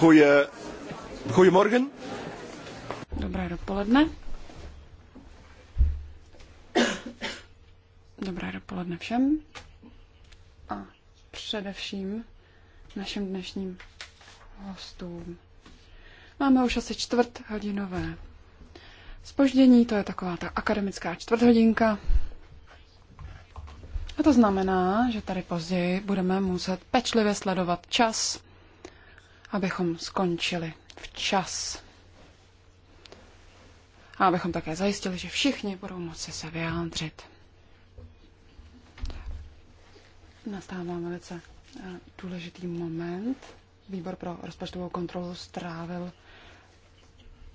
Goeie, goedemorgen. Dobré dopoledne. Dobré dopoledne všem. A především našim dnešním hostům. Máme už asi čtvrthodinové spoždění, to je taková ta akademická čtvrthodinka. A to znamená, že tady později budeme muset pečlivě sledovat čas, abychom skončili včas. A abychom také zajistili, že všichni budou moci se vyjádřit. Nastává velice eh, důležitý moment. Výbor pro rozpočtovou kontrolu strávil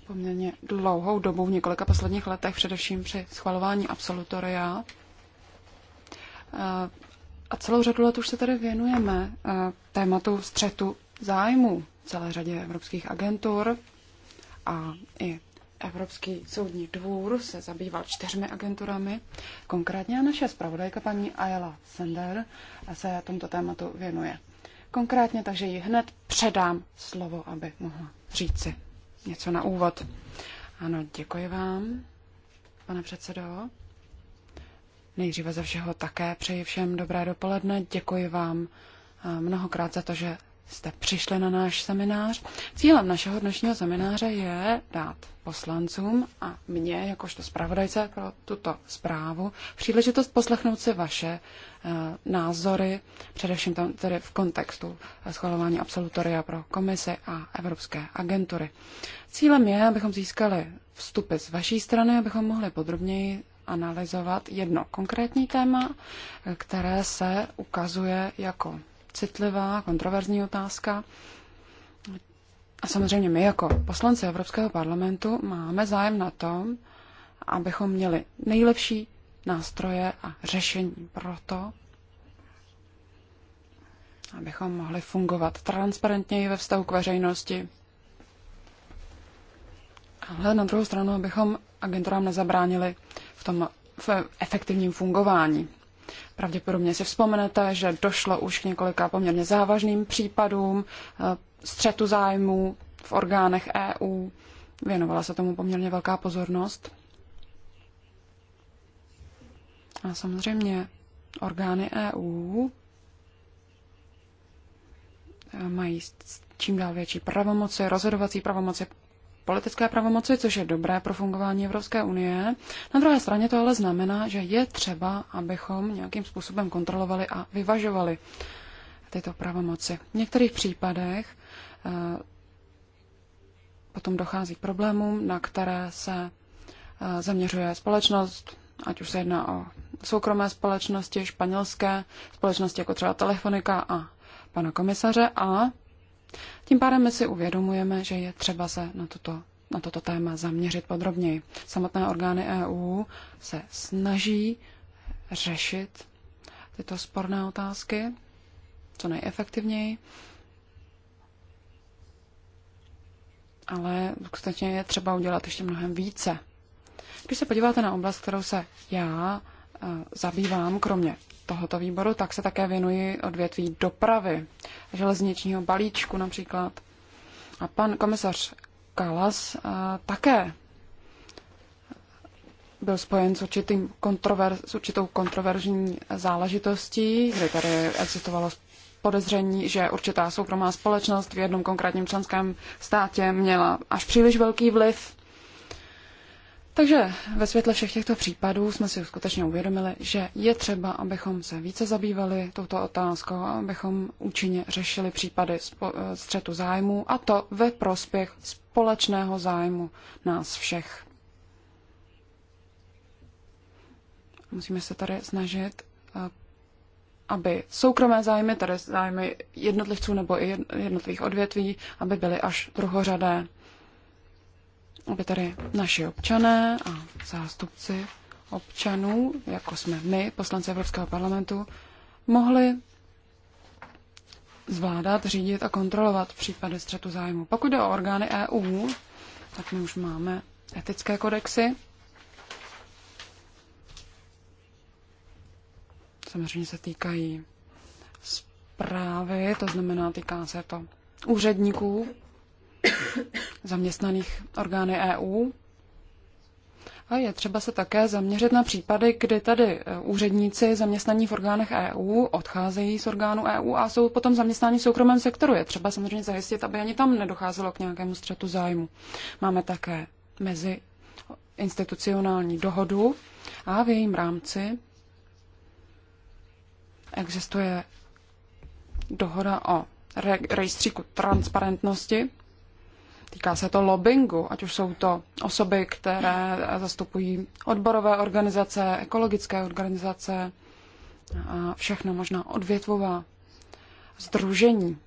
poměrně dlouhou dobu v několika posledních letech, především při schvalování absolutoria. Eh, a celou řadu let už se tady věnujeme eh, tématu střetu zájmu celé řadě evropských agentur a i Evropský soudní dvůr se zabýval čtyřmi agenturami. Konkrétně naše zpravodajka paní Ayala Sender se tomto tématu věnuje. Konkrétně, takže ji hned předám slovo, aby mohla říci něco na úvod. Ano, děkuji vám, pane předsedo. Nejdříve ze všeho také přeji všem dobré dopoledne. Děkuji vám eh, mnohokrát za to, že jste přišli na náš seminář. Cílem našeho dnešního semináře je dát poslancům a mně, jakožto zpravodajce pro tuto zprávu, příležitost poslechnout si vaše uh, názory, především tam tedy v kontextu eh, schvalování absolutoria pro komisi a evropské agentury. Cílem je, abychom získali vstupy z vaší strany, abychom mohli podrobněji analyzovat jedno konkrétní téma, eh, které se ukazuje jako citlivá, kontroverzní otázka. A samozřejmě my jako poslanci Evropského parlamentu máme zájem na tom, abychom měli nejlepší nástroje a řešení pro to, abychom mohli fungovat transparentněji ve vztahu k veřejnosti. Ale na druhou stranu, abychom agenturám nezabránili v tom v efektivním fungování. Pravděpodobně si vzpomenete, že došlo už k několika poměrně závažným případům eh, střetu zájmů v orgánech EU. Věnovala se tomu poměrně velká pozornost. A samozřejmě orgány EU eh, mají čím dál větší pravomoci, rozhodovací pravomoci, politické pravomoci, což je dobré pro fungování Evropské unie. Na druhé straně to ale znamená, že je třeba, abychom nějakým způsobem kontrolovali a vyvažovali tyto pravomoci. V některých případech eh, potom dochází k problémům, na které se eh, zaměřuje společnost, ať už se jedná o soukromé společnosti, španělské společnosti, jako třeba Telefonika a pana komisaře, a tím pádem my si uvědomujeme, že je třeba se na toto, na toto téma zaměřit podrobněji. Samotné orgány EU se snaží řešit tyto sporné otázky co nejefektivněji, ale skutečně je třeba udělat ještě mnohem více. Když se podíváte na oblast, kterou se já eh, zabývám, kromě tohoto výboru, tak se také věnuji odvětví dopravy, železničního balíčku například. A pan komisař Kalas uh, také byl spojen s, určitým kontrover, s určitou kontroverzní záležitostí, kde tady existovalo podezření, že určitá soukromá společnost v jednom konkrétním členském státě měla až příliš velký vliv takže ve světle všech těchto případů jsme si skutečně uvědomili, že je třeba, abychom se více zabývali touto otázkou a abychom účinně řešili případy eh, střetu zájmu a to ve prospěch společného zájmu nás všech. Musíme se tady snažit, eh, aby soukromé zájmy, tedy zájmy jednotlivců nebo i jednotlivých odvětví, aby byly až druhořadé aby tady naši občané a zástupci občanů, jako jsme my, poslanci Evropského parlamentu, mohli zvládat, řídit a kontrolovat případy střetu zájmu. Pokud jde o orgány EU, tak my už máme etické kodexy. Samozřejmě se týkají zprávy, to znamená, týká se to úředníků zaměstnaných orgány EU. A je třeba se také zaměřit na případy, kdy tady e, úředníci zaměstnaní v orgánech EU odcházejí z orgánů EU a jsou potom zaměstnáni v soukromém sektoru. Je třeba samozřejmě zajistit, aby ani tam nedocházelo k nějakému střetu zájmu. Máme také mezi institucionální dohodu a v jejím rámci existuje dohoda o rejstříku transparentnosti Týká se to lobbingu, ať už jsou to osoby, které zastupují odborové organizace, ekologické organizace, a všechno možná odvětvová združení.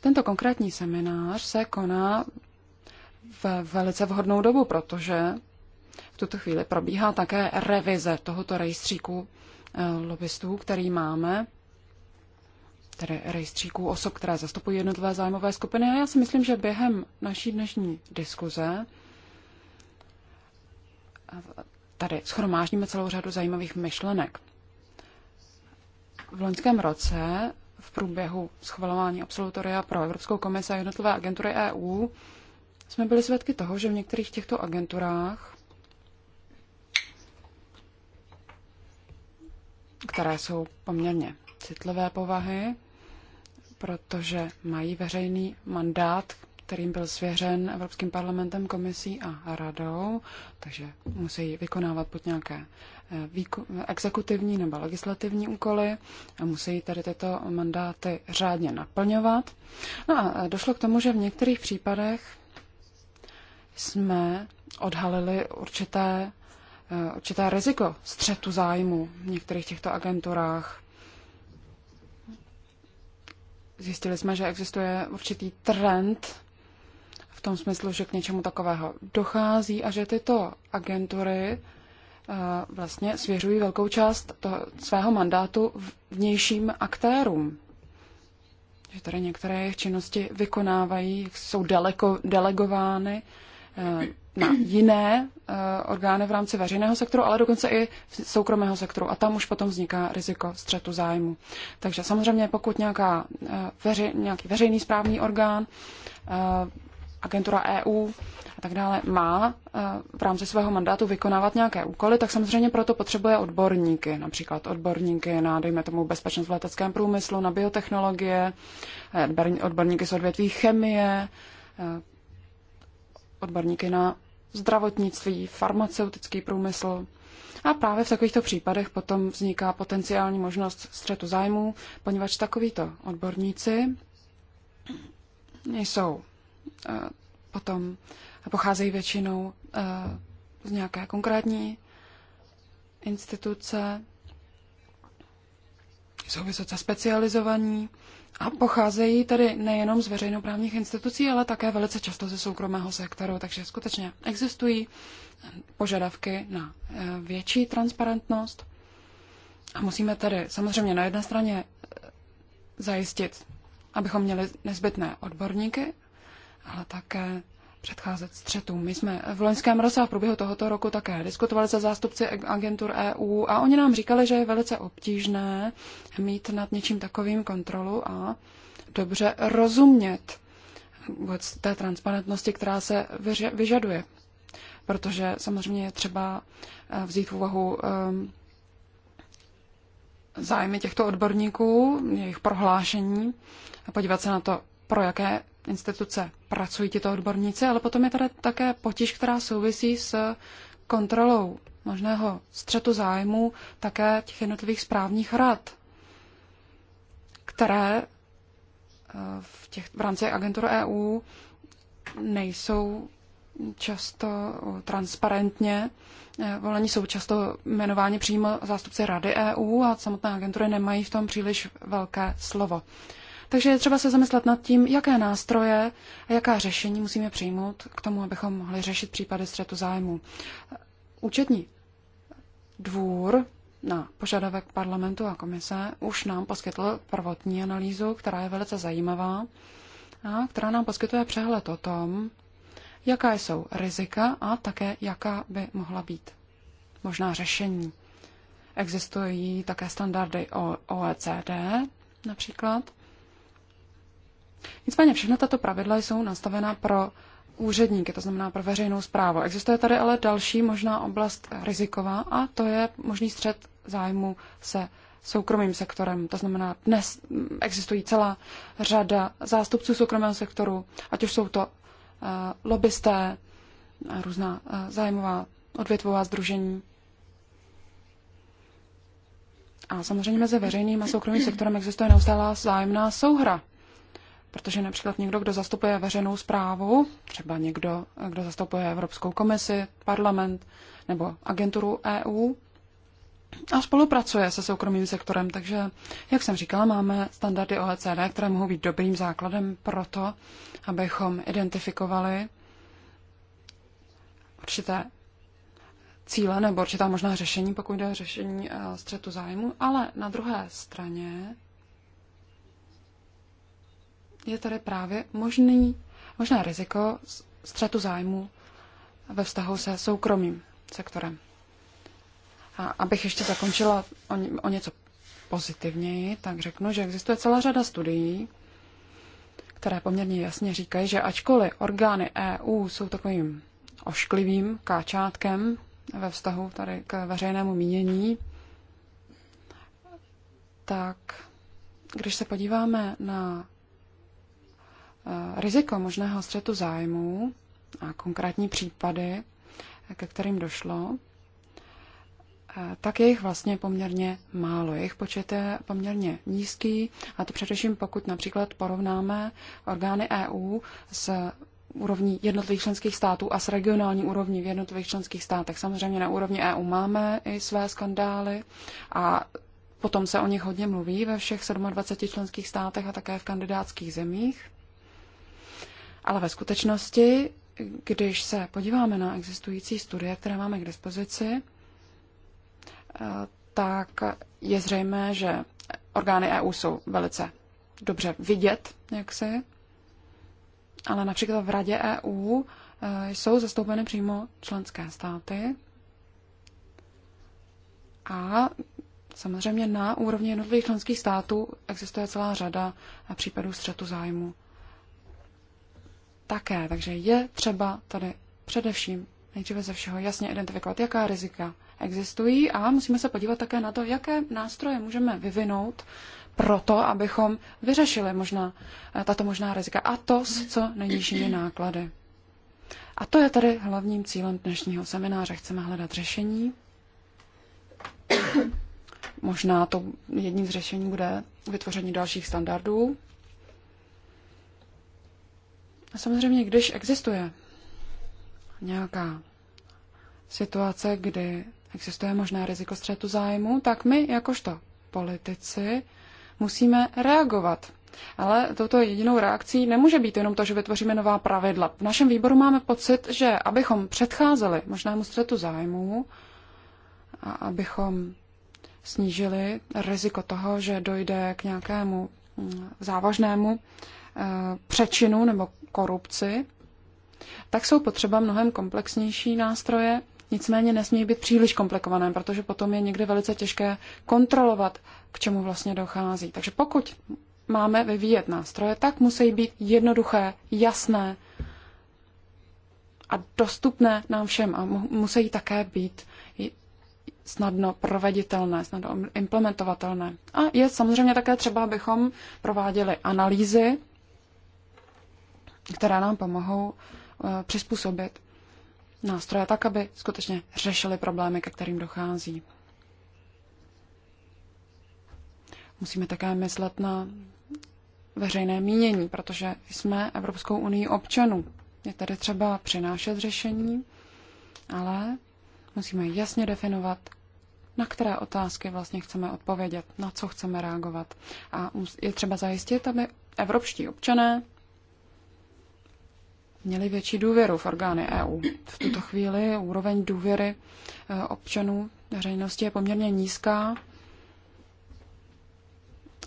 Tento konkrétní seminář se koná v velice vhodnou dobu, protože v tuto chvíli probíhá také revize tohoto rejstříku eh, lobbystů, který máme tedy rejstříků osob, které zastupují jednotlivé zájmové skupiny. A já si myslím, že během naší dnešní diskuze tady schromáždíme celou řadu zajímavých myšlenek. V loňském roce v průběhu schvalování absolutoria pro Evropskou komisi a jednotlivé agentury EU jsme byli svědky toho, že v některých těchto agenturách, které jsou poměrně citlivé povahy, protože mají veřejný mandát, kterým byl svěřen Evropským parlamentem, komisí a radou, takže musí vykonávat pod nějaké eh, exekutivní nebo legislativní úkoly a musí tady tyto mandáty řádně naplňovat. No a eh, došlo k tomu, že v některých případech jsme odhalili určité, eh, určité riziko střetu zájmu v některých těchto agenturách. Zjistili jsme, že existuje určitý trend v tom smyslu, že k něčemu takového dochází a že tyto agentury eh, vlastně svěřují velkou část toho svého mandátu vnějším aktérům. Že tady některé jejich činnosti vykonávají, jsou daleko delegovány na jiné eh, orgány v rámci veřejného sektoru, ale dokonce i soukromého sektoru. A tam už potom vzniká riziko střetu zájmu. Takže samozřejmě, pokud nějaká, eh, veři, nějaký veřejný správní orgán, eh, agentura EU a tak dále má v rámci svého mandátu vykonávat nějaké úkoly, tak samozřejmě proto potřebuje odborníky, například odborníky na, dejme tomu, bezpečnost v leteckém průmyslu, na biotechnologie, odborníky z odvětví chemie, odborníky na zdravotnictví, farmaceutický průmysl. A právě v takovýchto případech potom vzniká potenciální možnost střetu zájmů, poněvadž takovýto odborníci jsou eh, potom pocházejí většinou eh, z nějaké konkrétní instituce, jsou vysoce specializovaní a pocházejí tedy nejenom z veřejnoprávních institucí, ale také velice často ze soukromého sektoru. Takže skutečně existují požadavky na eh, větší transparentnost. A musíme tedy samozřejmě na jedné straně eh, zajistit, abychom měli nezbytné odborníky, ale také předcházet střetům. My jsme v loňském roce a v průběhu tohoto roku také diskutovali se zástupci agentur EU a oni nám říkali, že je velice obtížné mít nad něčím takovým kontrolu a dobře rozumět vůbec té transparentnosti, která se vyžaduje. Protože samozřejmě je třeba eh, vzít v úvahu ehm, zájmy těchto odborníků, jejich prohlášení a podívat se na to, pro jaké instituce pracují tito odborníci, ale potom je tady také potíž, která souvisí s kontrolou možného střetu zájmů také těch jednotlivých správních rad, které eh, v, těch, v rámci agentur EU nejsou často transparentně eh, volení, jsou často jmenováni přímo zástupci Rady EU a samotné agentury nemají v tom příliš velké slovo. Takže je třeba se zamyslet nad tím, jaké nástroje a jaká řešení musíme přijmout k tomu, abychom mohli řešit případy střetu zájmu. Účetní dvůr na požadavek parlamentu a komise už nám poskytl prvotní analýzu, která je velice zajímavá a která nám poskytuje přehled o tom, jaká jsou rizika a také jaká by mohla být možná řešení. Existují také standardy o OECD například Nicméně všechna tato pravidla jsou nastavena pro úředníky, to znamená pro veřejnou zprávu. Existuje tady ale další možná oblast riziková a to je možný střed zájmu se soukromým sektorem. To znamená, dnes existují celá řada zástupců soukromého sektoru, ať už jsou to uh, lobbysté, různá uh, zájmová odvětvová združení. A samozřejmě mezi veřejným a soukromým sektorem existuje neustálá zájemná souhra. Protože například někdo, kdo zastupuje veřejnou zprávu, třeba někdo, kdo zastupuje Evropskou komisi, parlament nebo agenturu EU, a spolupracuje se soukromým sektorem, takže, jak jsem říkala, máme standardy OECD, které mohou být dobrým základem pro to, abychom identifikovali určité cíle nebo určitá možná řešení, pokud jde o řešení eh, střetu zájmu, ale na druhé straně je tady právě možný, možné riziko střetu zájmu ve vztahu se soukromým sektorem. A abych ještě zakončila o, o něco pozitivněji, tak řeknu, že existuje celá řada studií, které poměrně jasně říkají, že ačkoliv orgány EU jsou takovým ošklivým káčátkem ve vztahu tady k veřejnému mínění, tak když se podíváme na Eh, riziko možného střetu zájmů a konkrétní případy, eh, ke kterým došlo, eh, tak je jich vlastně poměrně málo. Jejich počet je poměrně nízký a to především pokud například porovnáme orgány EU s úrovní jednotlivých členských států a s regionální úrovní v jednotlivých členských státech. Samozřejmě na úrovni EU máme i své skandály a potom se o nich hodně mluví ve všech 27 členských státech a také v kandidátských zemích. Ale ve skutečnosti, když se podíváme na existující studie, které máme k dispozici, eh, tak je zřejmé, že orgány EU jsou velice dobře vidět, jak si, ale například v Radě EU eh, jsou zastoupeny přímo členské státy a samozřejmě na úrovni jednotlivých členských států existuje celá řada případů střetu zájmu také. Takže je třeba tady především nejdříve ze všeho jasně identifikovat, jaká rizika existují a musíme se podívat také na to, jaké nástroje můžeme vyvinout pro to, abychom vyřešili možná, eh, tato možná rizika a to s co nejnižšími náklady. A to je tady hlavním cílem dnešního semináře. Chceme hledat řešení. Možná to jedním z řešení bude vytvoření dalších standardů a samozřejmě, když existuje nějaká situace, kdy existuje možné riziko střetu zájmu, tak my, jakožto politici, musíme reagovat. Ale touto jedinou reakcí nemůže být jenom to, že vytvoříme nová pravidla. V našem výboru máme pocit, že abychom předcházeli možnému střetu zájmu a abychom snížili riziko toho, že dojde k nějakému mm, závažnému Eh, přečinu nebo korupci, tak jsou potřeba mnohem komplexnější nástroje, nicméně nesmí být příliš komplikované, protože potom je někdy velice těžké kontrolovat, k čemu vlastně dochází. Takže pokud máme vyvíjet nástroje, tak musí být jednoduché, jasné a dostupné nám všem a musí také být snadno proveditelné, snadno implementovatelné. A je samozřejmě také třeba, abychom prováděli analýzy která nám pomohou eh, přizpůsobit nástroje tak, aby skutečně řešili problémy, ke kterým dochází. Musíme také myslet na veřejné mínění, protože jsme Evropskou unii občanů. Je tady třeba přinášet řešení, ale musíme jasně definovat, na které otázky vlastně chceme odpovědět, na co chceme reagovat. A je třeba zajistit, aby evropští občané měli větší důvěru v orgány EU. V tuto chvíli úroveň důvěry e, občanů veřejnosti je poměrně nízká.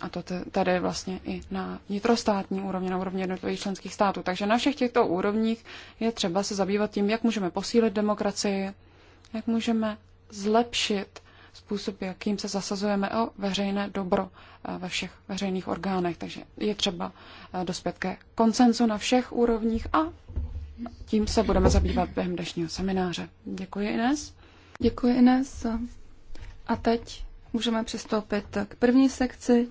A to tady vlastně i na vnitrostátní úrovni, na úrovni jednotlivých členských států. Takže na všech těchto úrovních je třeba se zabývat tím, jak můžeme posílit demokracii, jak můžeme zlepšit způsob, jakým se zasazujeme o veřejné dobro e, ve všech veřejných orgánech. Takže je třeba e, dospět ke koncenzu na všech úrovních a tím se budeme zabývat během dnešního semináře. Děkuji, Ines. Děkuji, Ines. A teď můžeme přistoupit k první sekci,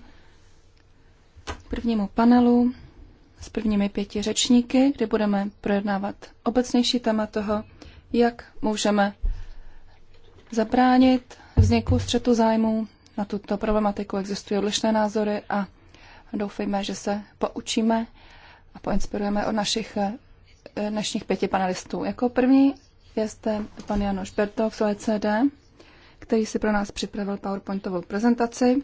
k prvnímu panelu s prvními pěti řečníky, kde budeme projednávat obecnější téma toho, jak můžeme zabránit vzniku střetu zájmů. Na tuto problematiku existují odlišné názory a doufejme, že se poučíme a poinspirujeme od našich Eh, dnešních pěti panelistů. Jako první je zde pan Janoš Bertok z OECD, který si pro nás připravil PowerPointovou prezentaci.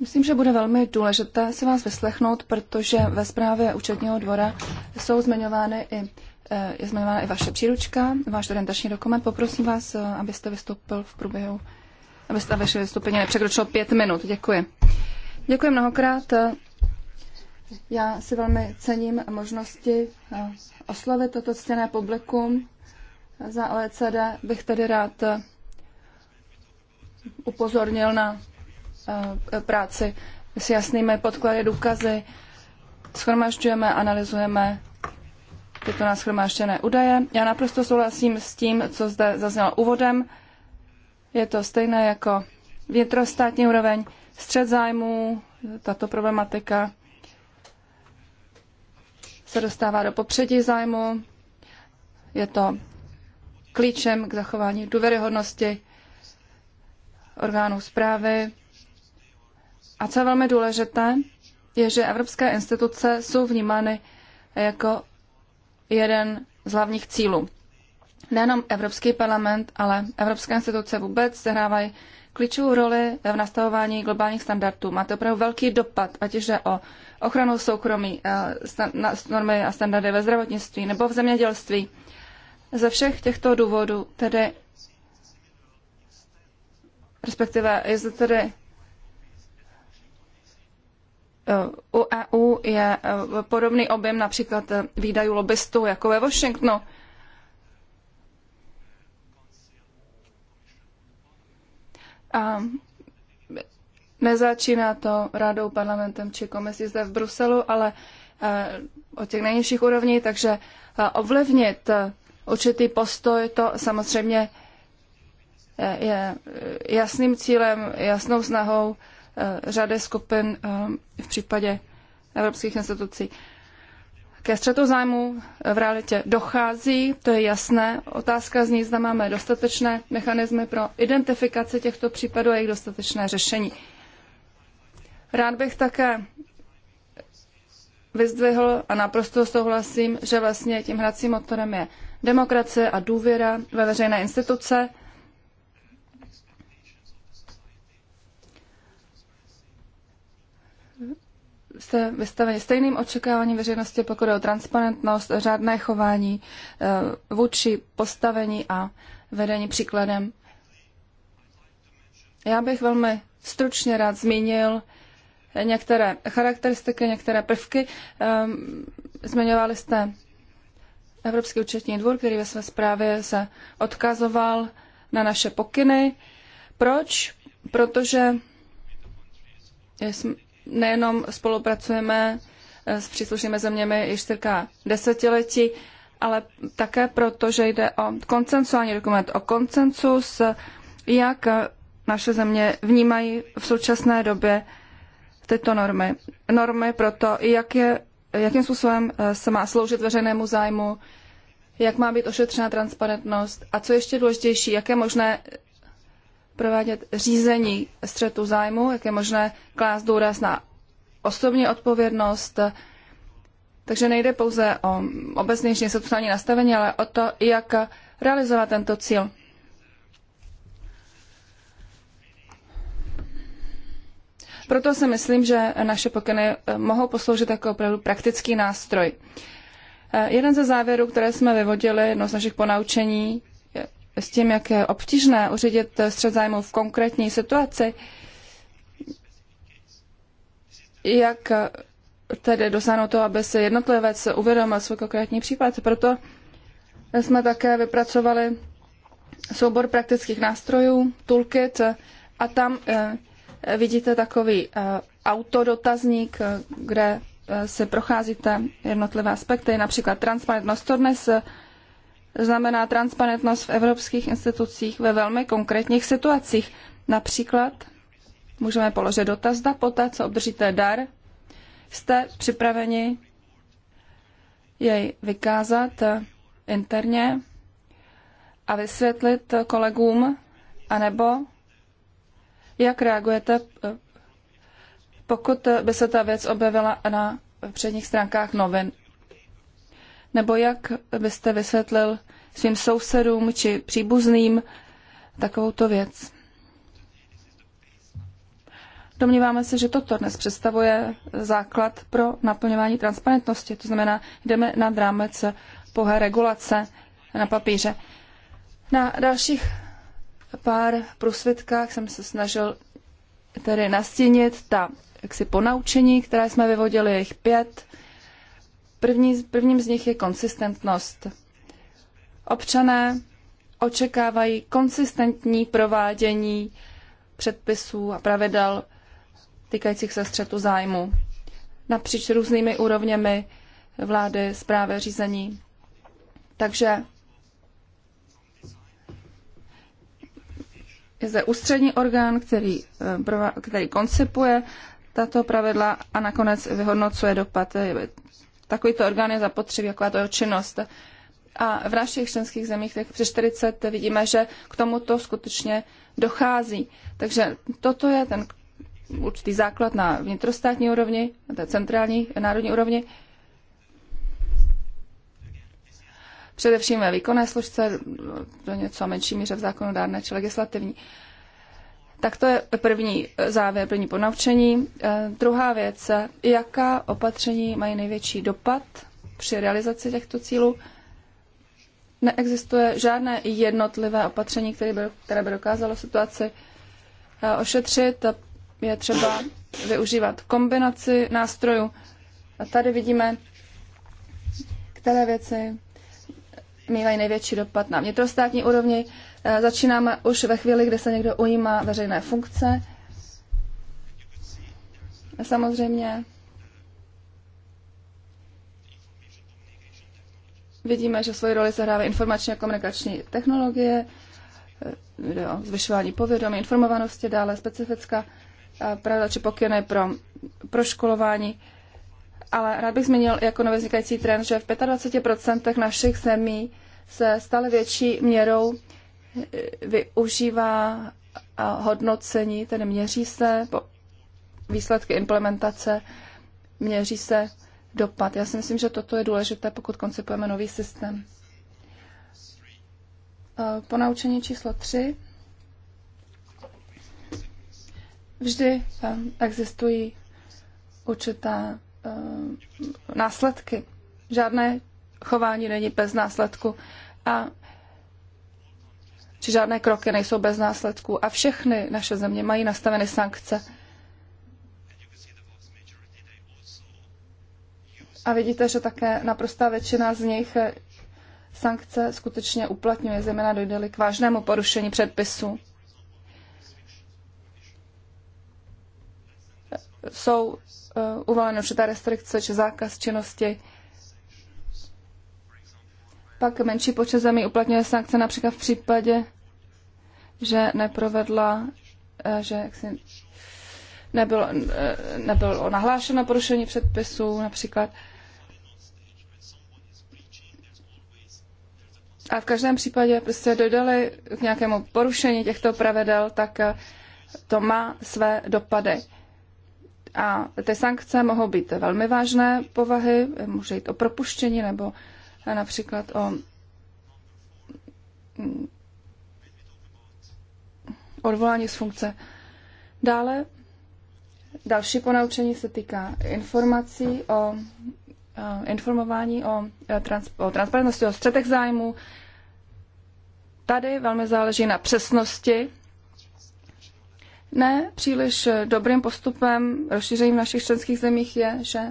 Myslím, že bude velmi důležité si vás vyslechnout, protože ve zprávě účetního dvora jsou zmiňovány i, eh, je zmiňována i vaše příručka, váš orientační dokument. Poprosím vás, eh, abyste vystoupil v průběhu, abyste vaše vystoupení nepřekročilo pět minut. Děkuji. Děkuji mnohokrát. Já si velmi cením možnosti eh, oslovit toto ctěné publikum. Za OECD bych tedy rád eh, upozornil na eh, práci s jasnými podklady, důkazy. Schromažďujeme, analyzujeme tyto náschromážděné údaje. Já naprosto souhlasím s tím, co zde zaznělo úvodem. Je to stejné jako vnitrostátní úroveň, střed zájmů, tato problematika se dostává do popředí zájmu. Je to klíčem k zachování důvěryhodnosti orgánů zprávy. A co je velmi důležité, je, že evropské instituce jsou vnímány jako jeden z hlavních cílů. Nejenom Evropský parlament, ale evropské instituce vůbec sehrávají klíčovou roli v nastavování globálních standardů. Má to opravdu velký dopad, ať už je o ochranou soukromí, eh, normy a standardy ve zdravotnictví nebo v zemědělství. Ze všech těchto důvodů tedy respektive je zde tedy eh, u EU je eh, podobný objem například výdajů lobbystů jako ve Washingtonu. A Nezačíná to radou, parlamentem či komisí zde v Bruselu, ale eh, o těch nejnižších úrovní, takže eh, ovlivnit eh, určitý postoj, to samozřejmě je jasným cílem, jasnou snahou řady skupin v případě evropských institucí. Ke střetu zájmu v realitě dochází, to je jasné. Otázka zní, zda máme dostatečné mechanismy pro identifikaci těchto případů a jejich dostatečné řešení. Rád bych také vyzdvihl a naprosto souhlasím, že vlastně tím hracím motorem je demokracie a důvěra ve veřejné instituce. Jste vystaveni stejným očekáváním veřejnosti, pokud je o transparentnost, řádné chování eh, vůči postavení a vedení příkladem. Já bych velmi stručně rád zmínil některé charakteristiky, některé prvky. Ehm, zmiňovali jste Evropský účetní dvůr, který ve své zprávě se odkazoval na naše pokyny. Proč? Protože nejenom spolupracujeme eh, s příslušnými zeměmi již cirka desetiletí, ale také proto, že jde o koncensuální dokument, o koncensus, jak naše země vnímají v současné době tyto normy. Normy pro to, jak je, jakým způsobem eh, se má sloužit veřejnému zájmu, jak má být ošetřena transparentnost a co ještě důležitější, jak je možné provádět řízení střetu zájmu, jak je možné klást důraz na osobní odpovědnost. Takže nejde pouze o obecnější sociální nastavení, ale o to, jak realizovat tento cíl. Proto si myslím, že naše pokyny eh, mohou posloužit jako opravdu praktický nástroj. Eh, jeden ze závěrů, které jsme vyvodili, no, z našich ponaučení, s tím, jak je obtížné uřídit eh, střed zájmu v konkrétní situaci, jak tedy dosáhnout toho, aby se jednotlivec uvědomil svůj konkrétní případ. Proto jsme také vypracovali soubor praktických nástrojů, toolkit, a tam vidíte takový eh, autodotazník, eh, kde eh, se procházíte jednotlivé aspekty, například transparentnost. To dnes znamená transparentnost v evropských institucích ve velmi konkrétních situacích. Například můžeme položit dotaz, zda poté, co obdržíte dar, jste připraveni jej vykázat interně a vysvětlit kolegům, anebo jak reagujete, eh, pokud by se ta věc objevila na předních stránkách novin? Nebo jak byste vysvětlil svým sousedům či příbuzným takovouto věc? Domníváme se, že toto dnes představuje základ pro naplňování transparentnosti, to znamená, jdeme nad rámec pohé regulace na papíře. Na dalších pár prosvědkách jsem se snažil tedy nastínit ta jaksi ponaučení, která jsme vyvodili, jejich pět. První, prvním z nich je konsistentnost. Občané očekávají konsistentní provádění předpisů a pravidel týkajících se střetu zájmu napříč různými úrovněmi vlády, zprávy, řízení. Takže je zde ústřední orgán, který, eh, který koncipuje tato pravidla a nakonec vyhodnocuje dopad. Eh, takovýto orgán je zapotřebí, jaká to je činnost. A v našich členských zemích, tak přes 40, vidíme, že k tomuto skutečně dochází. Takže toto je ten určitý základ na vnitrostátní úrovni, na té centrální národní úrovni. především ve výkonné složce, do něco menší míře v zákonodárné či legislativní. Tak to je první závěr, první ponaučení. Eh, druhá věc, jaká opatření mají největší dopad při realizaci těchto cílů? Neexistuje žádné jednotlivé opatření, které by, které by dokázalo situaci eh, ošetřit. Je třeba využívat kombinaci nástrojů. A tady vidíme, které věci mývají největší dopad na vnitrostátní úrovni. Eh, začínáme už ve chvíli, kdy se někdo ujímá veřejné funkce. Samozřejmě vidíme, že svoji roli zahrávají informační a komunikační technologie, eh, jo, zvyšování povědomí, informovanosti, dále specifická eh, pravda či pokyny pro, pro školování. Ale rád bych zmínil jako nově vznikající trend, že v 25% našich zemí se stále větší měrou využívá a hodnocení, tedy měří se po výsledky implementace, měří se dopad. Já si myslím, že toto je důležité, pokud koncipujeme nový systém. Po naučení číslo 3 vždy existují určité eh, následky. Žádné chování není bez následku a či žádné kroky nejsou bez následků. A všechny naše země mají nastaveny sankce. A vidíte, že také naprostá většina z nich sankce skutečně uplatňuje, zejména dojde k vážnému porušení předpisu. Jsou eh, uvoleny určité restrikce či zákaz činnosti pak menší počet zemí uplatňuje sankce například v případě, že neprovedla, eh, že jaksi nebylo, eh, nebylo nahlášeno porušení předpisů například. A v každém případě prostě dojde k nějakému porušení těchto pravidel, tak eh, to má své dopady. A ty sankce mohou být velmi vážné povahy, může jít o propuštění nebo například o mm, odvolání z funkce. Dále další ponaučení se týká informací o informování o, e, trans, o transparentnosti, o střetech zájmu. Tady velmi záleží na přesnosti. Ne příliš dobrým postupem rozšířením v našich členských zemích je, že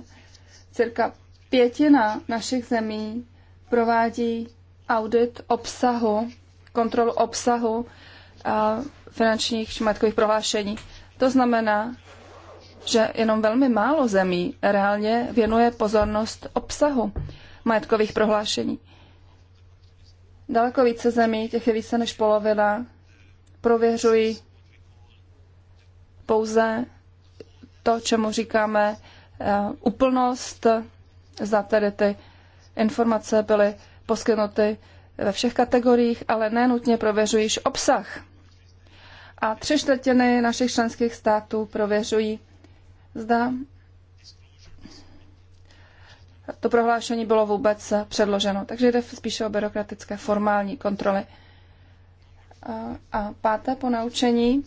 cirka pětina našich zemí provádí audit obsahu, kontrolu obsahu finančních či majetkových prohlášení. To znamená, že jenom velmi málo zemí reálně věnuje pozornost obsahu majetkových prohlášení. Daleko více zemí, těch je více než polovina, prověřují pouze to, čemu říkáme úplnost, za tedy ty informace byly poskytnuty ve všech kategoriích, ale nenutně prověřují již obsah. A tři čtvrtiny našich členských států prověřují, zda to prohlášení bylo vůbec předloženo. Takže jde spíše o byrokratické formální kontroly. A páté ponaučení.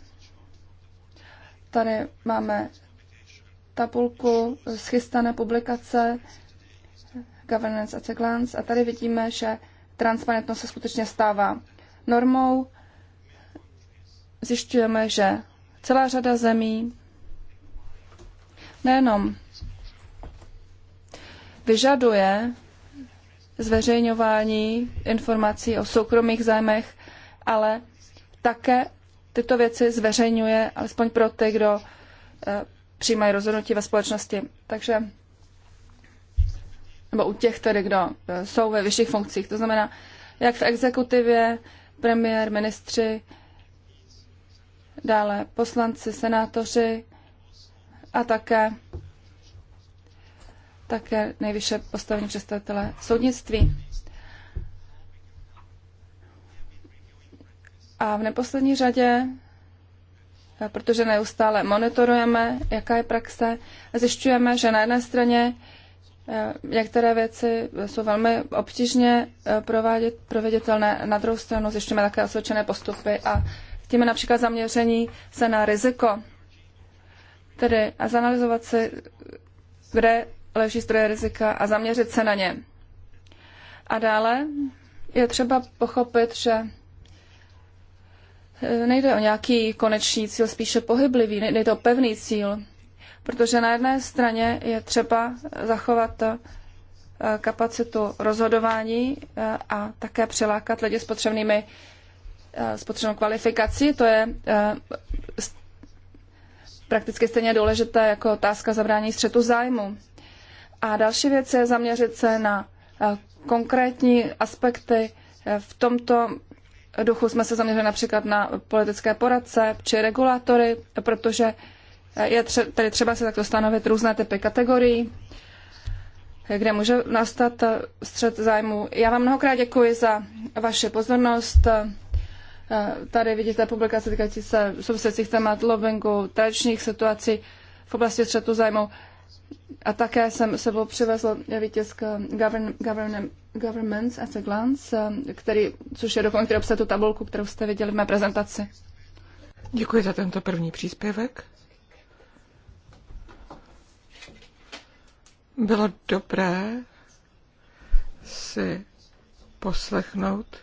Tady máme tabulku schystané publikace governance at a glance a tady vidíme, že transparentnost se skutečně stává normou. Zjišťujeme, že celá řada zemí nejenom vyžaduje zveřejňování informací o soukromých zájmech, ale také tyto věci zveřejňuje, alespoň pro ty, kdo eh, přijímají rozhodnutí ve společnosti. Takže nebo u těch tedy, kdo e, jsou ve vyšších funkcích. To znamená, jak v exekutivě, premiér, ministři, dále poslanci, senátoři a také, také nejvyšší postavení představitelé soudnictví. A v neposlední řadě, e, protože neustále monitorujeme, jaká je praxe, zjišťujeme, že na jedné straně Eh, některé věci jsou velmi obtížně eh, provádět, proveditelné. Na druhou stranu zjišťujeme také osvědčené postupy a tím je například zaměření se na riziko. Tedy a zanalizovat si, kde leží zdroje rizika a zaměřit se na ně. A dále je třeba pochopit, že eh, nejde o nějaký konečný cíl, spíše pohyblivý, nejde o pevný cíl protože na jedné straně je třeba zachovat eh, kapacitu rozhodování eh, a také přilákat lidi s potřebnými eh, s potřebnou kvalifikací. To je prakticky stejně důležité jako otázka zabrání střetu zájmu. A další věc je zaměřit se na konkrétní aspekty. V tomto duchu jsme se zaměřili například na politické poradce či regulátory, protože je tře- tedy třeba se takto stanovit různé typy kategorií, kde může nastat eh, střed zájmu. Já vám mnohokrát děkuji za vaši pozornost. Eh, tady vidíte publikace týkající se souvisejících témat lobbingu, tradičních situací v oblasti střetu zájmu. A také jsem sebou přivezl výtisk eh, govern, govern, Governments at a Glance, který, což je dokument, který obsahuje tu tabulku, kterou jste viděli v mé prezentaci. Děkuji za tento první příspěvek. Bylo dobré si poslechnout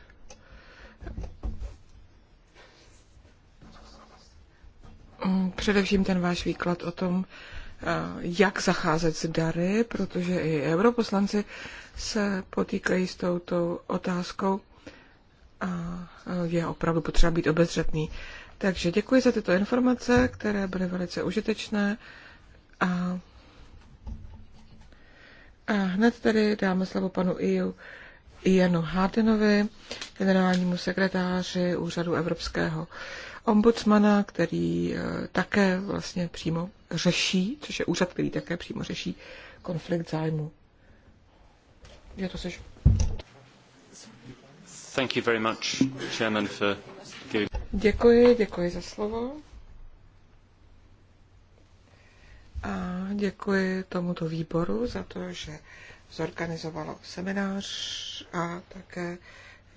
mm, především ten váš výklad o tom, eh, jak zacházet s dary, protože i europoslanci se potýkají s touto otázkou a eh, je opravdu potřeba být obezřetný. Takže děkuji za tyto informace, které byly velice užitečné a a hned tedy dáme slovo panu Iu, Ianu Hardenovi, generálnímu sekretáři Úřadu Evropského ombudsmana, který eh, také vlastně přímo řeší, což je úřad, který také přímo řeší konflikt zájmu. Je to seš. Thank you very much, Chairman, for Děkuji, děkuji za slovo. A děkuji tomuto výboru za to, že zorganizovalo seminář a také,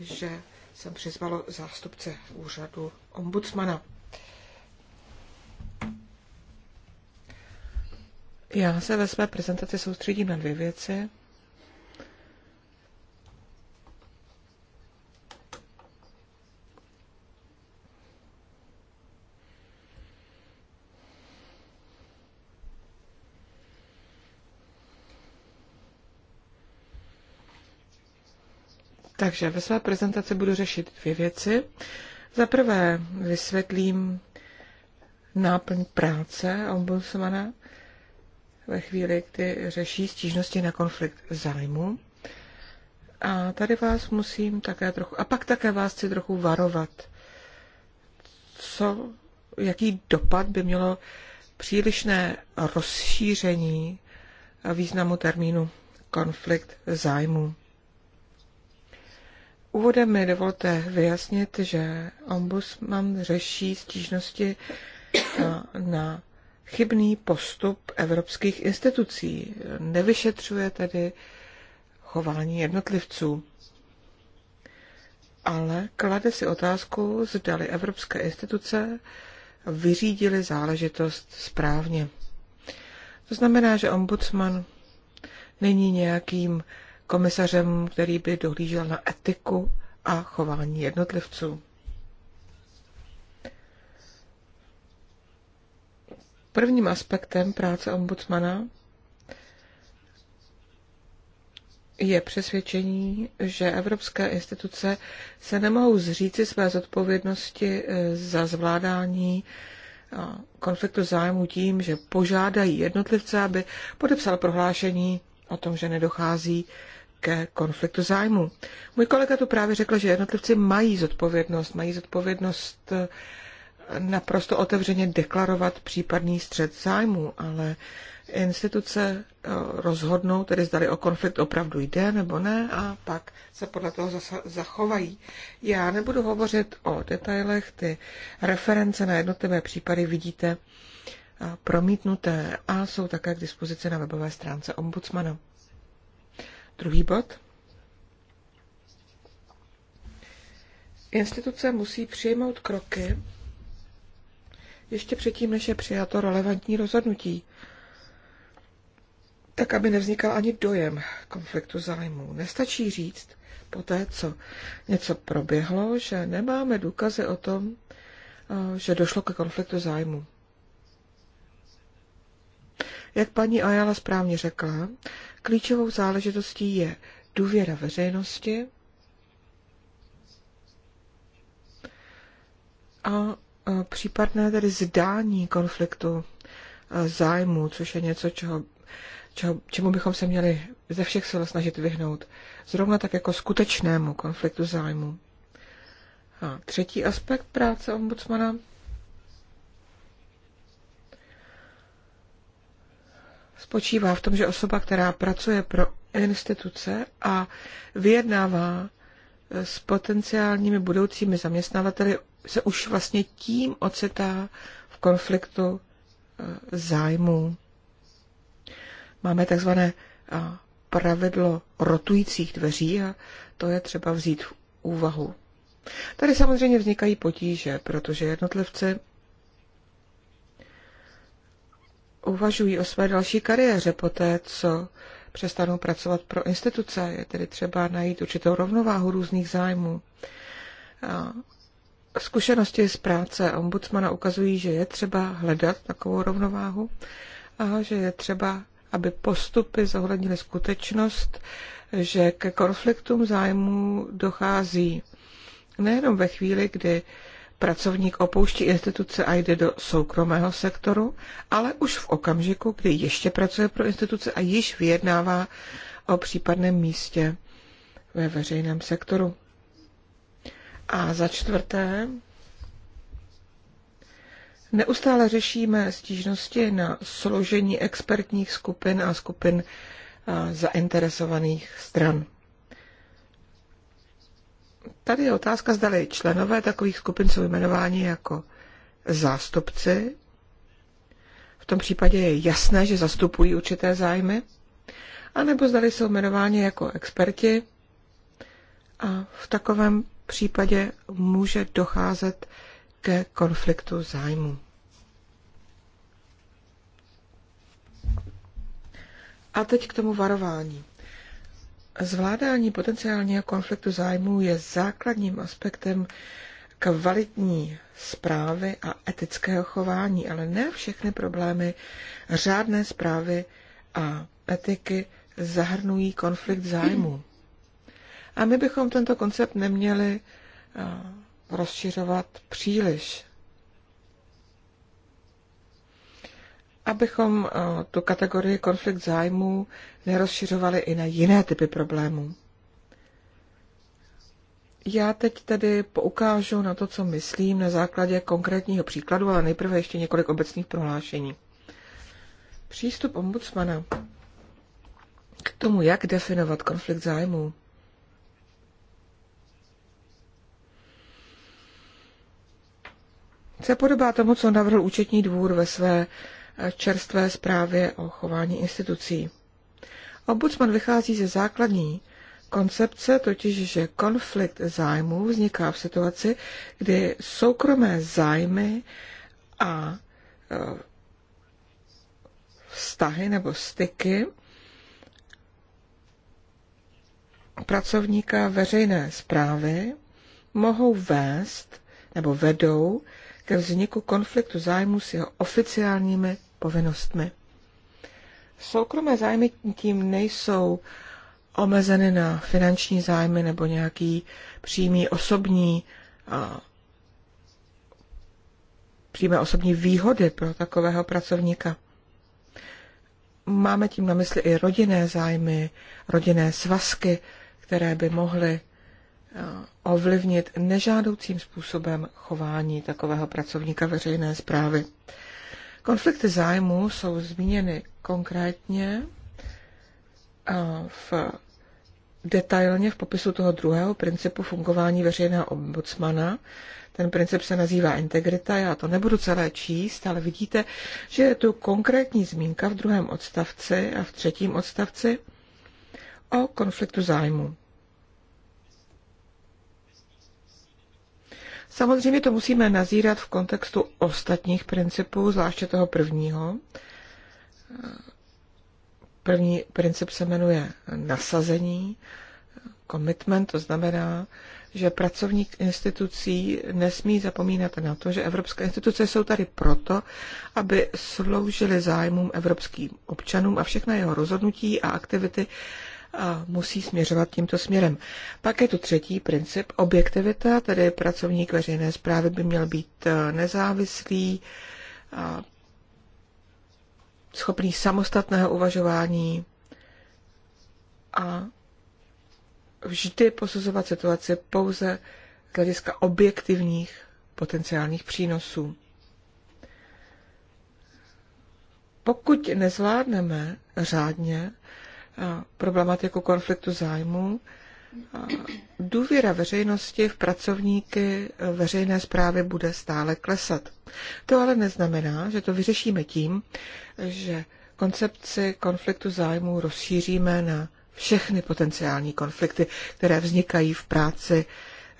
že jsem přizvalo zástupce úřadu ombudsmana. Já se ve své prezentaci soustředím na dvě věci. Takže ve své prezentaci budu řešit dvě věci. Za prvé vysvětlím náplň práce ombudsmana ve chvíli, kdy řeší stížnosti na konflikt zájmu. A tady vás musím také trochu, a pak také vás chci trochu varovat, co, jaký dopad by mělo přílišné rozšíření významu termínu konflikt zájmu. Úvodem mi dovolte vyjasnit, že ombudsman řeší stížnosti na, eh, na chybný postup evropských institucí. Nevyšetřuje tedy chování jednotlivců, ale klade si otázku, zdali evropské instituce vyřídily záležitost správně. To znamená, že ombudsman není nějakým komisařem, který by dohlížel na etiku a chování jednotlivců. Prvním aspektem práce ombudsmana je přesvědčení, že evropské instituce se nemohou zříci své zodpovědnosti eh, za zvládání eh, konfliktu zájmu tím, že požádají jednotlivce, aby podepsal prohlášení o tom, že nedochází ke konfliktu zájmu. Můj kolega tu právě řekl, že jednotlivci mají zodpovědnost, mají zodpovědnost eh, naprosto otevřeně deklarovat případný střed zájmu, ale instituce eh, rozhodnou, tedy zdali o konflikt opravdu jde nebo ne, a pak se podle toho zachovají. Já nebudu hovořit o detailech, ty reference na jednotlivé případy vidíte eh, promítnuté a jsou také k dispozici na webové stránce ombudsmana. Druhý bod. Instituce musí přijmout kroky ještě předtím, než je přijato relevantní rozhodnutí, tak aby nevznikal ani dojem konfliktu zájmů. Nestačí říct, po té, co něco proběhlo, že nemáme důkazy o tom, eh, že došlo ke konfliktu zájmu. Jak paní Ayala správně řekla, Klíčovou záležitostí je důvěra veřejnosti a případné tedy zdání konfliktu zájmu, což je něco, čeho, čeho, čemu bychom se měli ze všech sil snažit vyhnout, zrovna tak jako skutečnému konfliktu zájmu. A třetí aspekt práce ombudsmana spočívá v tom, že osoba, která pracuje pro instituce a vyjednává eh, s potenciálními budoucími zaměstnavateli, se už vlastně tím ocitá v konfliktu eh, zájmů. Máme takzvané eh, pravidlo rotujících dveří a to je třeba vzít v úvahu. Tady samozřejmě vznikají potíže, protože jednotlivci uvažují o své další kariéře po té, co přestanou pracovat pro instituce. Je tedy třeba najít určitou rovnováhu různých zájmů. zkušenosti z práce ombudsmana ukazují, že je třeba hledat takovou rovnováhu a že je třeba, aby postupy zohlednily skutečnost, že ke konfliktům zájmů dochází nejenom ve chvíli, kdy pracovník opouští instituce a jde do soukromého sektoru, ale už v okamžiku, kdy ještě pracuje pro instituce a již vyjednává o případném místě ve veřejném sektoru. A za čtvrté, neustále řešíme stížnosti na složení expertních skupin a skupin zainteresovaných stran. Tady je otázka, zda členové takových skupin jsou jmenováni jako zástupci. V tom případě je jasné, že zastupují určité zájmy. A nebo zdali jsou jmenováni jako experti. A v takovém případě může docházet ke konfliktu zájmu. A teď k tomu varování. Zvládání potenciálního konfliktu zájmů je základním aspektem kvalitní zprávy a etického chování, ale ne všechny problémy řádné zprávy a etiky zahrnují konflikt zájmů. A my bychom tento koncept neměli eh, rozšiřovat příliš. abychom eh, tu kategorii konflikt zájmů nerozšiřovali i na jiné typy problémů. Já teď tedy poukážu na to, co myslím na základě konkrétního příkladu, ale nejprve ještě několik obecných prohlášení. Přístup ombudsmana k tomu, jak definovat konflikt zájmů, se podobá tomu, co navrhl účetní dvůr ve své čerstvé zprávě o chování institucí. Ombudsman vychází ze základní koncepce, totiž že konflikt zájmů vzniká v situaci, kdy soukromé zájmy a e, vztahy nebo styky pracovníka veřejné zprávy mohou vést nebo vedou ke vzniku konfliktu zájmu s jeho oficiálními povinnostmi. Soukromé zájmy tím nejsou omezeny na finanční zájmy nebo nějaký přímý osobní a, přímé osobní výhody pro takového pracovníka. Máme tím na mysli i rodinné zájmy, rodinné svazky, které by mohly Eh, ovlivnit nežádoucím způsobem chování takového pracovníka veřejné zprávy. Konflikty zájmu jsou zmíněny konkrétně eh, v detailně v popisu toho druhého principu fungování veřejného ombudsmana. Ten princip se nazývá integrita, já to nebudu celé číst, ale vidíte, že je tu konkrétní zmínka v druhém odstavci a v třetím odstavci o konfliktu zájmu. Samozřejmě to musíme nazírat v kontextu ostatních principů, zvláště toho prvního. První princip se jmenuje nasazení, commitment, to znamená, že pracovník institucí nesmí zapomínat na to, že evropské instituce jsou tady proto, aby sloužily zájmům evropským občanům a všechna jeho rozhodnutí a aktivity a musí směřovat tímto směrem. Pak je tu třetí princip objektivita, tedy pracovník veřejné zprávy by měl být eh, nezávislý, schopný samostatného uvažování a vždy posuzovat situaci pouze z hlediska objektivních potenciálních přínosů. Pokud nezvládneme řádně problematiku konfliktu zájmů. Důvěra veřejnosti v pracovníky eh, veřejné zprávy bude stále klesat. To ale neznamená, že to vyřešíme tím, že koncepci konfliktu zájmů rozšíříme na všechny potenciální konflikty, které vznikají v práci,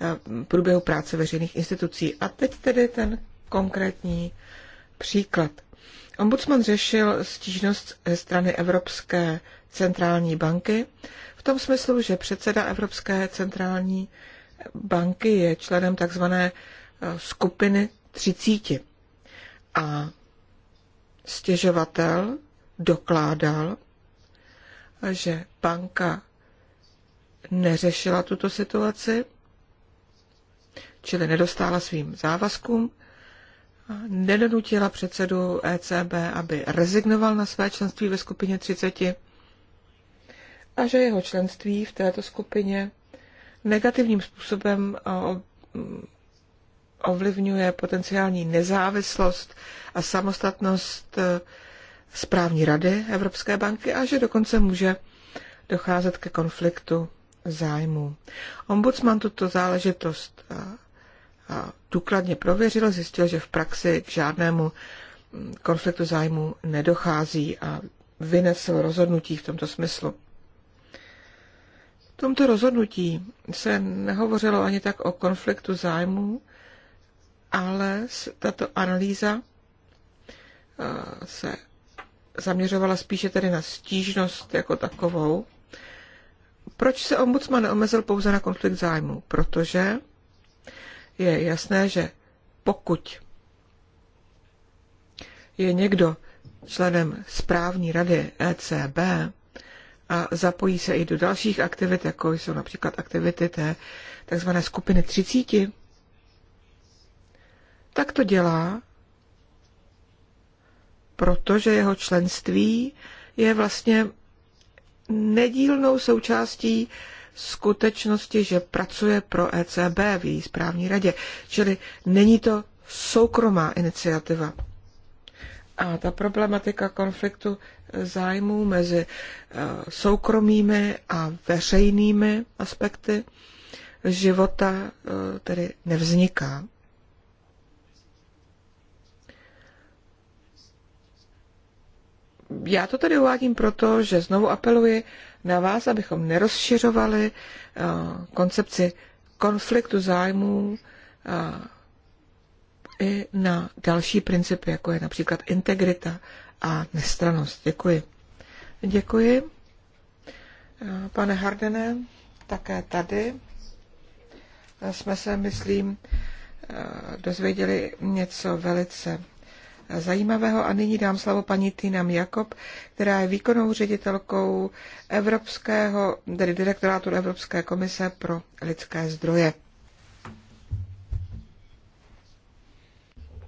eh, v průběhu práce veřejných institucí. A teď tedy ten konkrétní příklad. Ombudsman řešil stížnost ze strany Evropské centrální banky v tom smyslu, že předseda Evropské centrální banky je členem takzvané eh, skupiny třicíti. A stěžovatel dokládal, že banka neřešila tuto situaci, čili nedostála svým závazkům nedonutila předsedu ECB, aby rezignoval na své členství ve skupině 30 a že jeho členství v této skupině negativním způsobem ovlivňuje potenciální nezávislost a samostatnost e, správní rady Evropské banky a že dokonce může docházet ke konfliktu zájmu. Ombudsman tuto záležitost důkladně prověřil, zjistil, že v praxi k žádnému mm, konfliktu zájmu nedochází a vynesl rozhodnutí v tomto smyslu. V tomto rozhodnutí se nehovořilo ani tak o konfliktu zájmu, ale tato analýza se zaměřovala spíše tedy na stížnost jako takovou. Proč se ombudsman neomezil pouze na konflikt zájmu? Protože je jasné, že pokud je někdo členem správní rady ECB a zapojí se i do dalších aktivit, jako jsou například aktivity té tzv. skupiny 30, tak to dělá, protože jeho členství je vlastně nedílnou součástí skutečnosti, že pracuje pro ECB v její správní radě. Čili není to soukromá iniciativa. A ta problematika konfliktu zájmů mezi e, soukromými a veřejnými aspekty života e, tedy nevzniká. Já to tady uvádím proto, že znovu apeluji na vás, abychom nerozšiřovali eh, koncepci konfliktu zájmů eh, i na další principy, jako je například integrita a nestranost. Děkuji. Děkuji. Eh, pane Hardene, také tady jsme se, myslím, dozvěděli něco velice zajímavého. A nyní dám slovo paní Týnam Jakob, která je výkonnou ředitelkou Evropského, tedy direktorátu Evropské komise pro lidské zdroje.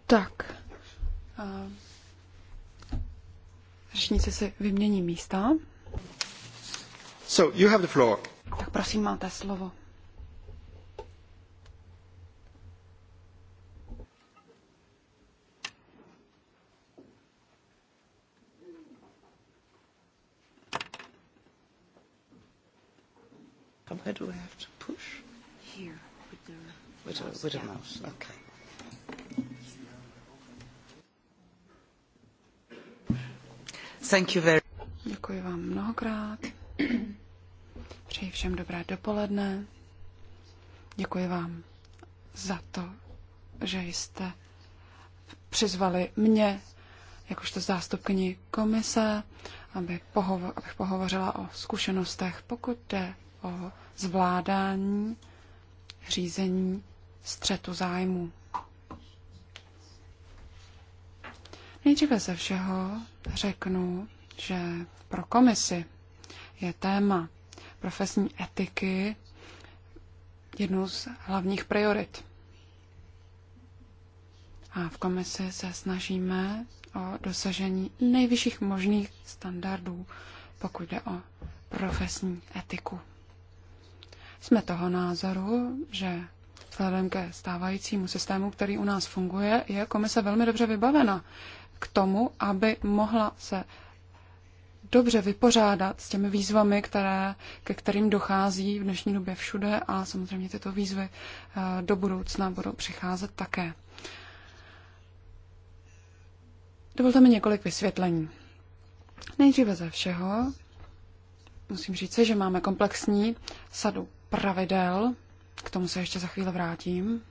Tak. řečnice si vymění místa. So, you have the floor. Tak prosím, máte slovo. From where do I have to push? Here, with the, with mouse, a, with yeah. a mouse. No. Okay. Thank you very Děkuji vám mnohokrát. Přeji všem dobré dopoledne. Děkuji vám za to, že jste přizvali mě, jakožto zástupkyni komise, aby pohovo- abych pohovořila o zkušenostech, pokud jde o zvládání řízení střetu zájmu. Nejdříve ze všeho řeknu, že pro komisi je téma profesní etiky jednou z hlavních priorit. A v komisi se snažíme o dosažení nejvyšších možných standardů, pokud jde o profesní etiku. Jsme toho názoru, že vzhledem ke stávajícímu systému, který u nás funguje, je komise velmi dobře vybavena k tomu, aby mohla se dobře vypořádat s těmi výzvami, které, ke kterým dochází v dnešní době všude a samozřejmě tyto výzvy eh, do budoucna budou přicházet také. Dovolte mi několik vysvětlení. Nejdříve ze všeho musím říct, že máme komplexní sadu pravidel, k tomu se ještě za chvíli vrátím,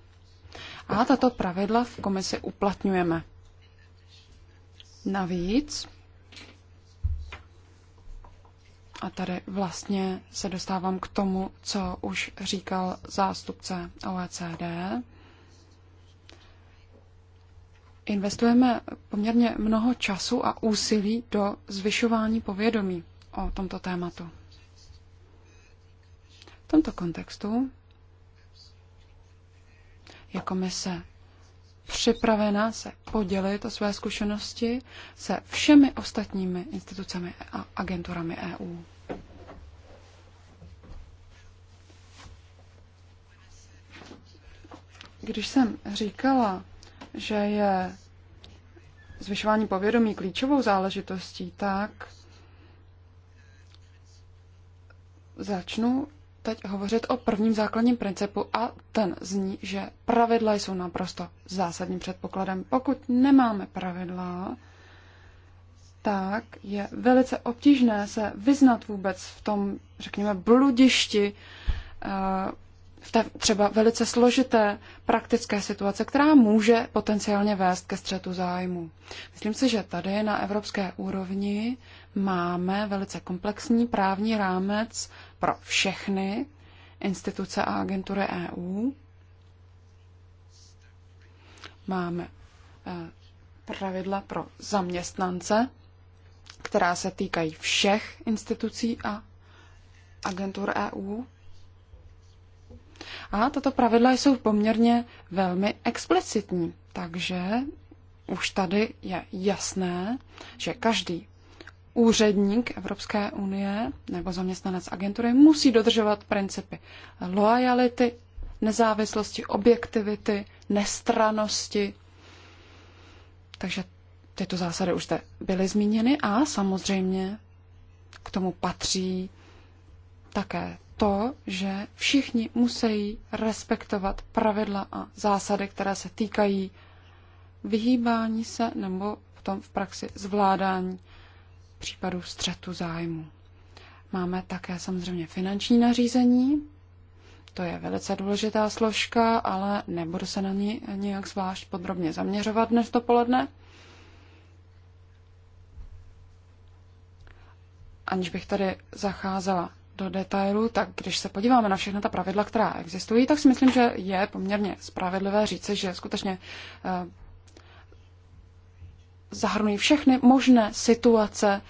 a tato pravidla v komisi uplatňujeme. Navíc, a tady vlastně se dostávám k tomu, co už říkal zástupce OECD, investujeme poměrně mnoho času a úsilí do zvyšování povědomí o tomto tématu. V tomto kontextu je komise připravena se podělit o své zkušenosti se všemi ostatními institucemi a agenturami EU. Když jsem říkala, že je zvyšování povědomí klíčovou záležitostí, tak začnu teď hovořit o prvním základním principu a ten zní, že pravidla jsou naprosto zásadním předpokladem. Pokud nemáme pravidla, tak je velice obtížné se vyznat vůbec v tom, řekněme, bludišti, eh, v té třeba velice složité praktické situace, která může potenciálně vést ke střetu zájmu. Myslím si, že tady na evropské úrovni máme velice komplexní právní rámec pro všechny instituce a agentury EU. Máme eh, pravidla pro zaměstnance, která se týkají všech institucí a agentur EU. A tato pravidla jsou poměrně velmi explicitní, takže už tady je jasné, že každý úředník Evropské unie nebo zaměstnanec agentury musí dodržovat principy loajality, nezávislosti, objektivity, nestranosti. Takže tyto zásady už zde byly zmíněny a samozřejmě k tomu patří také to, že všichni musí respektovat pravidla a zásady, které se týkají vyhýbání se nebo potom v praxi zvládání případů střetu zájmu. Máme také samozřejmě finanční nařízení, to je velice důležitá složka, ale nebudu se na ní nějak zvlášť podrobně zaměřovat dnes dopoledne. Aniž bych tady zacházela do detailu, tak když se podíváme na všechna ta pravidla, která existují, tak si myslím, že je poměrně spravedlivé říci, že skutečně eh, zahrnují všechny možné situace,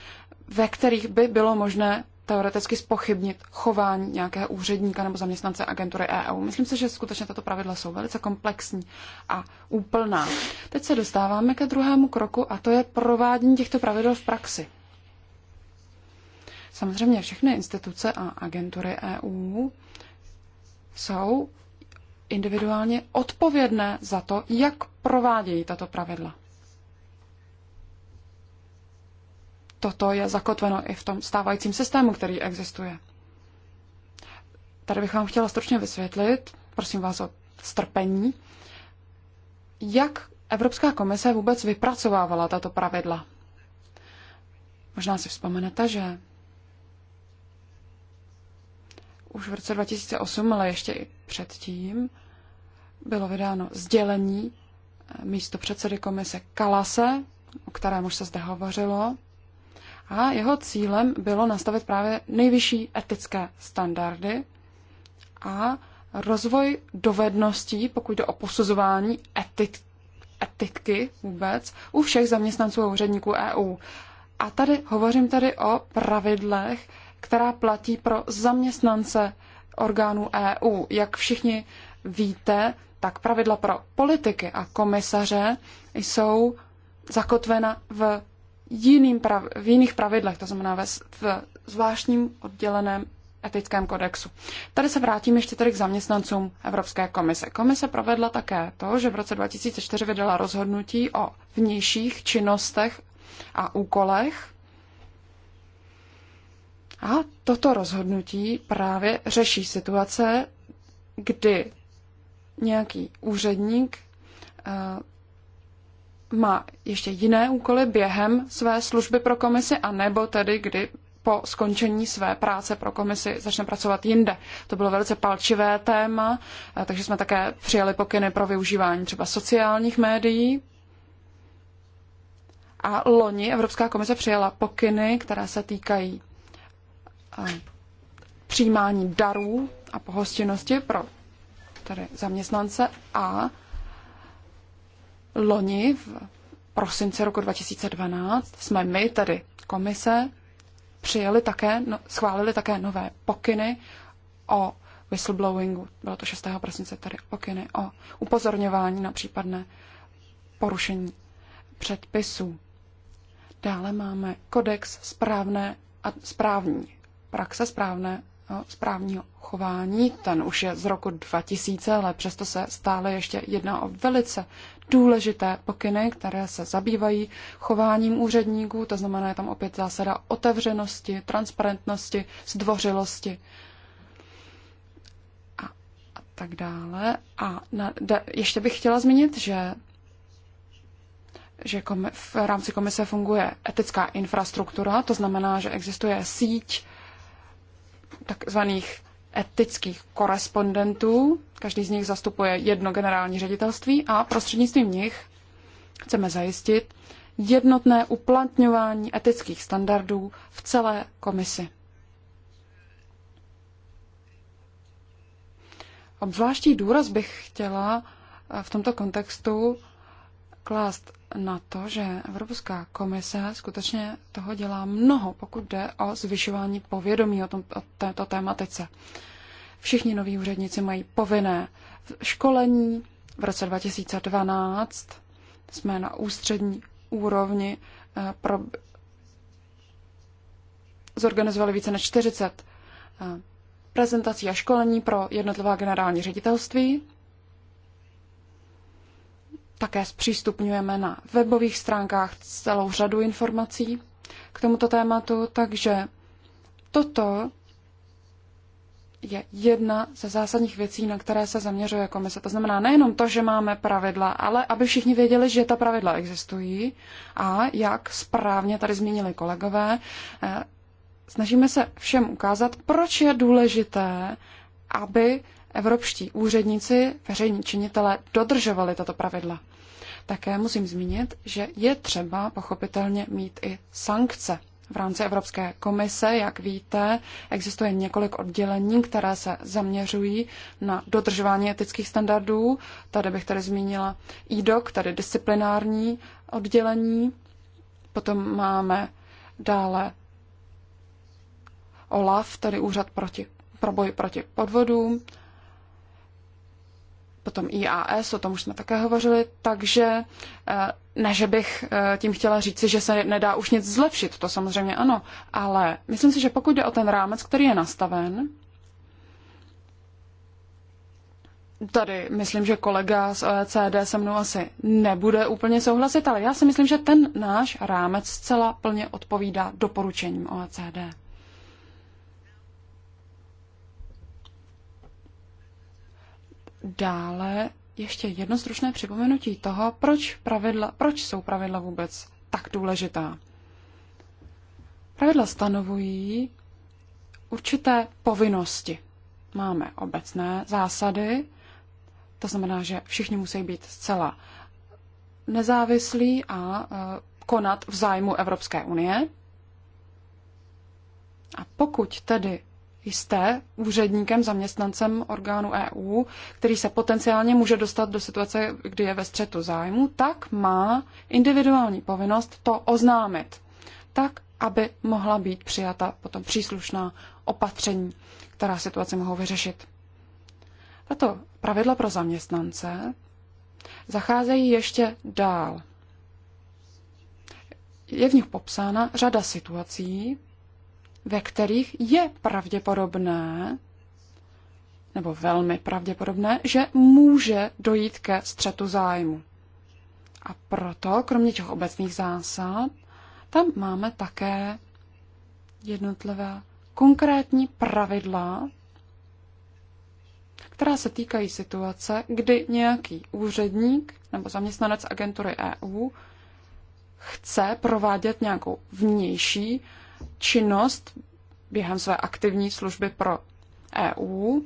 ve kterých by bylo možné teoreticky spochybnit chování nějakého úředníka nebo zaměstnance agentury EU. Myslím si, že skutečně tato pravidla jsou velice komplexní a úplná. Teď se dostáváme ke druhému kroku a to je provádění těchto pravidel v praxi. Samozřejmě všechny instituce a agentury EU jsou individuálně odpovědné za to, jak provádějí tato pravidla. toto je zakotveno i v tom stávajícím systému, který existuje. Tady bych vám chtěla stručně vysvětlit, prosím vás o strpení, jak Evropská komise vůbec vypracovávala tato pravidla. Možná si vzpomenete, že už v roce 2008, ale ještě i předtím, bylo vydáno sdělení místo předsedy komise Kalase, o kterém už se zde hovořilo, a jeho cílem bylo nastavit právě nejvyšší etické standardy a rozvoj dovedností, pokud jde o posuzování etik, etiky vůbec, u všech zaměstnanců a úředníků EU. A tady hovořím tady o pravidlech, která platí pro zaměstnance orgánů EU. Jak všichni víte, tak pravidla pro politiky a komisaře jsou zakotvena v jiným prav, v jiných pravidlech, to znamená ve, v zvláštním odděleném etickém kodexu. Tady se vrátím ještě tedy k zaměstnancům Evropské komise. Komise provedla také to, že v roce 2004 vydala rozhodnutí o vnějších činnostech a úkolech. A toto rozhodnutí právě řeší situace, kdy nějaký úředník eh, má ještě jiné úkoly během své služby pro komisi, anebo tedy kdy po skončení své práce pro komisi začne pracovat jinde. To bylo velice palčivé téma, eh, takže jsme také přijali pokyny pro využívání třeba sociálních médií. A loni Evropská komise přijala pokyny, které se týkají eh, přijímání darů a pohostinnosti pro tedy zaměstnance a loni v prosinci roku 2012 jsme my, tedy komise, přijeli také, no, schválili také nové pokyny o whistleblowingu. Bylo to 6. prosince tady pokyny o upozorňování na případné porušení předpisů. Dále máme kodex správné a správní praxe, správné no, správního chování. Ten už je z roku 2000, ale přesto se stále ještě jedná o velice důležité pokyny, které se zabývají chováním úředníků, to znamená je tam opět zásada otevřenosti, transparentnosti, zdvořilosti a, a tak dále. A na, da, ještě bych chtěla zmínit, že že v rámci komise funguje etická infrastruktura, to znamená, že existuje síť takzvaných etických korespondentů. Každý z nich zastupuje jedno generální ředitelství a prostřednictvím nich chceme zajistit jednotné uplatňování etických standardů v celé komisi. Obzvláštní důraz bych chtěla v tomto kontextu klást na to, že Evropská komise skutečně toho dělá mnoho, pokud jde o zvyšování povědomí o, tom, o této tématice. Všichni noví úředníci mají povinné školení. V roce 2012 jsme na ústřední úrovni eh, pro... zorganizovali více než 40 eh, prezentací a školení pro jednotlivá generální ředitelství také zpřístupňujeme na webových stránkách celou řadu informací k tomuto tématu, takže toto je jedna ze zásadních věcí, na které se zaměřuje komise. To znamená nejenom to, že máme pravidla, ale aby všichni věděli, že ta pravidla existují a jak správně tady zmínili kolegové, eh, snažíme se všem ukázat, proč je důležité, aby evropští úředníci, veřejní činitelé dodržovali tato pravidla. Také musím zmínit, že je třeba pochopitelně mít i sankce. V rámci Evropské komise, jak víte, existuje několik oddělení, které se zaměřují na dodržování etických standardů. Tady bych tady zmínila IDOC, e tady disciplinární oddělení. Potom máme dále OLAF, tedy Úřad proti, pro boj proti podvodům potom IAS, o tom už jsme také hovořili, takže eh, ne, že bych eh, tím chtěla říci, že se nedá už nic zlepšit, to samozřejmě ano, ale myslím si, že pokud jde o ten rámec, který je nastaven, tady myslím, že kolega z OECD se mnou asi nebude úplně souhlasit, ale já si myslím, že ten náš rámec zcela plně odpovídá doporučením OECD. dále ještě jedno stručné připomenutí toho, proč, pravidla, proč jsou pravidla vůbec tak důležitá. Pravidla stanovují určité povinnosti. Máme obecné zásady, to znamená, že všichni musí být zcela nezávislí a e, konat v zájmu Evropské unie. A pokud tedy jste úředníkem, zaměstnancem orgánu EU, který se potenciálně může dostat do situace, kdy je ve střetu zájmu, tak má individuální povinnost to oznámit, tak, aby mohla být přijata potom příslušná opatření, která situaci mohou vyřešit. Tato pravidla pro zaměstnance zacházejí ještě dál. Je v nich popsána řada situací, ve kterých je pravděpodobné, nebo velmi pravděpodobné, že může dojít ke střetu zájmu. A proto, kromě těch obecných zásad, tam máme také jednotlivé konkrétní pravidla, která se týkají situace, kdy nějaký úředník nebo zaměstnanec agentury EU chce provádět nějakou vnější činnost během své aktivní služby pro EU,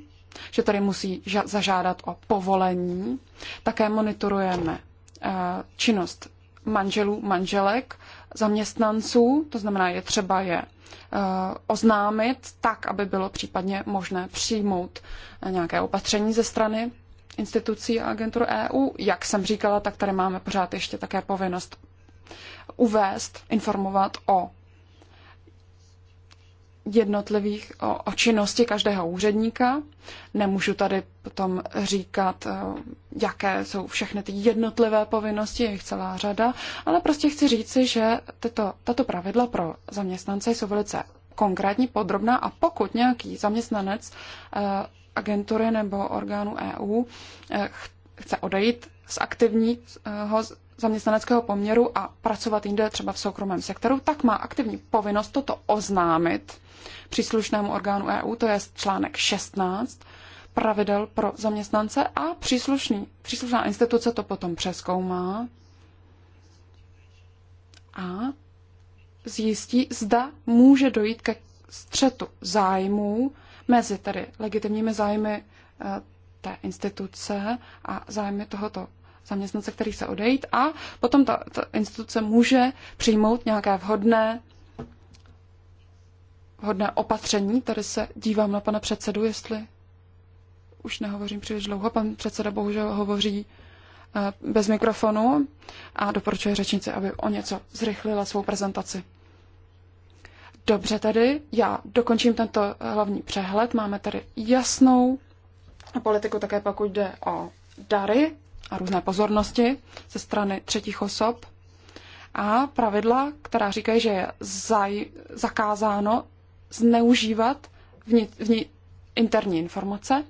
že tady musí zažádat o povolení. Také monitorujeme eh, činnost manželů, manželek, zaměstnanců, to znamená, je třeba je eh, oznámit tak, aby bylo případně možné přijmout eh, nějaké opatření ze strany institucí a agentur EU. Jak jsem říkala, tak tady máme pořád ještě také povinnost uvést, informovat o jednotlivých, o, o činnosti každého úředníka. Nemůžu tady potom říkat, jaké jsou všechny ty jednotlivé povinnosti, je jich celá řada, ale prostě chci říci, že tyto, tato pravidla pro zaměstnance jsou velice konkrétní, podrobná a pokud nějaký zaměstnanec e, agentury nebo orgánu EU e, chce odejít z aktivního e, zaměstnaneckého poměru a pracovat jinde třeba v soukromém sektoru, tak má aktivní povinnost toto oznámit příslušnému orgánu EU, to je článek 16 pravidel pro zaměstnance a příslušný, příslušná instituce to potom přeskoumá a zjistí, zda může dojít ke střetu zájmů mezi tedy legitimními zájmy eh, té instituce a zájmy tohoto zaměstnance, který se odejít a potom ta, ta instituce může přijmout nějaké vhodné vhodné opatření. Tady se dívám na pana předsedu, jestli už nehovořím příliš dlouho. Pan předseda bohužel hovoří eh, bez mikrofonu a doporučuje řečnici, aby o něco zrychlila svou prezentaci. Dobře tedy, já dokončím tento hlavní přehled. Máme tady jasnou politiku také pokud jde o dary a různé pozornosti ze strany třetích osob a pravidla, která říkají, že je zaj, zakázáno zneužívat vni, vni, interní informace.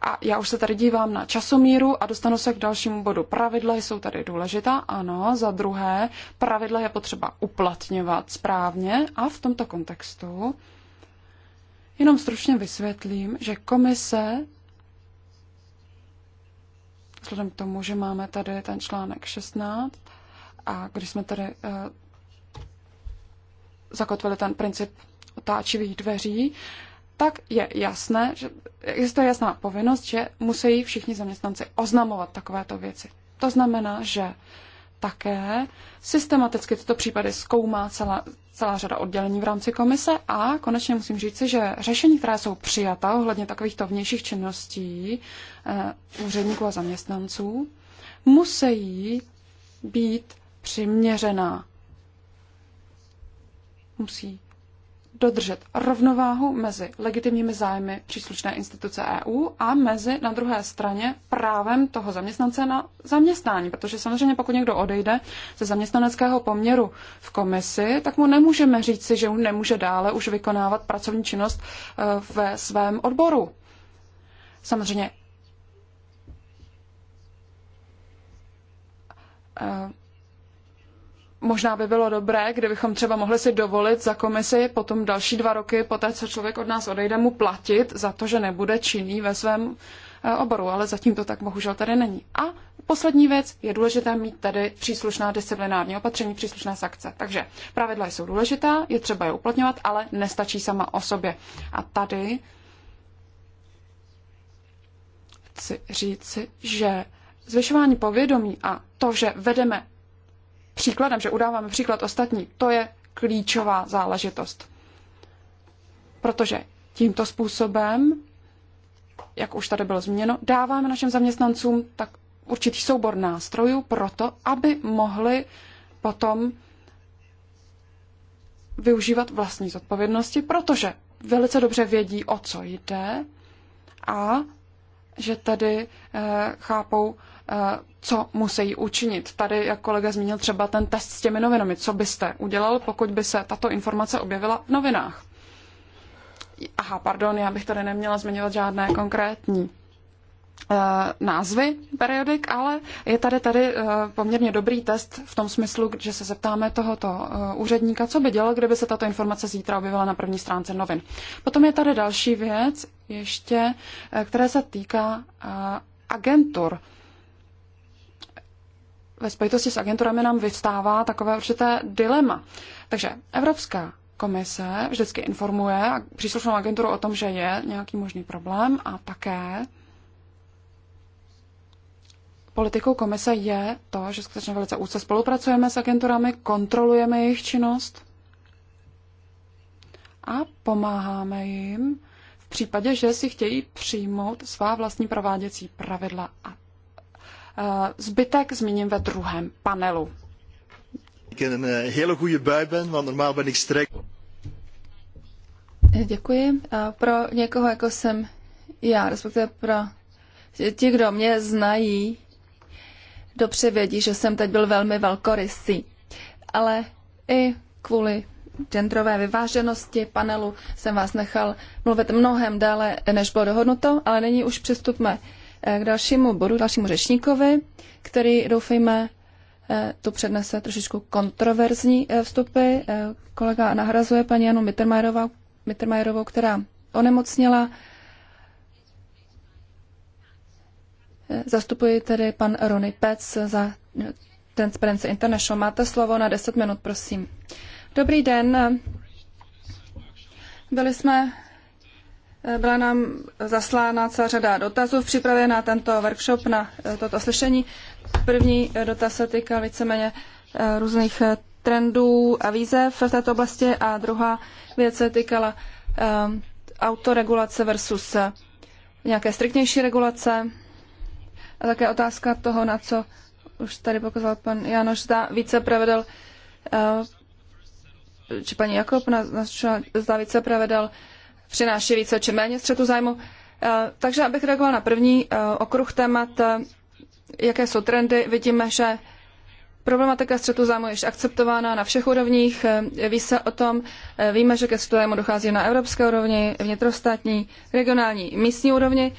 A já už se tady dívám na časomíru a dostanu se k dalšímu bodu. Pravidla jsou tady důležitá, ano. Za druhé, pravidla je potřeba uplatňovat správně a v tomto kontextu jenom stručně vysvětlím, že komise vzhledem k tomu, že máme tady ten článek 16 a když jsme tady eh, zakotvili ten princip otáčivých dveří, tak je jasné, že existuje jasná povinnost, že musí všichni zaměstnanci oznamovat takovéto věci. To znamená, že také systematicky tyto případy zkoumá celá, celá řada oddělení v rámci komise a konečně musím říci, že řešení, která jsou přijata ohledně takovýchto vnějších činností e, úředníků a zaměstnanců, musí být přiměřená. Musí dodržet rovnováhu mezi legitimními zájmy příslušné instituce EU a mezi na druhé straně právem toho zaměstnance na zaměstnání. Protože samozřejmě pokud někdo odejde ze zaměstnaneckého poměru v komisi, tak mu nemůžeme říci, že on nemůže dále už vykonávat pracovní činnost eh, ve svém odboru. Samozřejmě eh, možná by bylo dobré, kdybychom třeba mohli si dovolit za komisi potom další dva roky, poté co člověk od nás odejde, mu platit za to, že nebude činný ve svém eh, oboru, ale zatím to tak bohužel tady není. A poslední věc, je důležité mít tady příslušná disciplinární opatření, příslušné sankce. Takže pravidla jsou důležitá, je třeba je uplatňovat, ale nestačí sama o sobě. A tady chci říci, že zvyšování povědomí a to, že vedeme příkladem, že udáváme příklad ostatní, to je klíčová záležitost. Protože tímto způsobem, jak už tady bylo zmíněno, dáváme našim zaměstnancům tak určitý soubor nástrojů pro to, aby mohli potom využívat vlastní zodpovědnosti, protože velice dobře vědí, o co jde a že tedy eh, chápou co musí učinit. Tady, jak kolega zmínil, třeba ten test s těmi novinami. Co byste udělal, pokud by se tato informace objevila v novinách? Aha, pardon, já bych tady neměla zmiňovat žádné konkrétní eh, názvy periodik, ale je tady tady eh, poměrně dobrý test v tom smyslu, že se zeptáme tohoto eh, úředníka, co by dělal, kdyby se tato informace zítra objevila na první stránce novin. Potom je tady další věc ještě, která se týká agentur ve spojitosti s agenturami nám vystává takové určité dilema. Takže Evropská komise vždycky informuje příslušnou agenturu o tom, že je nějaký možný problém a také politikou komise je to, že skutečně velice úzce spolupracujeme s agenturami, kontrolujeme jejich činnost a pomáháme jim v případě, že si chtějí přijmout svá vlastní prováděcí pravidla a Eh, zbytek zmíním ve druhém panelu. Děkuji. Pro někoho, jako jsem já, respektive pro ti, kdo mě znají, dobře vědí, že jsem teď byl velmi velkorysý. Ale i kvůli genderové vyváženosti panelu jsem vás nechal mluvit mnohem déle, než bylo dohodnuto, ale nyní už přistupme Eh, k dalšímu bodu, dalšímu řečníkovi, který doufejme eh, tu přednese trošičku kontroverzní eh, vstupy. Kolega nahrazuje paní Janu Mittermajerovou, která onemocněla. Zastupuji tedy pan Rony Pec za Transparency International. Máte slovo na 10 minut, prosím. Dobrý den. Byli jsme byla nám zaslána celá řada dotazů připravená na tento workshop, na eh, toto slyšení. První eh, dotaz se týkal víceméně eh, různých trendů a výzev v této oblasti a druhá věc se týkala autoregulace versus nějaké striktnější regulace. A také otázka toho, na co už tady pokazal pan Janoš, zda více pravidel, či paní Jakob na zda více pravidel přináší více či méně střetu zájmu. Eh, takže abych reagoval na první eh, okruh témat, eh, jaké jsou trendy, vidíme, že problematika střetu zájmu je již akceptována na všech úrovních, ví se o tom, víme, že ke střetu zájmu dochází na evropské úrovni, vnitrostátní, regionální, místní úrovni.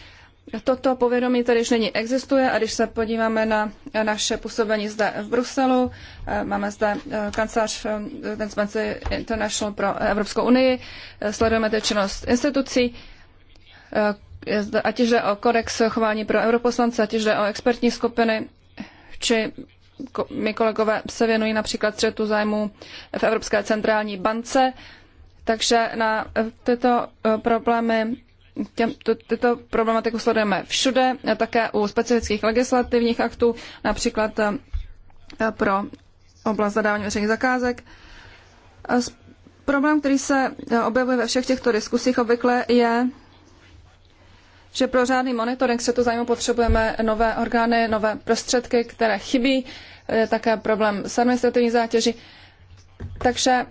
Toto povědomí tedy již nyní existuje a když se podíváme na naše působení zde v Bruselu, eh, máme zde eh, kancelář eh, Transparency International pro Evropskou unii, sledujeme tedy činnost institucí, ať jde o kodex chování pro europoslance, ať jde o expertní skupiny, či my kolegové se věnují například střetu zájmu v Evropské centrální bance, takže na tyto problémy tuto problematiku sledujeme všude, také u specifických legislativních aktů, například e, e, pro oblast zadávání veřejných zakázek. Problém, který se e, objevuje ve všech těchto diskusích obvykle, je, že pro řádný monitoring se tu zájmu potřebujeme nové orgány, nové prostředky, které chybí, je také problém s administrativní zátěží. Takže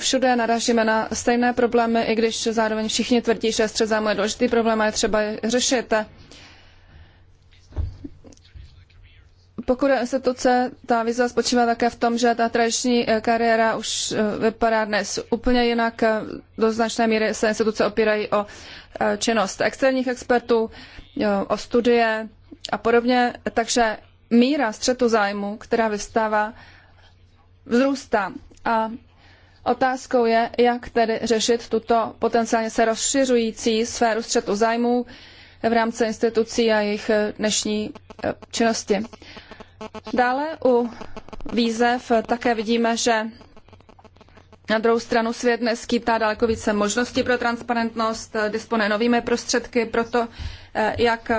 všude narážíme na stejné problémy, i když zároveň všichni tvrdí, že střed zájmu je důležitý problém a je třeba je řešit. Pokud to instituce, ta výzva spočívá také v tom, že ta tradiční eh, kariéra už eh, vypadá dnes úplně jinak. Do značné míry se instituce opírají o eh, činnost externích expertů, o studie a podobně. Takže míra střetu zájmu, která vyvstává, vzrůstá. A Otázkou je, jak tedy řešit tuto potenciálně se rozšiřující sféru střetu zájmů v rámci institucí a jejich eh, dnešní eh, činnosti. Dále u výzev také vidíme, že na druhou stranu svět neskýtá daleko více možností pro transparentnost, eh, disponuje novými prostředky pro to, jak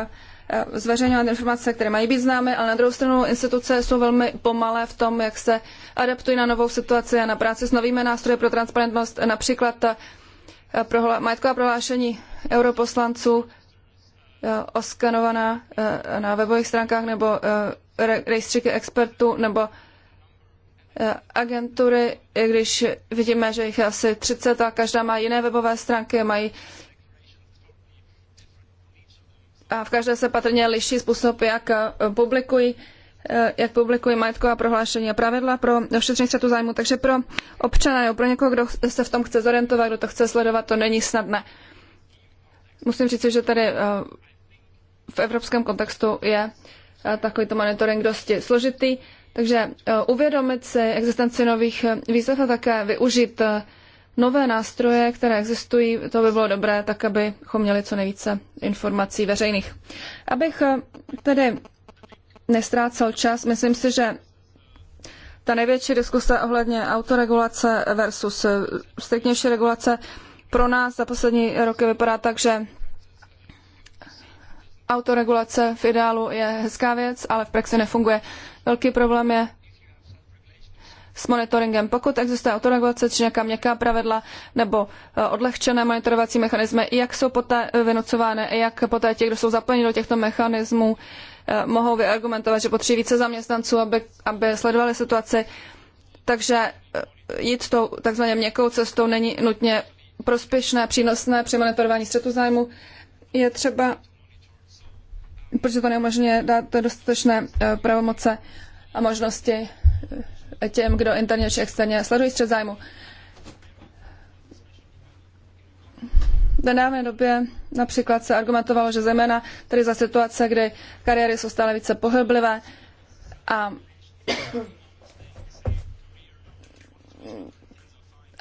Eh, zveřejňovat informace, které mají být známy, ale na druhou stranu instituce jsou velmi pomalé v tom, jak se adaptují na novou situaci a na práci s novými nástroji pro transparentnost, například eh, prohla- majetková prohlášení europoslanců eh, oskanovaná na webových stránkách nebo rejstříky expertů nebo agentury, i když vidíme, že jich je asi 30 a každá má jiné webové stránky, mají a v každé se patrně liší způsob, jak eh, publikují eh, jak publikují majetková prohlášení a pravidla pro ošetření střetu zájmu. Takže pro občana nebo pro někoho, kdo se v tom chce zorientovat, kdo to chce sledovat, to není snadné. Musím říct, že tady eh, v evropském kontextu je takovýto monitoring dosti složitý, takže uvědomit si existenci nových výzev a také využít nové nástroje, které existují, to by bylo dobré, tak abychom měli co nejvíce informací veřejných. Abych eh, tedy nestrácel čas, myslím si, že ta největší diskuse ohledně autoregulace versus eh, striktnější regulace pro nás za poslední roky vypadá tak, že autoregulace v ideálu je hezká věc, ale v praxi nefunguje. Velký problém je s monitoringem. Pokud existuje autoregulace či nějaká měkká pravidla nebo eh, odlehčené monitorovací mechanismy, jak jsou poté eh, vynucovány, jak poté ti, kdo jsou zapojeni do těchto mechanismů, eh, mohou vyargumentovat, že potřebují více zaměstnanců, aby, aby sledovali situaci. Takže jít tou takzvaně měkkou cestou není nutně prospěšné, přínosné při monitorování střetu zájmu. Je třeba, protože to neumožňuje dát dostatečné pravomoce a možnosti těm, kdo interně či externě sledují střed zájmu. V nedávné době například se argumentovalo, že zejména tady za situace, kdy kariéry jsou stále více pohyblivé a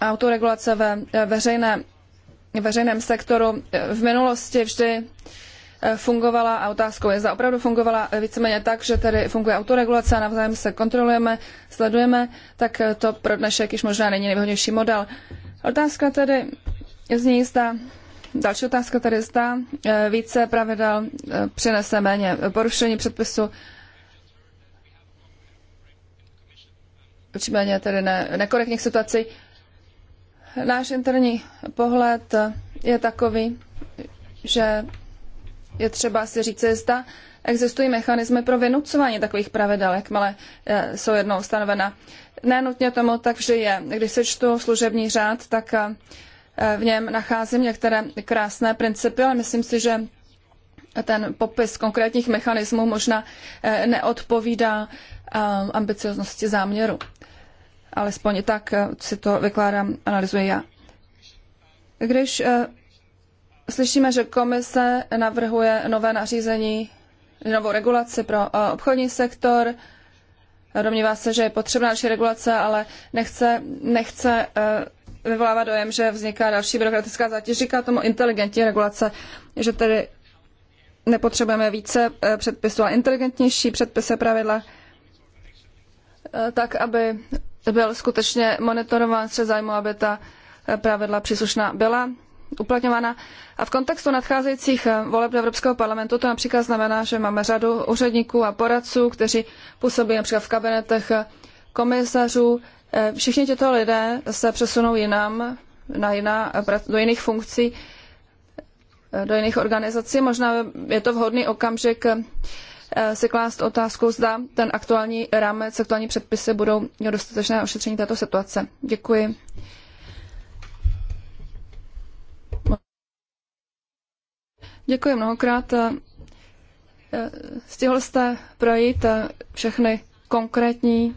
autoregulace ve veřejné, veřejném sektoru v minulosti vždy Eh, fungovala a otázkou je, zda opravdu fungovala eh, víceméně tak, že tady funguje autoregulace a navzájem se kontrolujeme, sledujeme, tak eh, to pro dnešek již možná není nejvhodnější model. Otázka tedy zní, zda Další otázka tedy zda více pravidel přinese méně porušení předpisu, určitě tedy ne, nekorektních situací. Náš interní pohled je takový, že je třeba si říct, zda existují mechanismy pro vynucování takových pravidel, jakmile eh, jsou jednou stanovena. Nenutně tomu tak, že je. Když se čtu služební řád, tak eh, v něm nacházím některé krásné principy, ale myslím si, že ten popis konkrétních mechanismů možná eh, neodpovídá ambicioznosti záměru. Alespoň tak si to vykládám, analyzuji já. Když Slyšíme, že komise navrhuje nové nařízení, novou regulaci pro eh, obchodní sektor. Domnívá se, že je potřebná další regulace, ale nechce, nechce eh, vyvolávat dojem, že vzniká další byrokratická zátěž. Říká tomu inteligentní regulace, že tedy nepotřebujeme více eh, předpisů, ale inteligentnější předpisy pravidla, tak, aby byl skutečně monitorován střed zájmu, aby ta pravidla příslušná byla uplatňována. A v kontextu nadcházejících eh, voleb do Evropského parlamentu to například znamená, že máme řadu úředníků a poradců, kteří působí například v kabinetech eh, komisařů. Eh, všichni těto lidé se přesunou jinam, na jiná, do jiných funkcí, do jiných organizací. Možná je to vhodný okamžik si klást otázku, zda ten aktuální rámec, aktuální předpisy budou dostatečné ošetření této situace. Děkuji. Děkuji mnohokrát. Eh, Stihl jste projít eh, všechny konkrétní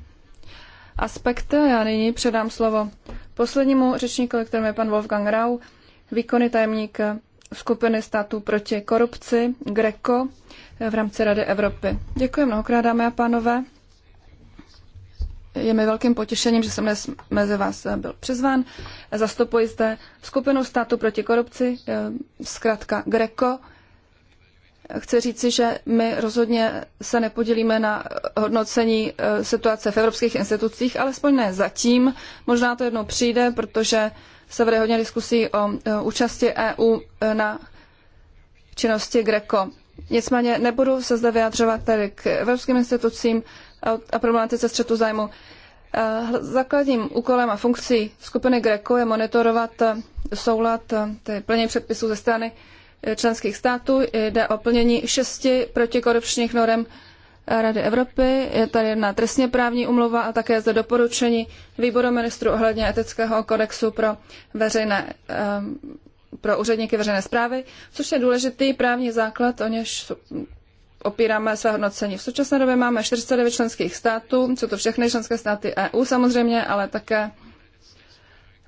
aspekty. Já nyní předám slovo poslednímu řečníkovi, kterým je pan Wolfgang Rau, výkonný tajemník eh, skupiny států proti korupci, GRECO, v rámci Rady Evropy. Děkuji mnohokrát, dámy a pánové. Je mi velkým potěšením, že jsem dnes mezi vás eh, byl přizván. Zastupuji zde skupinu státu proti korupci, eh, zkrátka GRECO. Chci říci, že my rozhodně se nepodělíme na hodnocení eh, situace v evropských institucích, alespoň ne zatím. Možná to jednou přijde, protože se vede hodně diskusí o účasti EU na činnosti GRECO. Nicméně nebudu se zde vyjadřovat tedy k evropským institucím, a problematice střetu zájmu. Eh, základním úkolem a funkcí skupiny GRECO je monitorovat eh, soulad eh, plnění předpisů ze strany členských států. Jde o plnění šesti protikorupčních norem Rady Evropy. Je tady jedna trestně právní umluva a také zde doporučení výboru ministrů ohledně etického kodexu pro veřejné pro úředníky veřejné zprávy, což je důležitý právní základ, o něž opíráme své hodnocení. V současné době máme 49 členských států, jsou to všechny členské státy EU samozřejmě, ale také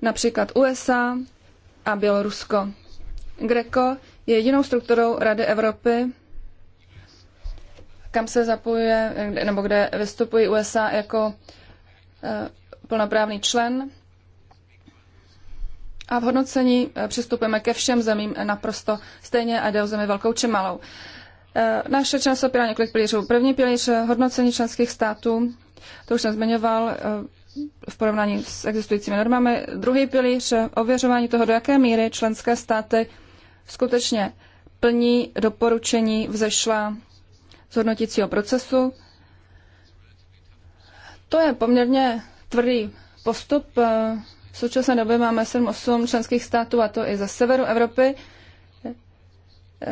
například USA a Bělorusko. Greco je jedinou strukturou Rady Evropy, kam se zapojuje, nebo kde vystupují USA jako eh, plnoprávný člen. A v hodnocení eh, přistupujeme ke všem zemím naprosto stejně a jde o zemi velkou či malou. Eh, naše činnost opírá několik pilířů. První pilíř eh, hodnocení členských států, to už jsem zmiňoval eh, v porovnání s existujícími normami. Druhý pilíř ověřování toho, do jaké míry členské státy skutečně plní doporučení vzešla z hodnotícího procesu. To je poměrně tvrdý postup. V současné době máme 7-8 členských států, a to i ze severu Evropy,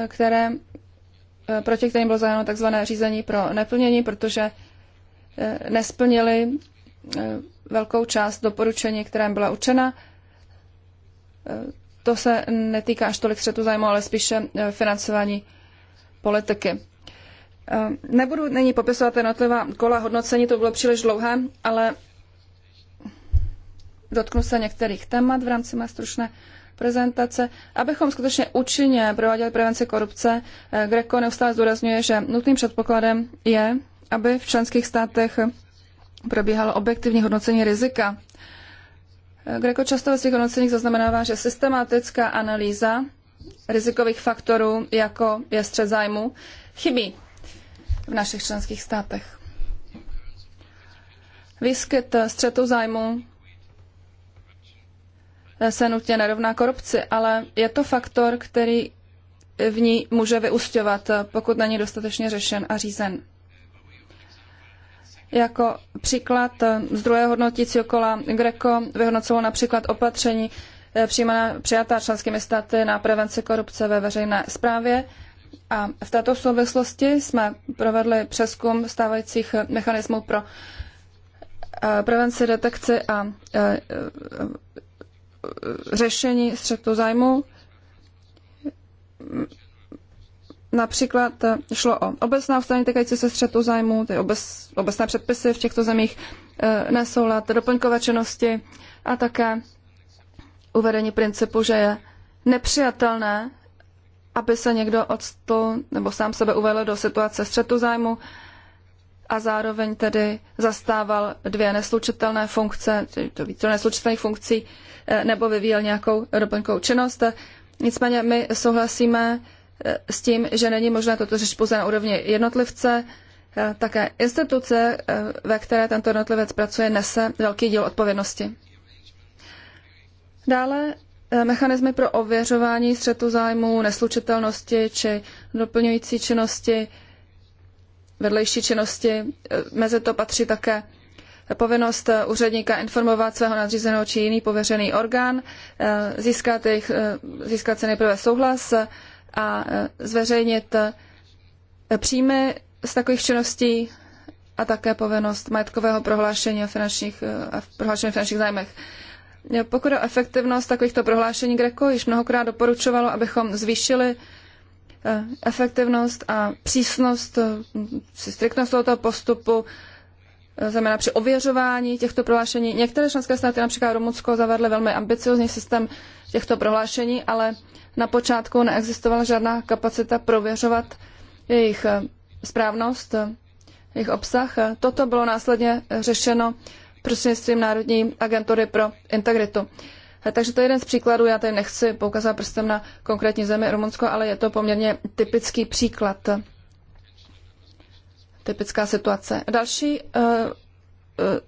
které Eh, proti kterým bylo zahájeno tzv. řízení pro neplnění, protože eh, nesplnili eh, velkou část doporučení, která byla učena. To se netýká až tolik střetu zájmu, ale spíše financování politiky. Nebudu nyní popisovat jednotlivá kola hodnocení, to bylo příliš dlouhé, ale dotknu se některých témat v rámci mé stručné prezentace, abychom skutečně účinně prováděli prevenci korupce. Eh, Greco neustále zdůrazňuje, že nutným předpokladem je, aby v členských státech probíhalo objektivní hodnocení rizika. Eh, Greco často ve svých hodnoceních zaznamenává, že systematická analýza rizikových faktorů, jako je střed zájmu, chybí v našich členských státech. Výskyt střetu zájmu se nutně nerovná korupci, ale je to faktor, který v ní může vyústěvat, pokud není dostatečně řešen a řízen. Jako příklad z druhého hodnotícího kola Greco vyhodnocovalo například opatření eh, přijímaná, přijatá členskými státy na prevenci korupce ve veřejné správě. A v této souvislosti jsme provedli přeskum stávajících mechanismů pro eh, prevenci, detekci a eh, řešení střetu zájmu. Například šlo o obecná ustanovení týkající se střetu zájmu, ty obec, obecné předpisy v těchto zemích, eh, nesoulad, doplňkové činnosti a také uvedení principu, že je nepřijatelné, aby se někdo odstl nebo sám sebe uvedl do situace střetu zájmu a zároveň tedy zastával dvě neslučitelné funkce, to více neslučitelných funkcí, eh, nebo vyvíjel nějakou doplňkovou činnost. Nicméně my souhlasíme eh, s tím, že není možné toto řešit pouze na úrovni jednotlivce, eh, také instituce, ve které tento jednotlivec pracuje, nese velký díl odpovědnosti. Dále mechanismy pro ověřování střetu zájmů, neslučitelnosti či doplňující činnosti vedlejší činnosti. Mezi to patří také povinnost úředníka informovat svého nadřízeného či jiný pověřený orgán, získat, jejich, získat se nejprve souhlas a zveřejnit příjmy z takových činností a také povinnost majetkového prohlášení o finančních, a prohlášení o finančních zájmech. Pokud o efektivnost takovýchto prohlášení Greco již mnohokrát doporučovalo, abychom zvýšili Eh, efektivnost a přísnost, eh, striktnost tohoto postupu, eh, znamená při ověřování těchto prohlášení. Některé členské státy, například Rumunsko, zavedly velmi ambiciozní systém těchto prohlášení, ale na počátku neexistovala žádná kapacita prověřovat jejich správnost, jejich obsah. Toto bylo následně řešeno prostřednictvím Národní agentury pro integritu. Takže to je jeden z příkladů. Já tady nechci poukazovat prstem na konkrétní zemi Rumunsko, ale je to poměrně typický příklad. Typická situace. Další uh,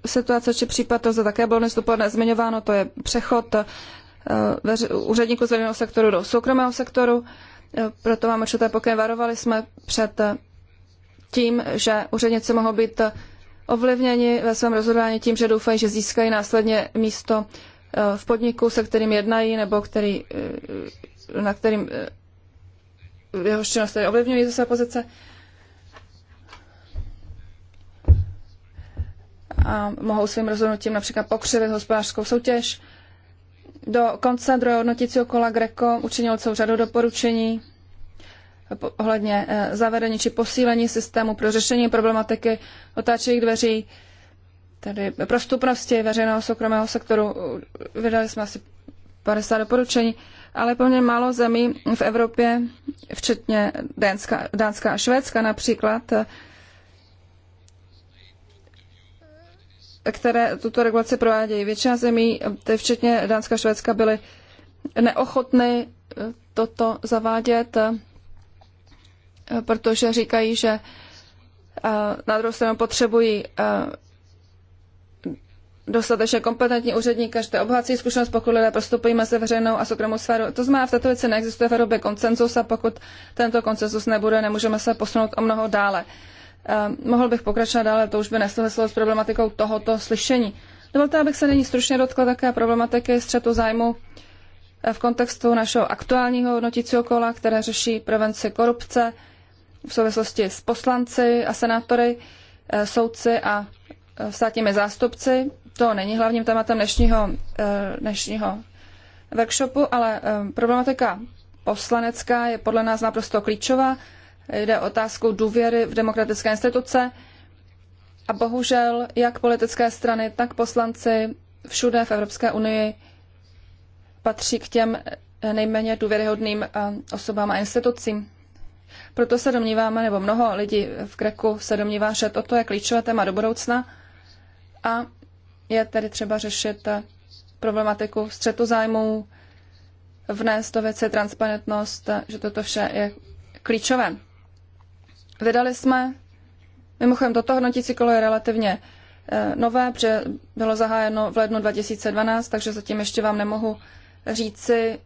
situace či případ, to za také bylo dnes zmiňováno, to je přechod uh, z veřejného sektoru do soukromého sektoru. Proto vám určité pokyn varovali jsme před tím, že úředníci mohou být ovlivněni ve svém rozhodování tím, že doufají, že získají následně místo v podniku, se kterým jednají, nebo který, eh, na kterým eh, jeho činnost ovlivňují ze své pozice. A mohou svým rozhodnutím například pokřivit hospodářskou soutěž. Do konce druhého hodnotícího kola Greco učinil celou řadu doporučení eh, ohledně zavedení či posílení systému pro řešení problematiky otáčivých dveří, tedy prostupnosti veřejného soukromého sektoru. Uh, vydali jsme asi 50 doporučení, ale plně málo zemí v Evropě, včetně Dánska, Dánska a Švédska například, eh, které tuto regulaci provádějí. Většina zemí, eh, včetně Dánska a Švédska, byly neochotny eh, toto zavádět, protože říkají, že na druhou stranu potřebují dostatečně kompetentní úředník, každé obhací zkušenost, pokud lidé prostupují mezi veřejnou a soukromou sféru. To znamená, v této věci neexistuje v Evropě koncenzus a pokud tento koncenzus nebude, nemůžeme se posunout o mnoho dále. Eh, mohl bych pokračovat dále, to už by nesouhlasilo s problematikou tohoto slyšení. Dovolte, abych se nyní stručně dotkla také problematiky střetu zájmu eh, v kontextu našeho aktuálního hodnotícího kola, které řeší prevenci korupce v souvislosti s poslanci a senátory, eh, soudci a eh, státními zástupci to není hlavním tématem dnešního, eh, dnešního workshopu, ale eh, problematika poslanecká je podle nás naprosto klíčová. Jde o otázku důvěry v demokratické instituce a bohužel jak politické strany, tak poslanci všude v Evropské unii patří k těm nejméně důvěryhodným eh, osobám a institucím. Proto se domníváme, nebo mnoho lidí v Kreku se domnívá, že toto je klíčové téma do budoucna a je tedy třeba řešit eh, problematiku střetu zájmů, vnést do věci transparentnost, eh, že toto vše je klíčové. Vydali jsme, mimochodem toto hodnotící kolo je relativně eh, nové, protože bylo zahájeno v lednu 2012, takže zatím ještě vám nemohu říci,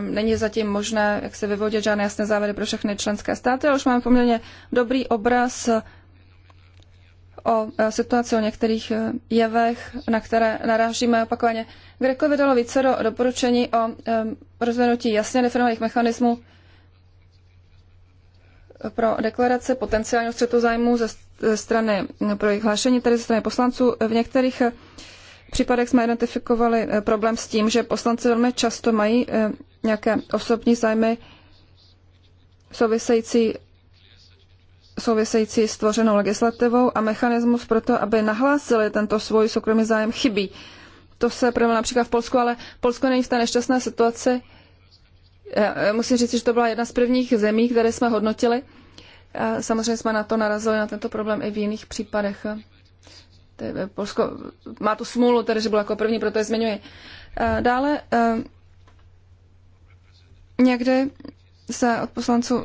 mm, není zatím možné, jak se vyvodit žádné jasné závěry pro všechny členské státy, ale už máme poměrně dobrý obraz o e, situaci, o některých e, jevech, na které narážíme opakovaně. Greco vydalo více do doporučení o e, rozvinutí jasně definovaných mechanismů pro deklarace potenciálního střetu zájmu ze strany pro jejich hlášení, tedy ze strany poslanců. V některých případech jsme identifikovali problém s tím, že poslanci velmi často mají nějaké osobní zájmy související související stvořenou legislativou a mechanismus pro to, aby nahlásili tento svůj soukromý zájem chybí. To se projevilo například v Polsku, ale Polsko není v té nešťastné situaci. Já musím říct, že to byla jedna z prvních zemí, které jsme hodnotili. Samozřejmě jsme na to narazili, na tento problém i v jiných případech. Polsko má tu smůlu, tedy, že bylo jako první, proto je zmiňuji. Dále eh, někdy se od poslanců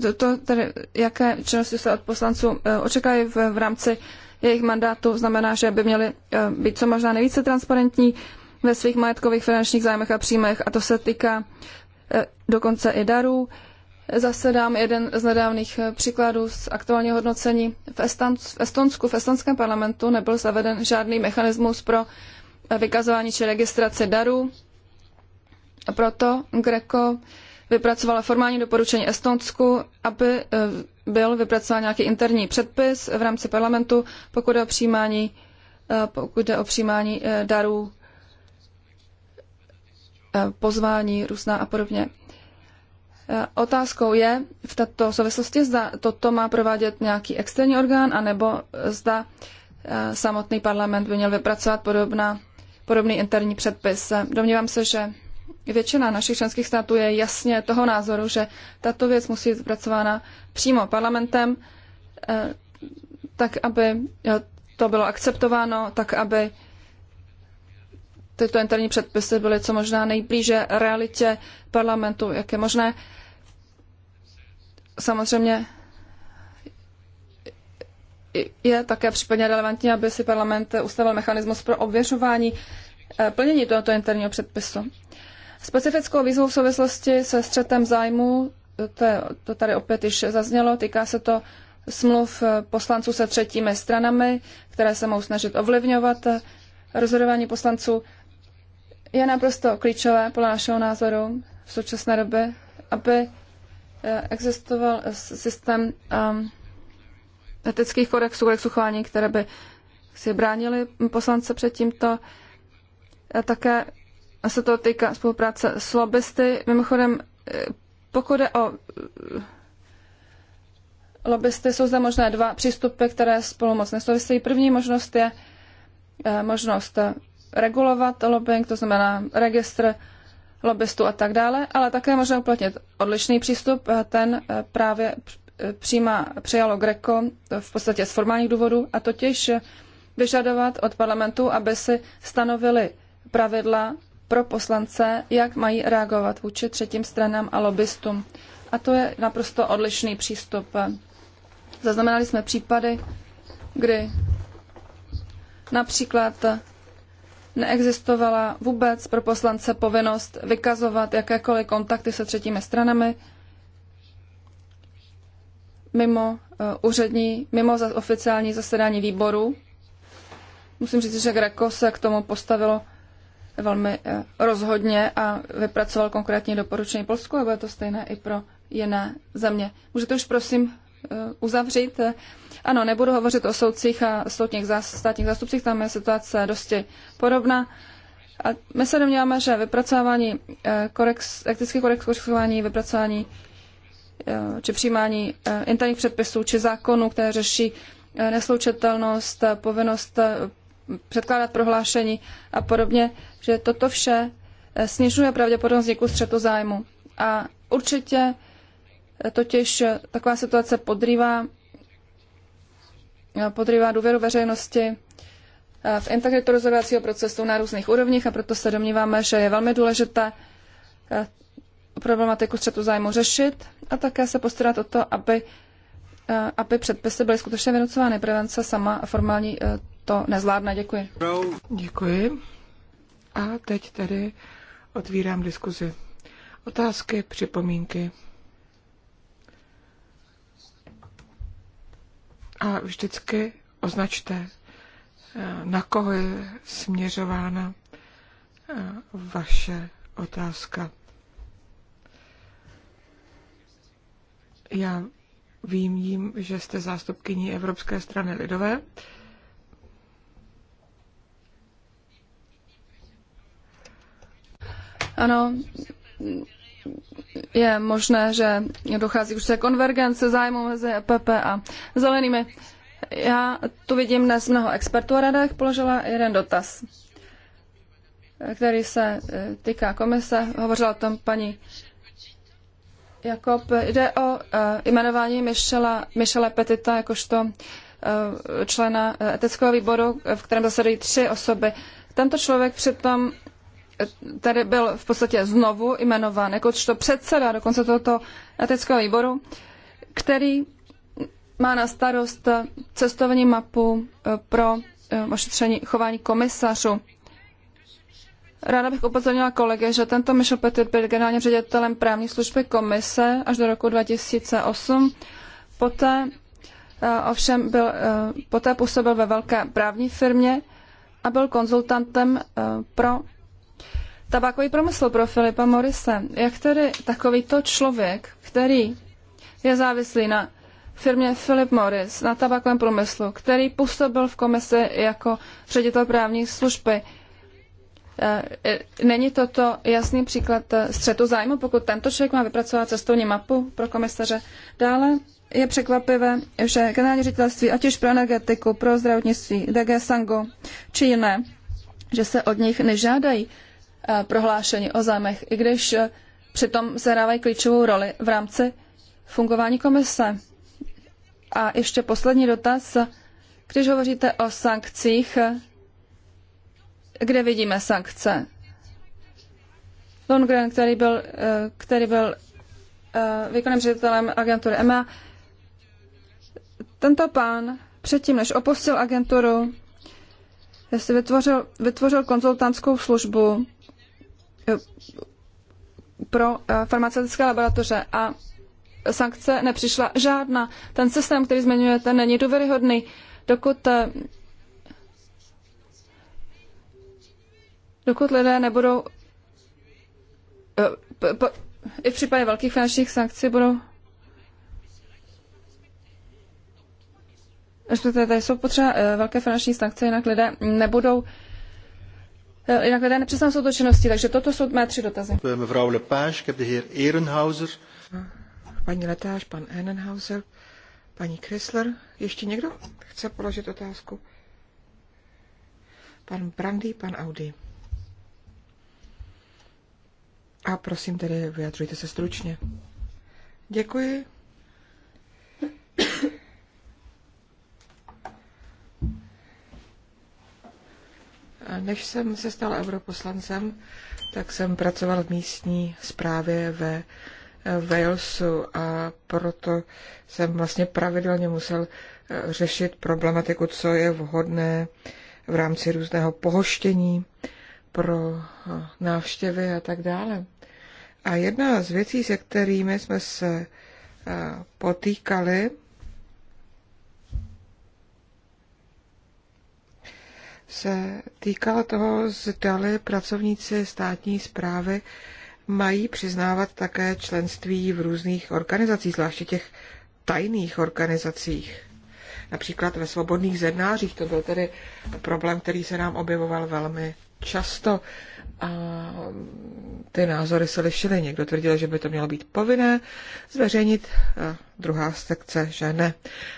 to, to tedy, jaké činnosti se od poslanců eh, očekají v, v rámci jejich mandátu, znamená, že by měli eh, být co možná nejvíce transparentní ve svých majetkových finančních zájmech a příjmech a to se týká eh, dokonce i darů. Zase dám jeden z nedávných příkladů z aktuálního hodnocení. V, Estonsku, v estonském parlamentu nebyl zaveden žádný mechanismus pro vykazování či registraci darů. a Proto Greco vypracovala formální doporučení Estonsku, aby eh, byl vypracován nějaký interní předpis v rámci parlamentu, pokud jde o přijímání, eh, pokud jde o přijímání eh, darů, pozvání různá a podobně. Otázkou je v této souvislosti, zda toto má provádět nějaký externí orgán, anebo zda samotný parlament by měl vypracovat podobná, podobný interní předpis. Domnívám se, že Většina našich členských států je jasně toho názoru, že tato věc musí být zpracována přímo parlamentem, eh, tak aby eh, to bylo akceptováno, tak aby tyto interní předpisy byly co možná nejblíže realitě parlamentu, jak je možné. Samozřejmě je také případně relevantní, aby si parlament ustavil mechanismus pro ověřování eh, plnění tohoto interního předpisu. Specifickou výzvou v souvislosti se střetem zájmu, to, je, to tady opět již zaznělo, týká se to smluv poslanců se třetími stranami, které se mohou snažit ovlivňovat rozhodování poslanců, je naprosto klíčové, podle našeho názoru, v současné době, aby eh, existoval systém um, etických kodexů, kodexů chování, které by si bránili poslance před tímto. Eh, také se to týká spolupráce s lobbysty. Mimochodem, eh, pokud je o eh, lobbysty, jsou zde možné dva přístupy, které spolu moc nesouvisejí. První možnost je eh, možnost regulovat lobbying, to znamená registr lobbystů a tak dále, ale také možná uplatnit odlišný přístup. Ten právě přijímá, přijalo Greco v podstatě z formálních důvodů a totiž vyžadovat od parlamentu, aby si stanovili pravidla pro poslance, jak mají reagovat vůči třetím stranám a lobbystům. A to je naprosto odlišný přístup. Zaznamenali jsme případy, kdy například neexistovala vůbec pro poslance povinnost vykazovat jakékoliv kontakty se třetími stranami mimo eh, úřední, mimo oficiální zasedání výboru. Musím říct, že Greco se k tomu postavilo velmi eh, rozhodně a vypracoval konkrétní doporučení Polsku a bude to stejné i pro jiné země. Můžete už prosím eh, uzavřít? Eh, ano, nebudu hovořit o soudcích a soudních zás, státních zástupcích, tam je situace dosti podobná. A my se domníváme, že vypracování korex, etický korex kořistování, vypracování či přijímání interních předpisů či zákonů, které řeší neslučitelnost, povinnost předkládat prohlášení a podobně, že toto vše eh, snižuje pravděpodobnost vzniku střetu zájmu. A určitě eh, totiž eh, taková situace podrývá, podrývá důvěru veřejnosti v integritu rozhodovacího procesu na různých úrovních a proto se domníváme, že je velmi důležité problematiku střetu zájmu řešit a také se postarat o to, aby, aby předpisy byly skutečně vynucovány. Prevence sama a formální to nezvládne. Děkuji. Děkuji. A teď tedy otvírám diskuzi. Otázky, připomínky. A vždycky označte, eh, na koho je směřována eh, vaše otázka. Já vím, že jste zástupkyní Evropské strany lidové. Ano, je možné, že dochází už se konvergence zájmu mezi EPP a zelenými. Já tu vidím dnes mnoho expertů a radách položila jeden dotaz, který se e, týká komise. Hovořila o tom paní Jakob. Jde o e, jmenování Michela, Michela Petita jakožto e, člena etického výboru, v kterém zasedají tři osoby. Tento člověk přitom tady byl v podstatě znovu jmenován jakožto předseda dokonce tohoto etického výboru, který má na starost cestovní mapu eh, pro eh, ošetření chování komisařů. Ráda bych upozornila kolegy, že tento Michel Petit byl generálním ředitelem právní služby komise až do roku 2008. Poté eh, ovšem byl, poté působil ve velké právní firmě a byl konzultantem pro tabákový promysl pro Filipa Morise. Jak tedy takovýto člověk, který je závislý na firmě Philip Morris, na tabákovém průmyslu, který působil v komisi jako ředitel právní služby, eh, eh, Není toto jasný příklad eh, střetu zájmu, pokud tento člověk má vypracovat cestovní mapu pro komisaře? Dále je překvapivé, že generální ředitelství, ať už pro energetiku, pro zdravotnictví, DG Sango či jiné, že se od nich nežádají Eh, prohlášení o zájmech, i když eh, přitom zahrávají klíčovou roli v rámci fungování komise. A ještě poslední dotaz. Když hovoříte o sankcích, eh, kde vidíme sankce? Lundgren, který byl, který byl výkonným ředitelem agentury EMA, tento pán předtím, než opustil agenturu, vytvořil, vytvořil konzultantskou službu, pro eh, farmaceutické laboratoře a sankce nepřišla žádná. Ten systém, který zmiňujete, není důvěryhodný. Dokud, eh, dokud lidé nebudou eh, i v případě velkých finančních sankcí budou Respektive tady jsou potřeba velké finanční sankce, jinak lidé nebudou Eh, jinak lidé nepřestanou jsou to činnosti, takže toto jsou mé tři dotazy. Eh, mevrouw Lepage, heb de heer Ehrenhauser. Eh, paní Letáž, pan Ehrenhauser, paní Kressler. Ještě někdo chce položit otázku? Pan Brandy, pan Audi. A prosím tedy, vyjadřujte se stručně. Děkuji. Než jsem se stal europoslancem, tak jsem pracoval v místní správě ve eh, Walesu a proto jsem vlastně pravidelně musel eh, řešit problematiku, co je vhodné v rámci různého pohoštění pro eh, návštěvy a tak dále. A jedna z věcí, se kterými jsme se potýkali, se týkal toho, zdali pracovníci státní zprávy mají přiznávat také členství v různých organizacích, zvláště těch tajných organizacích. Například ve svobodných zednářích, to byl tedy problém, který se nám objevoval velmi často a ty názory se lišily. Někdo tvrdil, že by to mělo být povinné zveřejnit, a druhá sekce, že ne.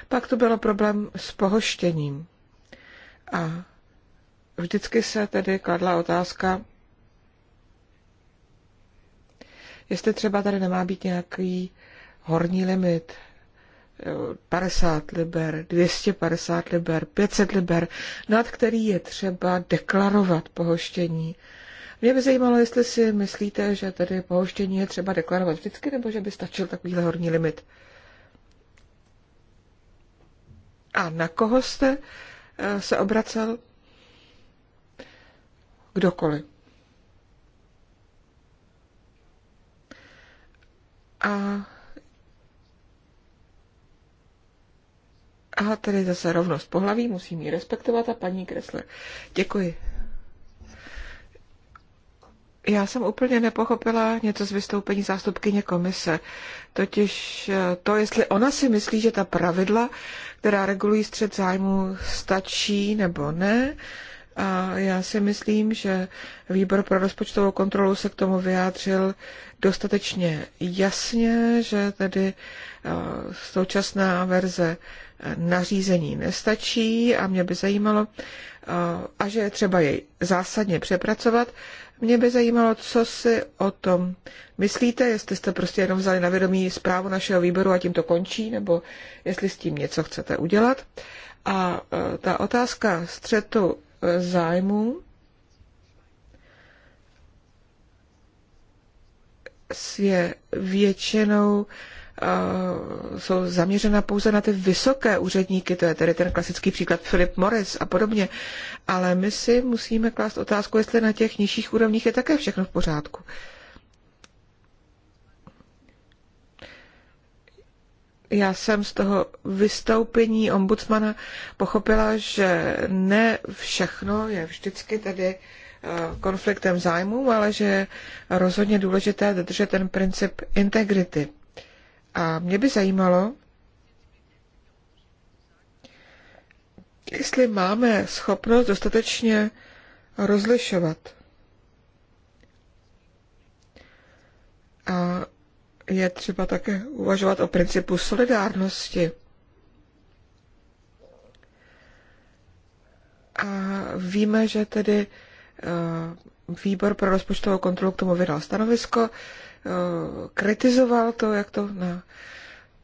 Pak to bylo problém s pohoštěním. A vždycky se tedy kladla otázka, jestli třeba tady nemá být nějaký horní limit, 50 liber, 250 liber, 500 liber, nad který je třeba deklarovat pohoštění. Mě by zajímalo, jestli si myslíte, že tedy pohoštění je třeba deklarovat vždycky, nebo že by stačil takovýhle horní limit. A na koho jste eh, se obracel? kdokoliv. A A tady zase rovnost pohlaví, musím ji respektovat a paní Kresler. Děkuji. Já jsem úplně nepochopila něco z vystoupení zástupkyně komise, totiž eh, to, jestli ona si myslí, že ta pravidla, která regulují střed zájmu, stačí nebo ne, a já si myslím, že výbor pro rozpočtovou kontrolu se k tomu vyjádřil dostatečně jasně, že tedy eh, současná verze eh, nařízení nestačí a mě by zajímalo, eh, a že je třeba jej zásadně přepracovat. Mě by zajímalo, co si o tom myslíte, jestli jste prostě jenom vzali na vědomí zprávu našeho výboru a tím to končí, nebo jestli s tím něco chcete udělat. A ta otázka střetu zájmu je většinou eh, jsou zaměřena pouze na ty vysoké úředníky, to je tedy ten klasický příklad Philip Morris a podobně, ale my si musíme klást otázku, jestli na těch nižších úrovních je také všechno v pořádku. Uh, já jsem z toho vystoupení ombudsmana pochopila, že ne všechno je vždycky tedy eh, konfliktem zájmů, ale že je rozhodně důležité dodržet ten princip integrity. A mě by zajímalo, jestli máme schopnost dostatečně rozlišovat. A je třeba také uvažovat o principu solidárnosti. A víme, že tedy eh, výbor pro rozpočtovou kontrolu k tomu vydal stanovisko, eh, kritizoval to, jak to na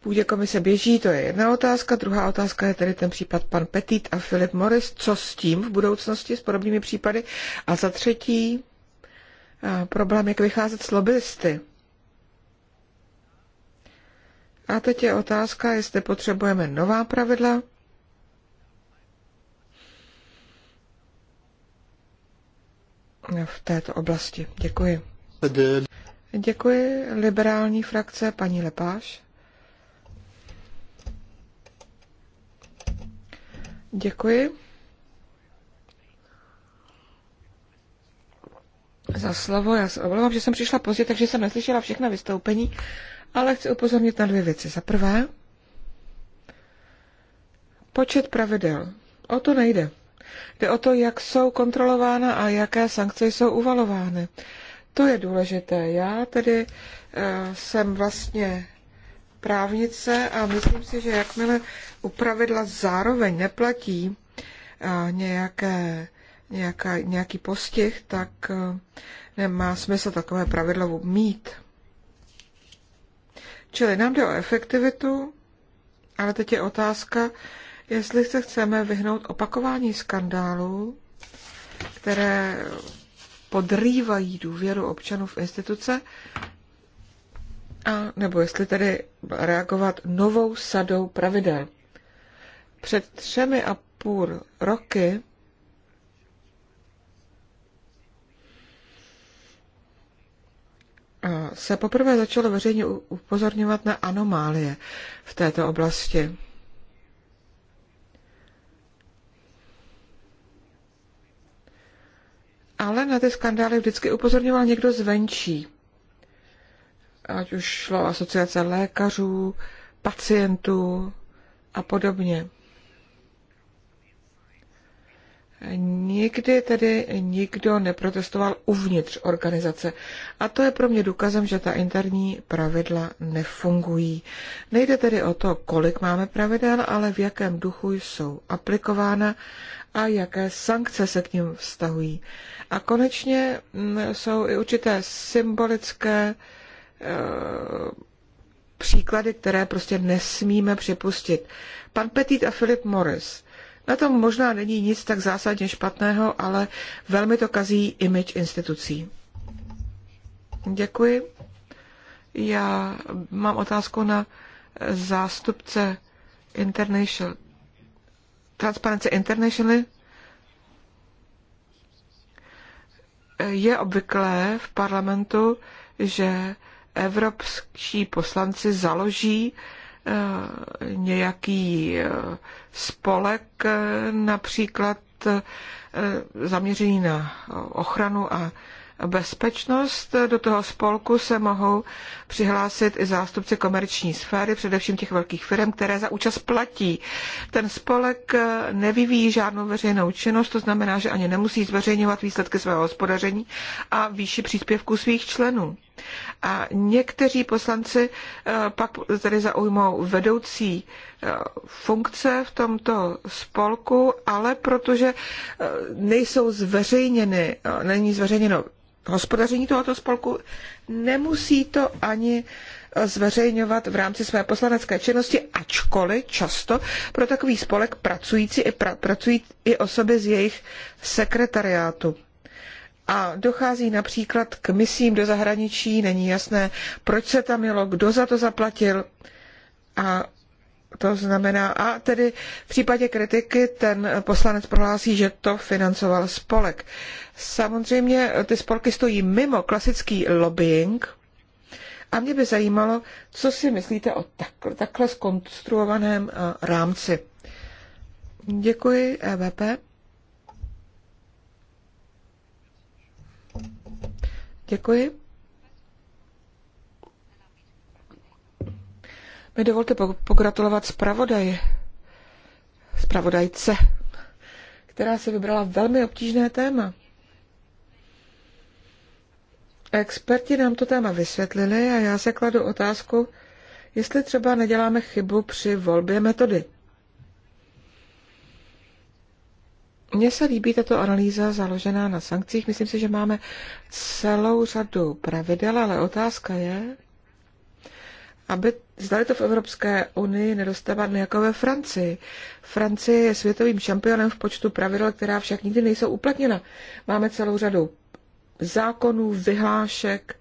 půdě komise běží, to je jedna otázka. Druhá otázka je tedy ten případ pan Petit a Filip Morris. Co s tím v budoucnosti s podobnými případy? A za třetí, eh, problém, jak vycházet s lobbysty. A teď je otázka, jestli potřebujeme nová pravidla, v této oblasti. Děkuji. Děkuji. Liberální frakce, paní Lepáš. Děkuji. Za slovo. Já se omlouvám, že jsem přišla pozdě, takže jsem neslyšela všechna vystoupení, ale chci upozornit na dvě věci. Za prvé, počet pravidel. O to nejde. Jde o to, jak jsou kontrolována a jaké sankce jsou uvalovány. To je důležité. Já tedy e, jsem vlastně právnice a myslím si, že jakmile u pravidla zároveň neplatí e, nějaké, nějaká, nějaký postih, tak e, nemá smysl takové pravidlo mít. Čili nám jde o efektivitu, ale teď je otázka, jestli se chceme vyhnout opakování skandálů, které podrývají důvěru občanů v instituce, a nebo jestli tedy reagovat novou sadou pravidel. Před třemi a půl roky se poprvé začalo veřejně upozorňovat na anomálie v této oblasti. Ale na ty skandály vždycky upozorňoval někdo zvenčí. Ať už šlo asociace lékařů, pacientů a podobně. Nikdy tedy nikdo neprotestoval uvnitř organizace. A to je pro mě důkazem, že ta interní pravidla nefungují. Nejde tedy o to, kolik máme pravidel, ale v jakém duchu jsou aplikována a jaké sankce se k ním vztahují. A konečně mm, jsou i určité symbolické eh, příklady, které prostě nesmíme připustit. Pan Petit a Philip Morris na tom možná není nic tak zásadně špatného, ale velmi to kazí image institucí. Děkuji. Já mám otázku na zástupce International, Transparency International. Je obvyklé v parlamentu, že evropští poslanci založí uh, Eh, nějaký eh, spolek eh, například zaměřený na ochranu a bezpečnost. Do toho spolku se mohou přihlásit i zástupci komerční sféry, především těch velkých firm, které za účast platí. Ten spolek nevyvíjí žádnou veřejnou činnost, to znamená, že ani nemusí zveřejňovat výsledky svého hospodaření a výši příspěvků svých členů. A někteří poslanci eh, pak tedy zaujmou vedoucí eh, funkce v tomto spolku, ale protože eh, nejsou zveřejněny, není zveřejněno hospodaření tohoto spolku, nemusí to ani zveřejňovat v rámci své poslanecké činnosti, ačkoliv často pro takový spolek pracující i, pra, pracují i osoby z jejich sekretariátu a dochází například k misím do zahraničí, není jasné, proč se tam jelo, kdo za to zaplatil a to znamená, a tedy v případě kritiky ten poslanec prohlásí, že to financoval spolek. Samozřejmě ty spolky stojí mimo klasický lobbying a mě by zajímalo, co si myslíte o takhle, takhle skonstruovaném eh, rámci. Děkuji, EVP. Děkuji. Mi dovolte pogratulovat zpravodaji, zpravodajce, která si vybrala velmi obtížné téma. Experti nám to téma vysvětlili a já se kladu otázku, jestli třeba neděláme chybu při volbě metody. Mně se líbí tato analýza založená na sankcích. Myslím si, že máme celou řadu pravidel, ale otázka je, aby zdali to v Evropské unii nedostávat jako ve Francii. Francie je světovým šampionem v počtu pravidel, která však nikdy nejsou uplatněna. Máme celou řadu zákonů, vyhlášek,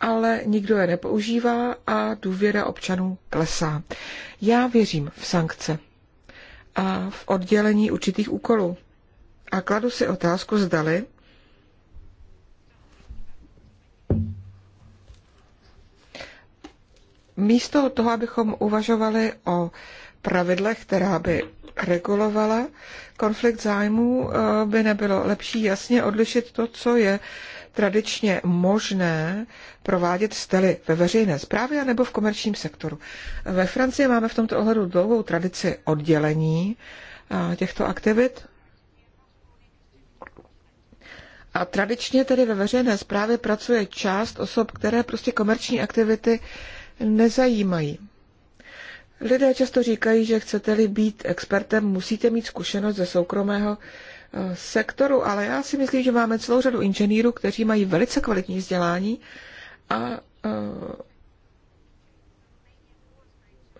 ale nikdo je nepoužívá a důvěra občanů klesá. Já věřím v sankce a v oddělení určitých úkolů. A kladu si otázku, zdali místo toho, abychom uvažovali o pravidlech, která by regulovala konflikt zájmů, eh, by nebylo lepší jasně odlišit to, co je tradičně možné provádět stely ve veřejné správě nebo v komerčním sektoru. Ve Francii máme v tomto ohledu dlouhou tradici oddělení těchto aktivit. A tradičně tedy ve veřejné správě pracuje část osob, které prostě komerční aktivity nezajímají. Lidé často říkají, že chcete-li být expertem, musíte mít zkušenost ze soukromého sektoru, ale já si myslím, že máme celou řadu inženýrů, kteří mají velice kvalitní vzdělání a eh,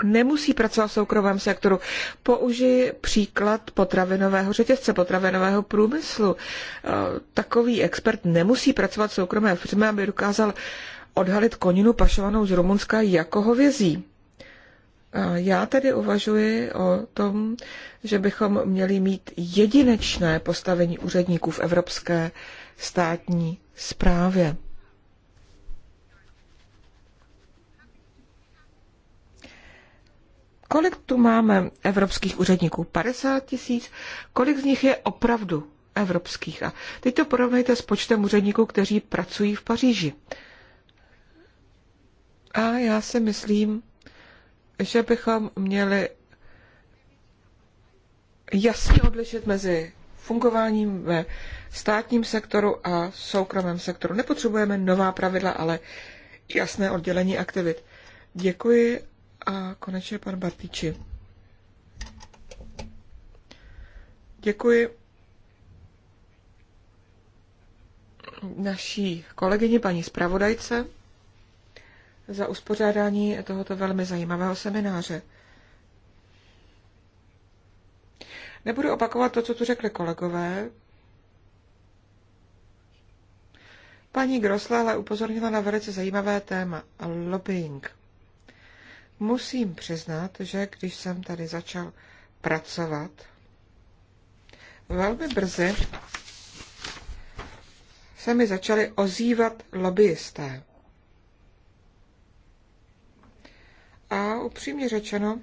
nemusí pracovat v soukromém sektoru. Použiji příklad potravinového řetězce, potravinového průmyslu. Eh, takový expert nemusí pracovat v soukromé firmě, aby dokázal odhalit koninu pašovanou z Rumunska jako hovězí. Já tedy uvažuji o tom, že bychom měli mít jedinečné postavení úředníků v evropské státní správě. Kolik tu máme evropských úředníků? 50 tisíc? Kolik z nich je opravdu evropských? A teď to porovnejte s počtem úředníků, kteří pracují v Paříži. A já si myslím, že bychom měli jasně odlišit mezi fungováním ve státním sektoru a soukromém sektoru. Nepotřebujeme nová pravidla, ale jasné oddělení aktivit. Děkuji a konečně pan Bartiči. Děkuji naší kolegyni paní zpravodajce za uspořádání tohoto velmi zajímavého semináře. Nebudu opakovat to, co tu řekli kolegové. Paní Grosle ale upozornila na velice zajímavé téma – lobbying. Musím přiznat, že když jsem tady začal pracovat, velmi brzy se mi začaly ozývat lobbyisté. A upřímně řečeno,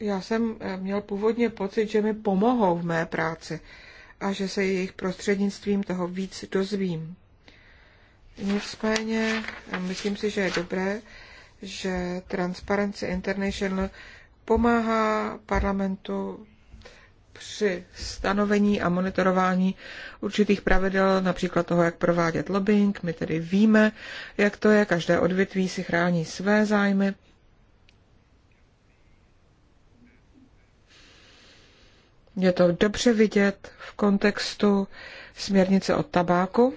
já jsem eh, měl původně pocit, že mi pomohou v mé práci a že se jejich prostřednictvím toho víc dozvím. Nicméně eh, myslím si, že je dobré, že Transparency International pomáhá parlamentu při stanovení a monitorování určitých pravidel, například toho, jak provádět lobbying. My tedy víme, jak to je, každé odvětví si chrání své zájmy. Je to dobře vidět v kontextu směrnice o tabáku,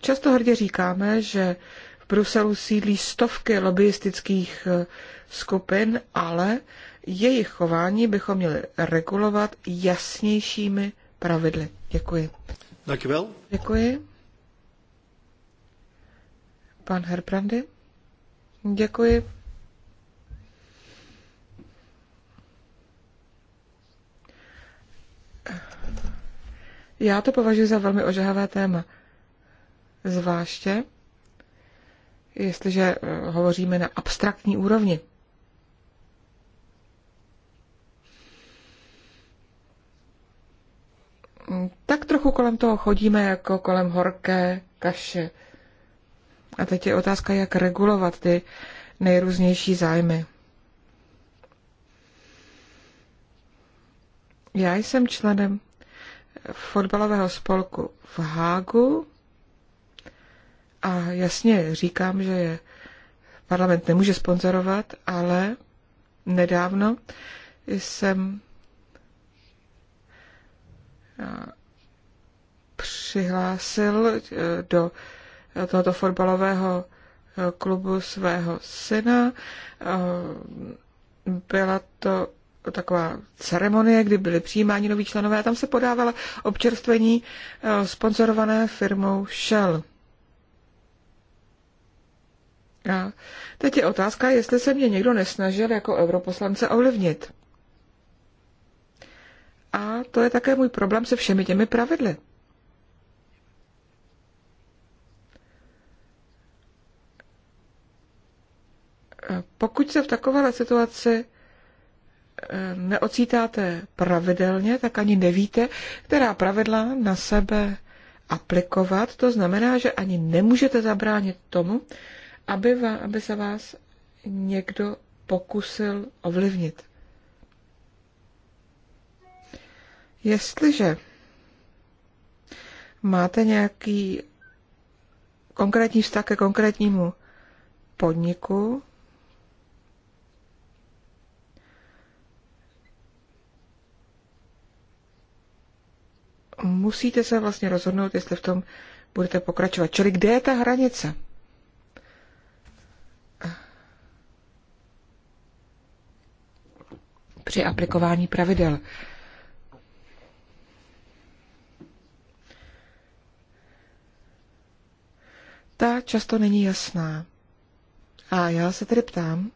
Často hrdě říkáme, že v Bruselu sídlí stovky lobbyistických eh, skupin, ale jejich chování bychom měli regulovat jasnějšími pravidly. Děkuji. Děkuji. Děkuji. Pan Herbrandy. Děkuji. Já to považuji za velmi ožahavé téma zvláště jestliže eh, hovoříme na abstraktní úrovni. Tak trochu kolem toho chodíme jako kolem horké kaše. A teď je otázka, jak regulovat ty nejrůznější zájmy. Já jsem členem fotbalového spolku v Hágu, a jasně říkám, že je parlament nemůže sponzorovat, ale nedávno jsem eh, přihlásil eh, do tohoto fotbalového eh, klubu svého syna. Byla to taková ceremonie, kdy byly přijímáni noví členové a tam se podávala občerstvení sponzorované firmou Shell. A teď je otázka, jestli se mě někdo nesnažil jako europoslance ovlivnit. A to je také můj problém se všemi těmi pravidly. Pokud se v takové situaci eh, neocítáte pravidelně, tak ani nevíte, která pravidla na sebe aplikovat. To znamená, že ani nemůžete zabránit tomu, aby, va, aby se vás někdo pokusil ovlivnit. Jestliže máte nějaký konkrétní vztah ke konkrétnímu podniku, musíte se vlastně rozhodnout, jestli v tom budete pokračovat. Čili kde je ta hranice? při aplikování pravidel. Ta často není jasná. A já se tedy ptám,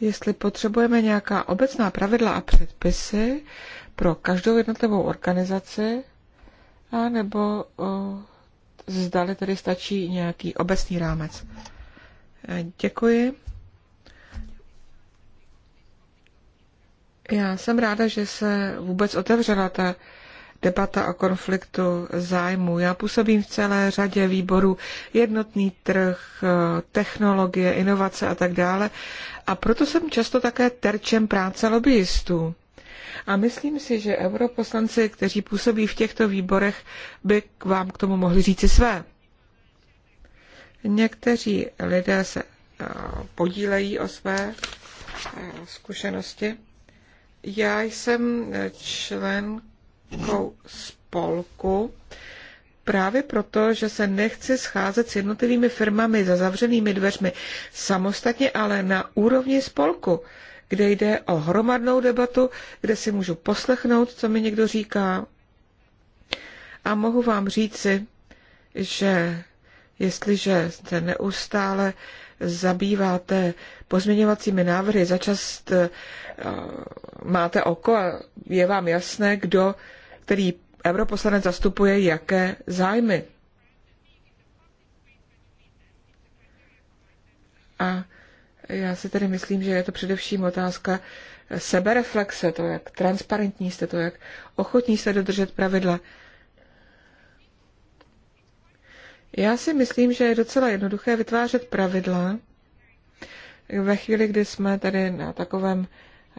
jestli potřebujeme nějaká obecná pravidla a předpisy pro každou jednotlivou organizaci, a nebo zdali tedy stačí nějaký obecný rámec. Děkuji. Já jsem ráda, že se vůbec otevřela ta debata o konfliktu zájmu. Já působím v celé řadě výborů jednotný trh, eh, technologie, inovace a tak dále. A proto jsem často také terčem práce lobbyistů. A myslím si, že europoslanci, kteří působí v těchto výborech, by k vám k tomu mohli říci své. Někteří lidé se eh, podílejí o své eh, zkušenosti já jsem eh, členkou spolku právě proto, že se nechci scházet s jednotlivými firmami za zavřenými dveřmi samostatně, ale na úrovni spolku, kde jde o hromadnou debatu, kde si můžu poslechnout, co mi někdo říká. A mohu vám říci, že jestliže se neustále zabýváte pozměňovacími návrhy, začas eh, máte oko a je vám jasné, kdo, který europoslanec zastupuje jaké zájmy. A já si tedy myslím, že je to především otázka sebereflexe, to, jak transparentní jste, to, jak ochotní jste dodržet pravidla. Já si myslím, že je docela jednoduché vytvářet pravidla ve chvíli, kdy jsme tady na takovém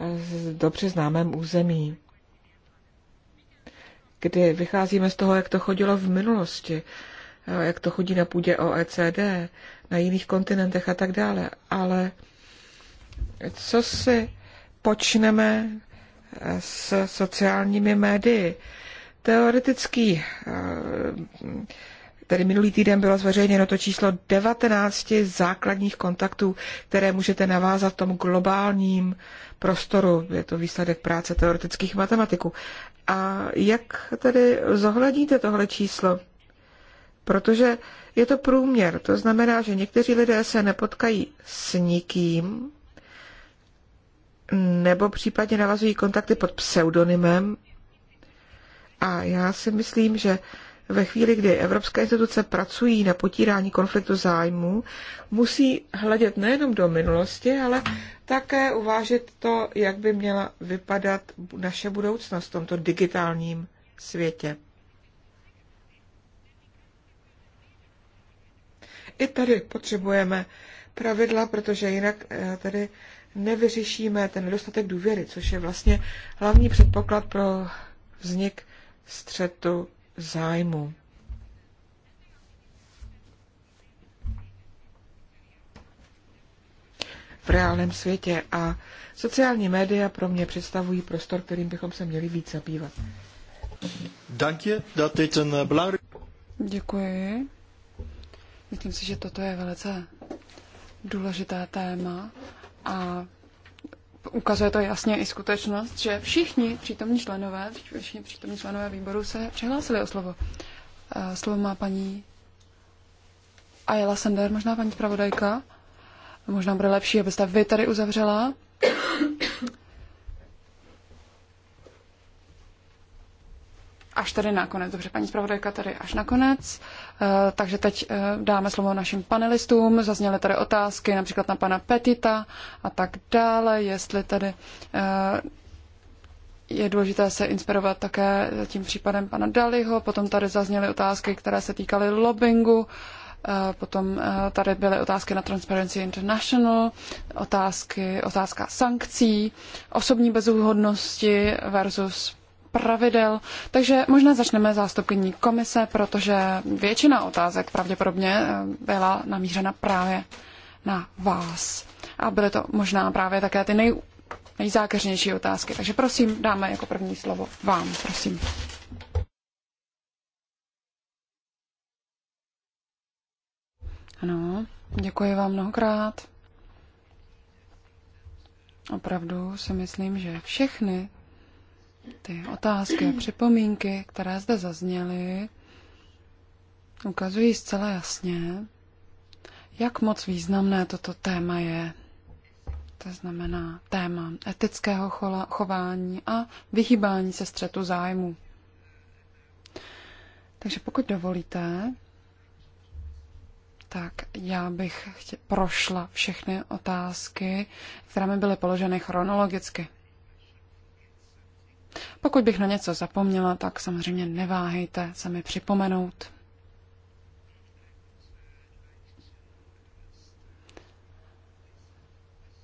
eh, dobře známém území, kdy vycházíme z toho, jak to chodilo v minulosti, eh, jak to chodí na půdě OECD, na jiných kontinentech a tak dále. Ale co si počneme eh, s sociálními médii? Teoretický Tedy minulý týden bylo zveřejněno to číslo 19 základních kontaktů, které můžete navázat v tom globálním prostoru. Je to výsledek práce teoretických matematiků. A jak tedy zohledníte tohle číslo? Protože je to průměr, to znamená, že někteří lidé se nepotkají s nikým, nebo případně navazují kontakty pod pseudonymem. A já si myslím, že ve chvíli, kdy evropské instituce pracují na potírání konfliktu zájmů, musí hledět nejenom do minulosti, ale také uvážit to, jak by měla vypadat naše budoucnost v tomto digitálním světě. I tady potřebujeme pravidla, protože jinak eh, tady nevyřešíme ten nedostatek důvěry, což je vlastně hlavní předpoklad pro vznik střetu zájmu. v reálném světě a sociální média pro mě představují prostor, kterým bychom se měli víc zabývat. Děkuji. Myslím si, že toto je velice důležitá téma a ukazuje to jasně i skutečnost, že všichni přítomní členové, všichni přítomní členové výboru se přihlásili o slovo. Eh, slovo má paní Ayla Sender, možná paní zpravodajka. Možná bude lepší, abyste vy tady uzavřela až tady nakonec. Dobře, paní zpravodajka tady až nakonec. Eh, takže teď eh, dáme slovo našim panelistům. Zazněly tady otázky například na pana Petita a tak dále, jestli tady eh, je důležité se inspirovat také tím případem pana Daliho. Potom tady zazněly otázky, které se týkaly lobbingu. Potom tady byly otázky na Transparency International, otázky, otázka sankcí, osobní bezúhodnosti versus pravidel. Takže možná začneme zástupkyní komise, protože většina otázek pravděpodobně eh, byla namířena právě na vás. A byly to možná právě také ty nej, nejzákeřnější otázky. Takže prosím, dáme jako první slovo vám. Prosím. Ano, děkuji vám mnohokrát. Opravdu si myslím, že všechny ty otázky a připomínky, které zde zazněly, ukazují zcela jasně, jak moc významné toto téma je. To znamená téma etického chování a vyhýbání se střetu zájmu. Takže pokud dovolíte, tak já bych prošla všechny otázky, které mi byly položeny chronologicky. Pokud bych na něco zapomněla, tak samozřejmě neváhejte se mi připomenout.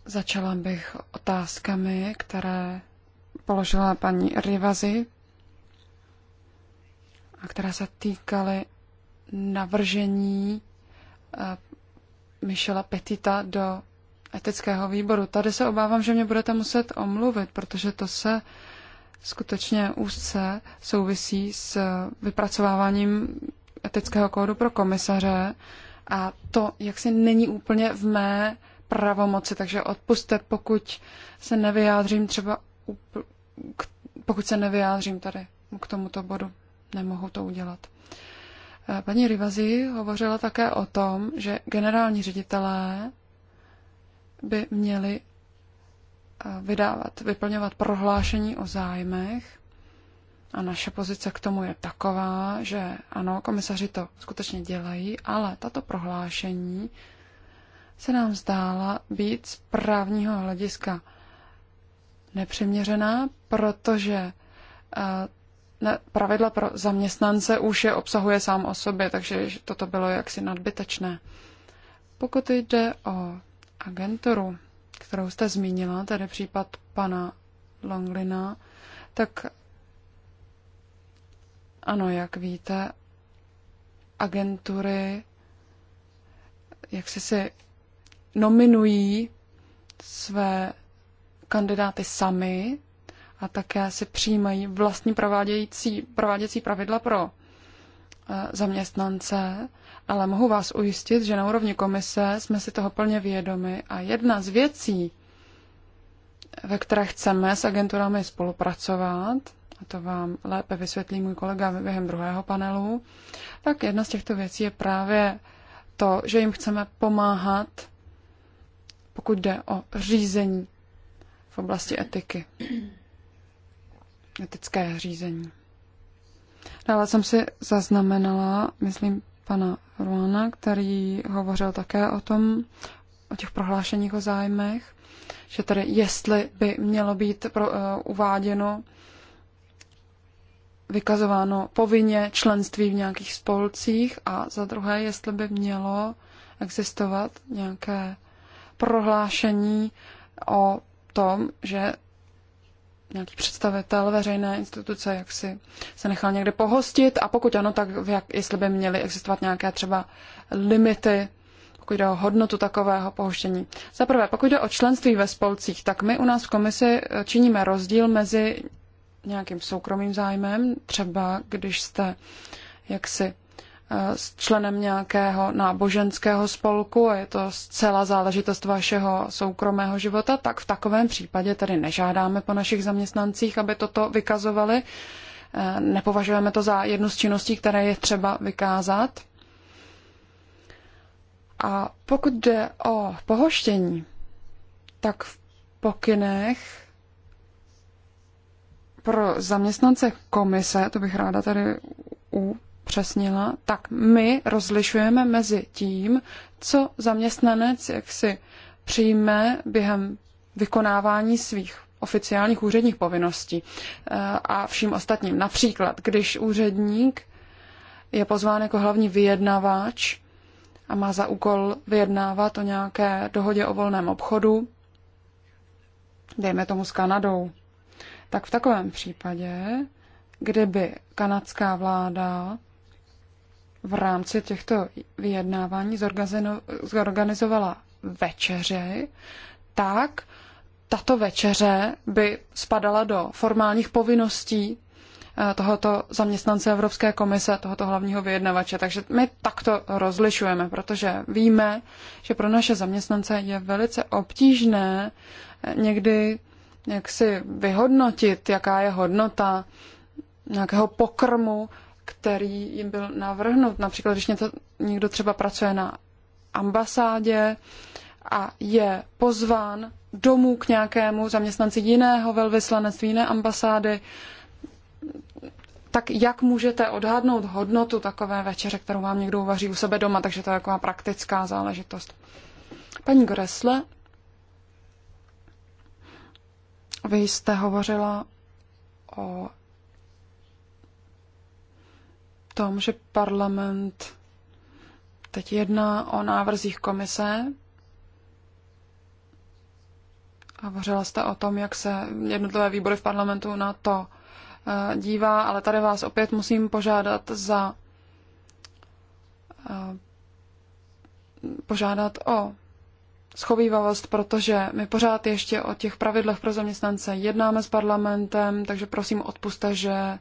Začala bych otázkami, které položila paní Rivazi a které se týkaly navržení eh, Michela Petita do etického výboru. Tady se obávám, že mě budete muset omluvit, protože to se skutečně úzce souvisí s vypracováváním etického kódu pro komisaře a to, jak si není úplně v mé pravomoci, takže odpuste, pokud se nevyjádřím třeba, pokud se nevyjádřím tady k tomuto bodu. Nemohu to udělat. Eh, paní Rivazi hovořila také o tom, že generální ředitelé by měli vydávat, vyplňovat prohlášení o zájmech. A naše pozice k tomu je taková, že ano, komisaři to skutečně dělají, ale tato prohlášení se nám zdála být z právního hlediska nepřiměřená, protože eh, pravidla pro zaměstnance už je obsahuje sám o sobě, takže toto bylo jaksi nadbytečné. Pokud jde o agenturu, kterou jste zmínila, tedy případ pana Longlina, tak ano, jak víte, agentury jak si si nominují své kandidáty sami a také si přijímají vlastní provádějící, prováděcí pravidla pro eh, zaměstnance ale mohu vás ujistit, že na úrovni komise jsme si toho plně vědomi a jedna z věcí, ve které chceme s agenturami spolupracovat, a to vám lépe vysvětlí můj kolega během druhého panelu, tak jedna z těchto věcí je právě to, že jim chceme pomáhat, pokud jde o řízení v oblasti etiky. Etické řízení. Dále jsem si zaznamenala, myslím, pana Ruana, který hovořil také o tom, o těch prohlášeních o zájmech, že tedy jestli by mělo být pro, uh, uváděno, vykazováno povinně členství v nějakých spolcích a za druhé, jestli by mělo existovat nějaké prohlášení o tom, že nějaký představitel veřejné instituce, jak si se nechal někde pohostit a pokud ano, tak jak, jestli by měly existovat nějaké třeba limity, pokud jde o hodnotu takového pohoštění. Za prvé, pokud jde o členství ve spolcích, tak my u nás v komisi eh, činíme rozdíl mezi nějakým soukromým zájmem, třeba když jste jaksi Eh, s členem nějakého náboženského spolku a je to zcela záležitost vašeho soukromého života, tak v takovém případě tedy nežádáme po našich zaměstnancích, aby toto vykazovali. Eh, nepovažujeme to za jednu z činností, které je třeba vykázat. A pokud jde o pohoštění, tak v pokynech pro zaměstnance komise, to bych ráda tady u upřesnila, tak my rozlišujeme mezi tím, co zaměstnanec jak si přijme během vykonávání svých oficiálních úředních povinností eh, a vším ostatním. Například, když úředník je pozván jako hlavní vyjednavač a má za úkol vyjednávat o nějaké dohodě o volném obchodu, dejme tomu s Kanadou, tak v takovém případě, kdyby kanadská vláda v rámci těchto vyjednávání zorganizovala večeři, tak tato večeře by spadala do formálních povinností eh, tohoto zaměstnance Evropské komise, tohoto hlavního vyjednavače. Takže my takto rozlišujeme, protože víme, že pro naše zaměstnance je velice obtížné eh, někdy jak si vyhodnotit, jaká je hodnota nějakého pokrmu který jim byl navrhnut. Například, když něco, někdo třeba pracuje na ambasádě a je pozván domů k nějakému zaměstnanci jiného velvyslanectví, jiné ambasády, tak jak můžete odhadnout hodnotu takové večeře, kterou vám někdo uvaří u sebe doma, takže to je taková praktická záležitost. Paní Gresle, vy jste hovořila o tom, že parlament teď jedná o návrzích komise a hovořila jste o tom, jak se jednotlivé výbory v parlamentu na to eh, dívá, ale tady vás opět musím požádat za eh, požádat o schovývavost, protože my pořád ještě o těch pravidlech pro zaměstnance jednáme s parlamentem, takže prosím odpuste, že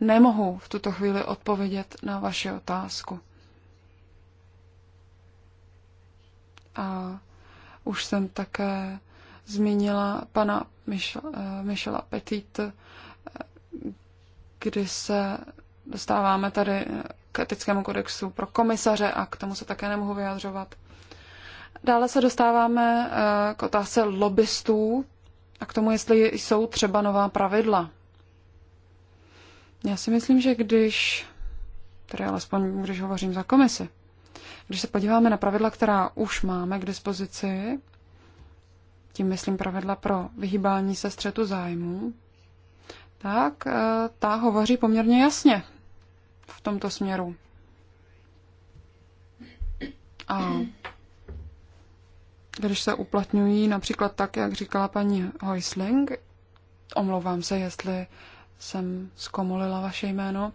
nemohu v tuto chvíli odpovědět na vaši otázku. A už jsem také zmínila pana eh, Michela Petit, eh, kdy se dostáváme tady k etickému kodexu pro komisaře a k tomu se také nemohu vyjadřovat. Dále se dostáváme eh, k otázce lobbystů a k tomu, jestli jsou třeba nová pravidla já si myslím, že když, tedy alespoň když hovořím za komisi, když se podíváme na pravidla, která už máme k dispozici, tím myslím pravidla pro vyhýbání se střetu zájmů, tak eh, ta hovoří poměrně jasně v tomto směru. A když se uplatňují například tak, jak říkala paní Heusling, omlouvám se, jestli uh, jsem zkomolila vaše jméno.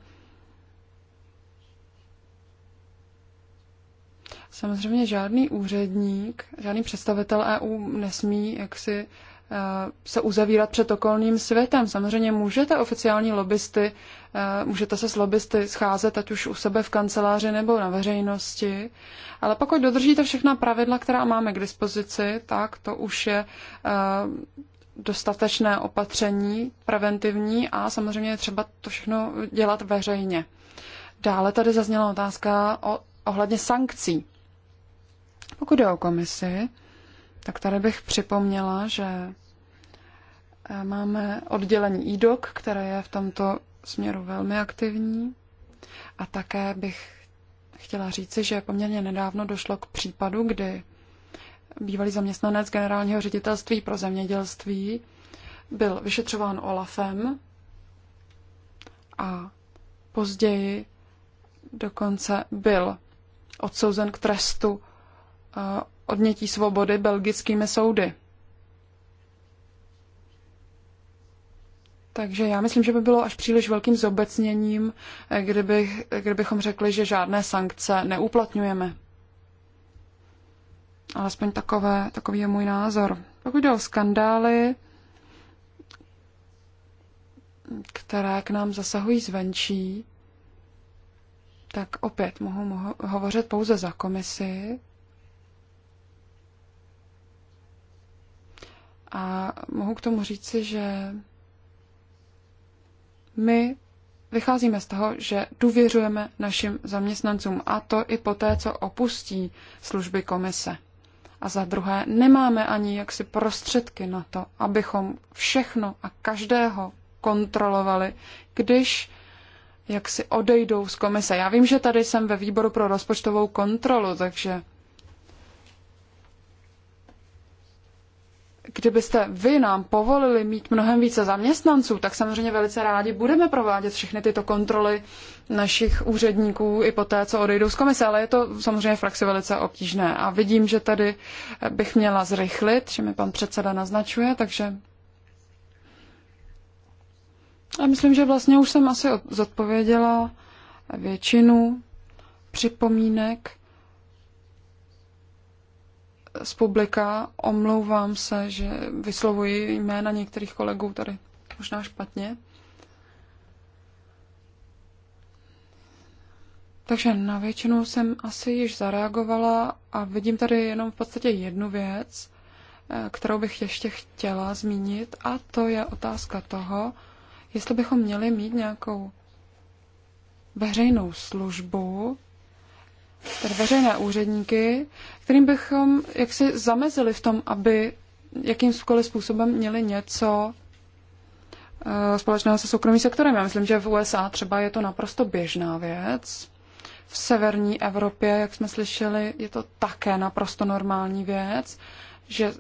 Samozřejmě žádný úředník, žádný představitel EU nesmí jaksi eh, se uzavírat před okolním světem. Samozřejmě můžete oficiální lobbysty, eh, můžete se s lobbysty scházet, ať už u sebe v kanceláři nebo na veřejnosti, ale pokud dodržíte všechna pravidla, která máme k dispozici, tak to už je eh, dostatečné opatření preventivní a samozřejmě je třeba to všechno dělat veřejně. Dále tady zazněla otázka o, ohledně sankcí. Pokud jde o komisi, tak tady bych připomněla, že eh, máme oddělení IDOC, e které je v tomto směru velmi aktivní. A také bych chtěla říci, že poměrně nedávno došlo k případu, kdy bývalý zaměstnanec generálního ředitelství pro zemědělství, byl vyšetřován Olafem a později dokonce byl odsouzen k trestu eh, odnětí svobody belgickými soudy. Takže já myslím, že by bylo až příliš velkým zobecněním, eh, kdybych, kdybychom řekli, že žádné sankce neuplatňujeme. Alespoň takové, takový je můj názor. Pokud jde o skandály, které k nám zasahují zvenčí, tak opět mohu, mohu hovořit pouze za komisi. A mohu k tomu říci, že my vycházíme z toho, že důvěřujeme našim zaměstnancům a to i poté, co opustí služby komise. A za druhé, nemáme ani jaksi prostředky na to, abychom všechno a každého kontrolovali, když jak si odejdou z komise. Já vím, že tady jsem ve výboru pro rozpočtovou kontrolu, takže kdybyste vy nám povolili mít mnohem více zaměstnanců, tak samozřejmě velice rádi budeme provádět všechny tyto kontroly našich úředníků i poté, co odejdou z komise, ale je to samozřejmě v praxi velice obtížné. A vidím, že tady bych měla zrychlit, že mi pan předseda naznačuje, takže... A myslím, že vlastně už jsem asi zodpověděla většinu připomínek z publika. Omlouvám se, že vyslovuji jména některých kolegů tady možná špatně. Takže na většinu jsem asi již zareagovala a vidím tady jenom v podstatě jednu věc, eh, kterou bych ještě chtěla zmínit a to je otázka toho, jestli bychom měli mít nějakou veřejnou službu, tedy veřejné úředníky, kterým bychom jaksi zamezili v tom, aby jakýmkoliv způsobem měli něco eh, společného se soukromým sektorem. Já myslím, že v USA třeba je to naprosto běžná věc. V severní Evropě, jak jsme slyšeli, je to také naprosto normální věc, že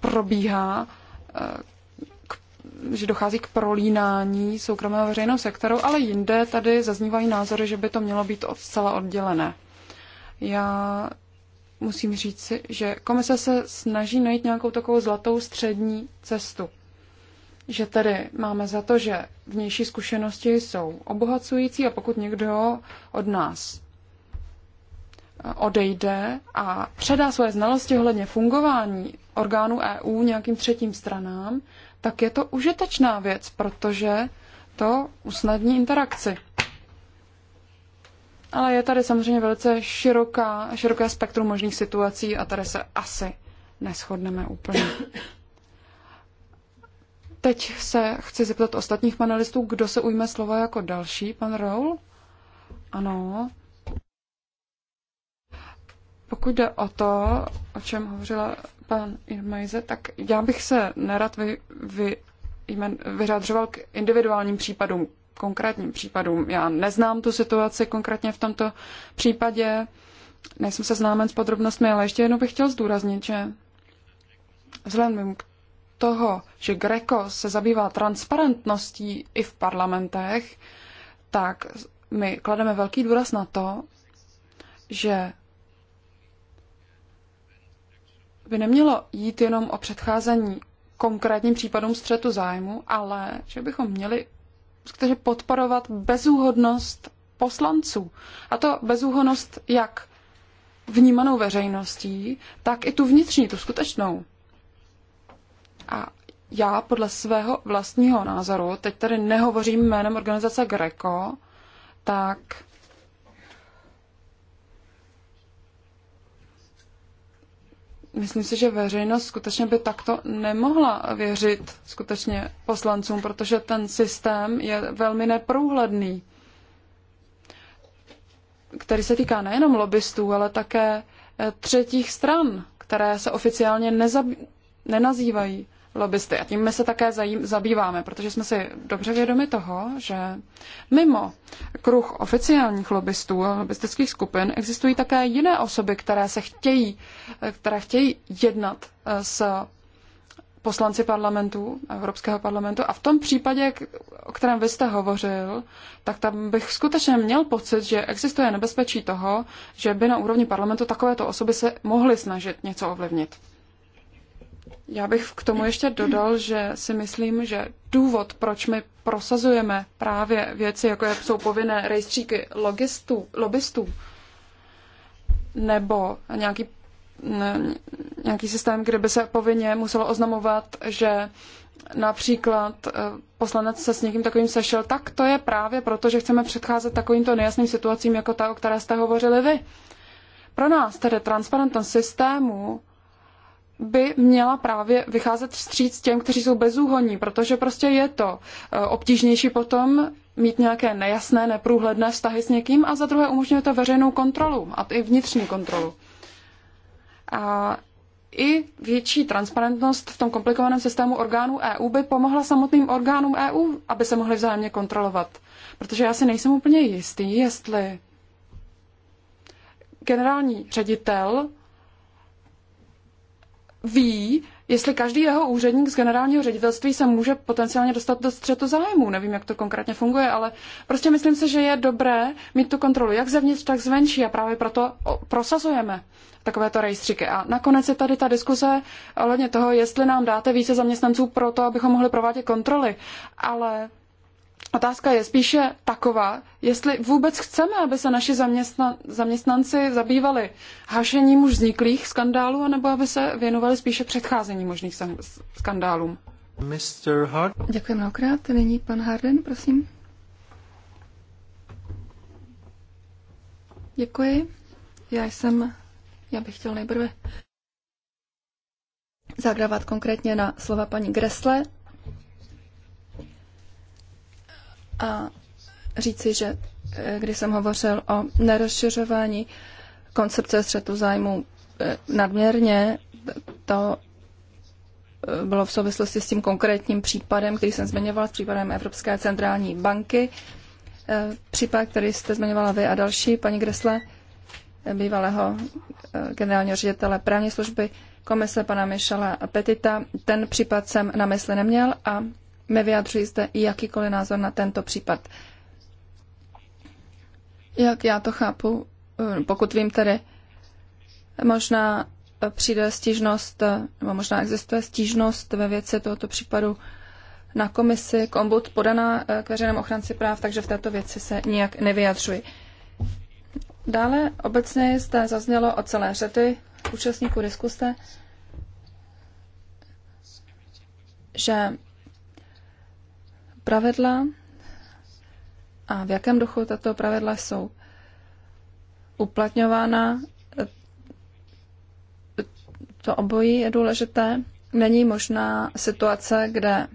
probíhá eh, že dochází k prolínání soukromého veřejného sektoru, ale jinde tady zaznívají názory, že by to mělo být zcela oddělené. Já musím říct si, že komise se snaží najít nějakou takovou zlatou střední cestu. Že tedy máme za to, že vnější zkušenosti jsou obohacující a pokud někdo od nás eh, odejde a předá svoje znalosti ohledně fungování orgánů EU nějakým třetím stranám, tak je to užitečná věc, protože to usnadní interakci. Ale je tady samozřejmě velice široká, široké spektrum možných situací a tady se asi neschodneme úplně. Teď se chci zeptat ostatních panelistů, kdo se ujme slova jako další. Pan Raul? Ano, pokud jde o to, o čem hovořila pan Irmajze, tak já bych se nerad vy, vy, jmen, vyřadřoval k individuálním případům, konkrétním případům. Já neznám tu situaci konkrétně v tomto případě, nejsem seznámen s podrobnostmi, ale ještě jednou bych chtěl zdůraznit, že vzhledem k toho, že Greco se zabývá transparentností i v parlamentech, tak my klademe velký důraz na to, že by nemělo jít jenom o předcházení konkrétním případům střetu zájmu, ale že bychom měli skutečně podporovat bezúhodnost poslanců. A to bezúhodnost jak vnímanou veřejností, tak i tu vnitřní, tu skutečnou. A já podle svého vlastního názoru, teď tady nehovořím jménem organizace Greco, tak myslím si, že veřejnost skutečně by takto nemohla věřit skutečně poslancům, protože ten systém je velmi neprůhledný, který se týká nejenom lobbystů, ale také eh, třetích stran, které se oficiálně nezab- nenazývají lobbysty. A tím my se také zabýváme, protože jsme si dobře vědomi toho, že mimo kruh oficiálních lobbystů a lobbystických skupin existují také jiné osoby, které se chtějí, které chtějí jednat eh, s poslanci parlamentu, Evropského parlamentu. A v tom případě, o kterém vy jste hovořil, tak tam bych skutečně měl pocit, že existuje nebezpečí toho, že by na úrovni parlamentu takovéto osoby se mohly snažit něco ovlivnit. Já bych k tomu ještě dodal, že si myslím, že důvod, proč my prosazujeme právě věci, jako jsou povinné rejstříky logistů, lobbystů, nebo nějaký, ne, nějaký systém, kde by se povinně muselo oznamovat, že například eh, poslanec se s někým takovým sešel, tak to je právě proto, že chceme předcházet takovýmto nejasným situacím, jako ta, o které jste hovořili vy. Pro nás tedy transparentnost systému by měla právě vycházet vstříc těm, kteří jsou bezúhonní, protože prostě je to e, obtížnější potom mít nějaké nejasné, neprůhledné vztahy s někým a za druhé umožňuje to veřejnou kontrolu a i vnitřní kontrolu. A i větší transparentnost v tom komplikovaném systému orgánů EU by pomohla samotným orgánům EU, aby se mohly vzájemně kontrolovat. Protože já si nejsem úplně jistý, jestli generální ředitel ví, jestli každý jeho úředník z generálního ředitelství se může potenciálně dostat do střetu zájmů. Nevím, jak to konkrétně funguje, ale prostě myslím si, že je dobré mít tu kontrolu jak zevnitř, tak zvenčí a právě proto prosazujeme takovéto rejstříky. A nakonec je tady ta diskuze ohledně toho, jestli nám dáte více zaměstnanců pro to, abychom mohli provádět kontroly. Ale Otázka je spíše taková, jestli vůbec chceme, aby se naši zaměstnanci zabývali hašením už vzniklých skandálů, anebo aby se věnovali spíše předcházení možných skandálům. Mr. Hard. Děkuji mnohokrát. Nyní pan Harden, prosím. Děkuji. Já jsem, já bych chtěl nejprve zagravat konkrétně na slova paní Gresle, a říci, že eh, když jsem hovořil o nerozšiřování koncepce střetu zájmu eh, nadměrně, to eh, bylo v souvislosti s tím konkrétním případem, který jsem zmiňovala, s případem Evropské centrální banky. Případ, který jste zmiňovala vy a další, paní Gresle, bývalého generálního ředitele právní služby komise pana Michela Petita. Ten případ jsem na mysli neměl a nevyjadřuji zde jakýkoliv názor na tento případ. Jak já to chápu, eh, pokud vím tedy, možná přijde stížnost, nebo možná existuje stížnost ve věci tohoto případu na komisi k ombud podaná eh, k veřejnému ochranci práv, takže v této věci se nijak nevyjadřuji. Dále obecně jste zaznělo o celé řady účastníků diskuse, že pravidla a v jakém duchu tato pravidla jsou uplatňována. To obojí je důležité. Není možná situace, kde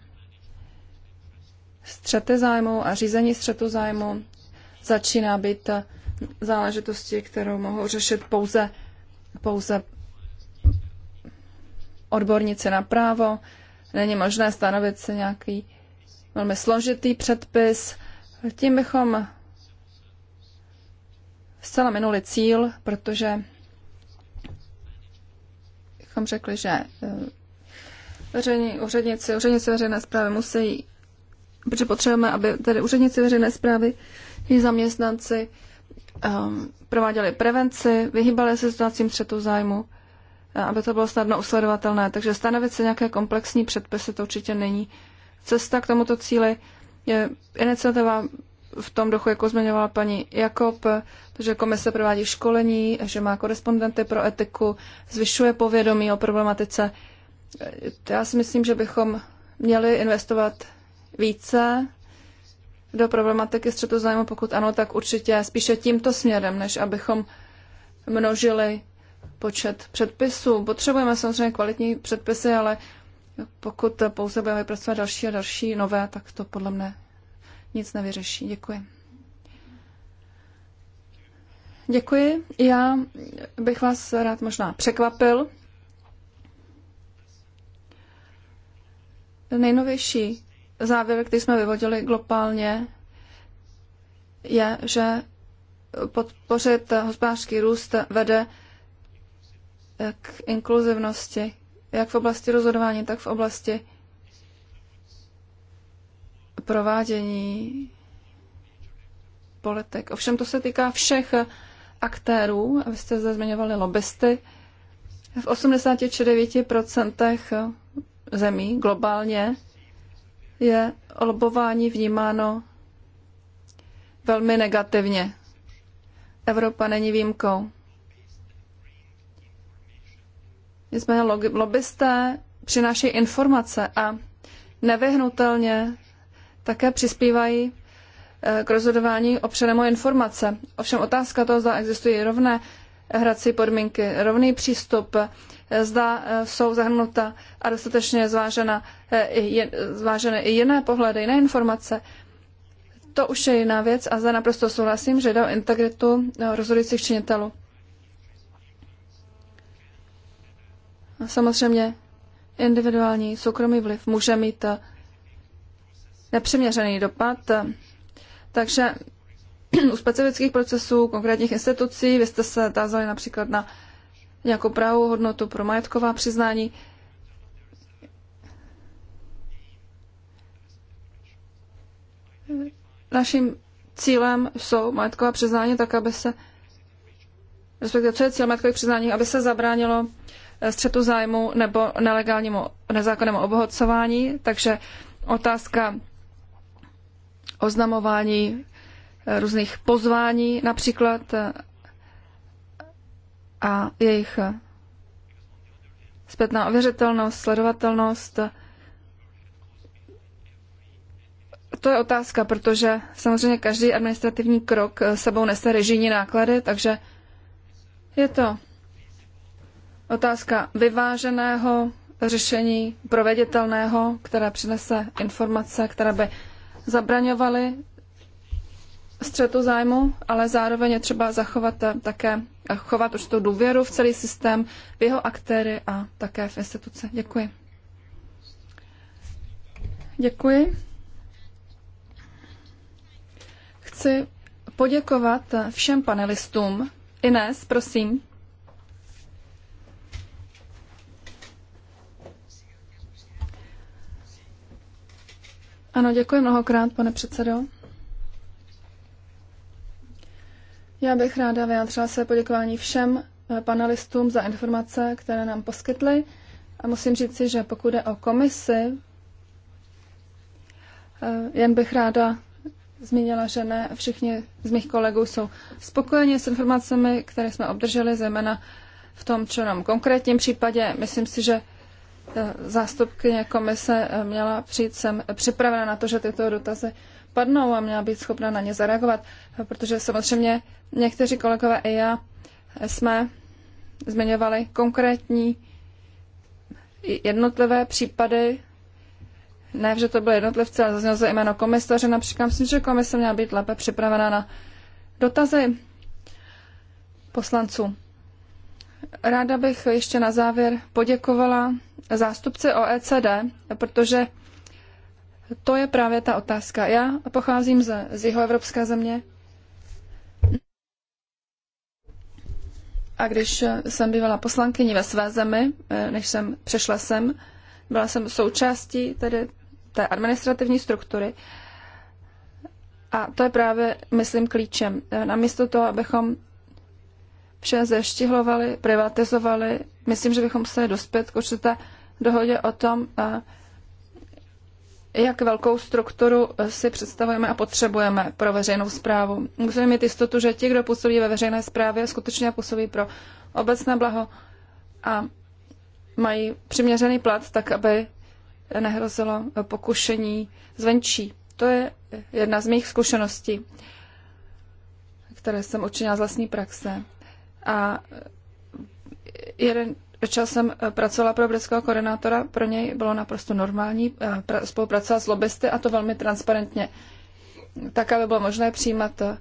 střety zájmu a řízení střetu zájmu začíná být záležitosti, kterou mohou řešit pouze, pouze odborníci na právo. Není možné stanovit si nějaký velmi složitý předpis. Tím bychom zcela minuli cíl, protože bychom řekli, že eh, veřejní úředníci, úředníci veřejné zprávy musí, protože potřebujeme, aby tedy úředníci veřejné zprávy i zaměstnanci um, prováděli prevenci, vyhýbali se situacím třetou zájmu, eh, aby to bylo snadno usledovatelné. Takže stanovit se nějaké komplexní předpisy to určitě není Cesta k tomuto cíli je iniciativa v tom duchu, jako zmiňovala paní Jakob, že komise provádí školení, že má korespondenty pro etiku, zvyšuje povědomí o problematice. Já si myslím, že bychom měli investovat více do problematiky střetu zájmu, pokud ano, tak určitě spíše tímto směrem, než abychom množili počet předpisů. Potřebujeme samozřejmě kvalitní předpisy, ale pokud pouze budeme vypracovat další a další nové, tak to podle mne nic nevyřeší. Děkuji. Děkuji. Já bych vás rád možná překvapil. Nejnovější závěr, který jsme vyvodili globálně, je, že podpořit hospodářský růst vede k inkluzivnosti, jak v oblasti rozhodování, tak v oblasti provádění politik. Ovšem to se týká všech aktérů, Abyste vy jste zde zmiňovali lobbysty, v 89% zemí globálně je lobování vnímáno velmi negativně. Evropa není výjimkou. Nicméně lobbysté přinášejí informace a nevyhnutelně také přispívají eh, k rozhodování opřenému informace. Ovšem otázka toho, zda existují rovné hrací podmínky, rovný přístup, eh, zda eh, jsou zahrnuta a dostatečně zvážena, zvážené i jiné pohledy, jiné informace. To už je jiná věc a zde naprosto souhlasím, že jde o integritu rozhodujících činitelů. Samozřejmě individuální soukromý vliv může mít eh, nepřiměřený dopad. Takže u specifických procesů konkrétních institucí, vy jste se tázali například na nějakou pravou hodnotu pro majetková přiznání, naším cílem jsou majetková přiznání tak, aby se, respektive co je cíl majetkových přiznání, aby se zabránilo Eh, střetu zájmu nebo nelegálnímu nezákonnému obohacování, takže otázka oznamování eh, různých pozvání například eh, a jejich zpětná ověřitelnost, sledovatelnost. To je otázka, protože samozřejmě každý administrativní krok sebou nese režijní náklady, takže je to Otázka vyváženého řešení, proveditelného, které přinese informace, které by zabraňovaly střetu zájmu, ale zároveň je třeba zachovat eh, také, chovat určitou důvěru v celý systém, v jeho aktéry a také v instituce. Děkuji. Děkuji. Chci poděkovat eh, všem panelistům. Ines, prosím. Ano, děkuji mnohokrát, pane předsedo. Já bych ráda vyjádřila své poděkování všem eh, panelistům za informace, které nám poskytly. A musím říci, že pokud je o komisi, eh, jen bych ráda zmínila, že ne všichni z mých kolegů jsou spokojeni s informacemi, které jsme obdrželi, zejména v tom či konkrétním případě. Myslím si, že Eh, zástupkyně komise eh, měla přijít sem připravena na to, že tyto dotazy padnou a měla být schopna na ně zareagovat, eh, protože samozřejmě někteří kolegové i já jsme zmiňovali konkrétní jednotlivé případy, ne, že to byly jednotlivci, ale zaznělo se jméno komisaře. Například myslím, že komise měla být lépe připravena na dotazy poslanců. Ráda bych ještě na závěr poděkovala Zástupce OECD, protože to je právě ta otázka. Já pocházím z, z jihoevropské země a když jsem bývala poslankyní ve své zemi, než jsem přešla sem, byla jsem součástí tedy té administrativní struktury, a to je právě, myslím, klíčem. Namísto toho, abychom vše zeštihlovali, privatizovali. Myslím, že bychom se dospět k určité dohodě o tom, eh, jak velkou strukturu eh, si představujeme a potřebujeme pro veřejnou zprávu. Musíme mít jistotu, že ti, kdo působí ve veřejné zprávě, skutečně působí pro obecné blaho a mají přiměřený plat, tak aby nehrozilo pokušení zvenčí. To je jedna z mých zkušeností, které jsem učinila z vlastní praxe. A jeden čas jsem pracovala pro britského koordinátora, pro něj bylo naprosto normální eh, spolupracovat s lobbysty a to velmi transparentně, tak, aby bylo možné přijímat eh,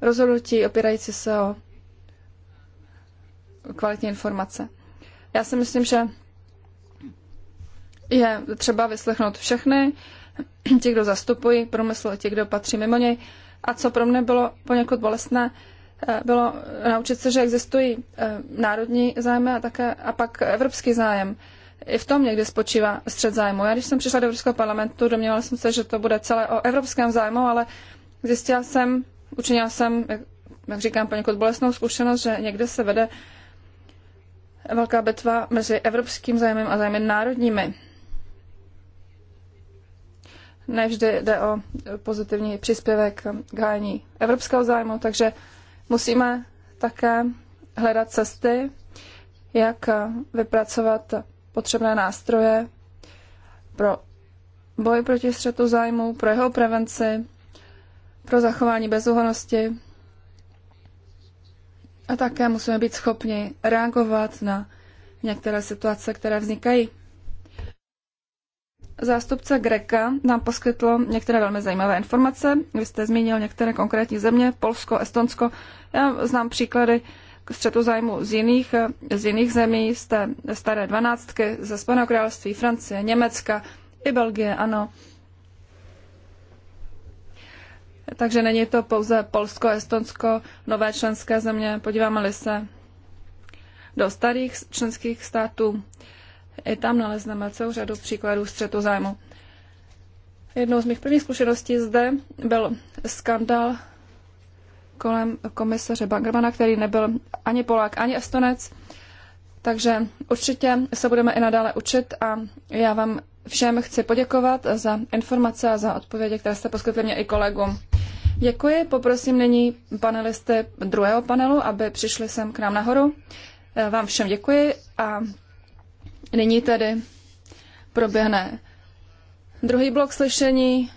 rozhodnutí opírající se o kvalitní informace. Já si myslím, že je třeba vyslechnout všechny, ti, kdo zastupují průmysl, ti, kdo patří mimo něj. A co pro mě bylo poněkud bolestné, Eh, bylo naučit se, že existují eh, národní zájmy a také a pak evropský zájem. I v tom někdy spočívá střed zájmu. Já když jsem přišla do Evropského parlamentu, domnívala jsem se, že to bude celé o evropském zájmu, ale zjistila jsem, učinila jsem, jak, jak říkám, poněkud bolestnou zkušenost, že někde se vede velká bitva mezi evropským zájmem a zájmy národními. Nevždy jde o pozitivní příspěvek k hájení evropského zájmu, takže Musíme také hledat cesty, jak vypracovat potřebné nástroje pro boj proti střetu zájmu, pro jeho prevenci, pro zachování bezúhonosti a také musíme být schopni reagovat na některé situace, které vznikají. Zástupce Greka nám poskytlo některé velmi zajímavé informace. Vy jste zmínil některé konkrétní země, Polsko, Estonsko. Já znám příklady k střetu zájmu z jiných, z jiných zemí, z té staré dvanáctky, ze Spojeného království, Francie, Německa, i Belgie, ano. Takže není to pouze Polsko, Estonsko, nové členské země. Podíváme-li se do starých členských států, i tam nalezneme celou řadu příkladů střetu zájmu. Jednou z mých prvních zkušeností zde byl skandal kolem komisaře Bangermana, který nebyl ani Polák, ani Estonec. Takže určitě se budeme i nadále učit a já vám všem chci poděkovat za informace a za odpovědi, které jste poskytli mě i kolegům. Děkuji, poprosím nyní panelisty druhého panelu, aby přišli sem k nám nahoru. Vám všem děkuji a Nyní tedy proběhne druhý blok slyšení.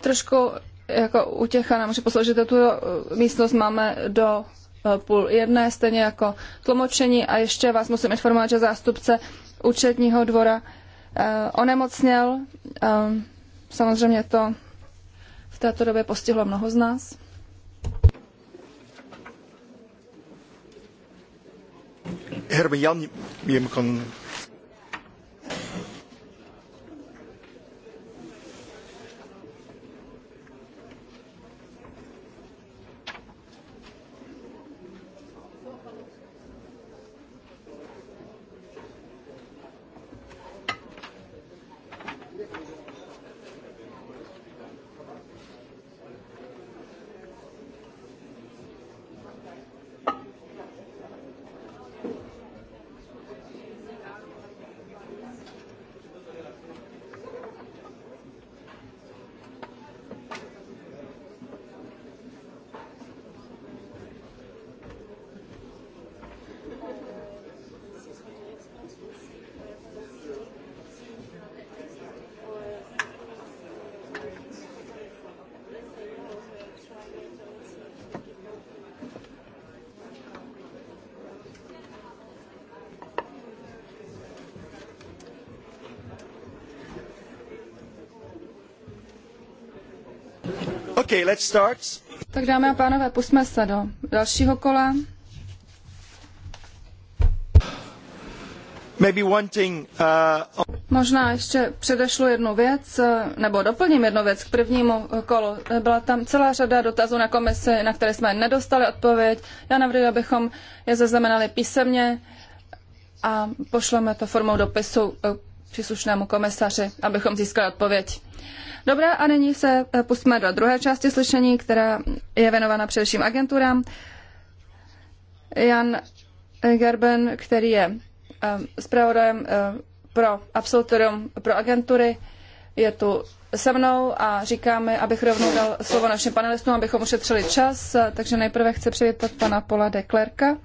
Trošku jako utěcha nám, že tuto místnost máme do eh, půl jedné, stejně jako tlumočení. A ještě vás musím informovat, že zástupce účetního dvora eh, onemocněl. Eh, samozřejmě to v této době postihlo mnoho z nás. Herman Jan, je kan Okay, let's start. Tak dámy a pánové, pusme se do dalšího kola. Maybe one thing, uh... Možná ještě předešlu jednu věc, eh, nebo doplním jednu věc k prvnímu eh, kolu. Eh, byla tam celá řada dotazů na komisi, na které jsme nedostali odpověď. Já navrhuji, abychom je zaznamenali písemně a pošleme to formou dopisu příslušnému komisaři, abychom získali odpověď. Uh, Dobrá, a nyní se eh, pustíme do druhé části slyšení, která je věnována především agenturám. Jan Gerben, který je eh, zpravodajem eh, pro absolutorium pro agentury, je tu se mnou a říkáme, abych rovnou dal slovo našim panelistům, abychom ušetřili čas. Takže nejprve chci přivítat pana Pola de Klerka,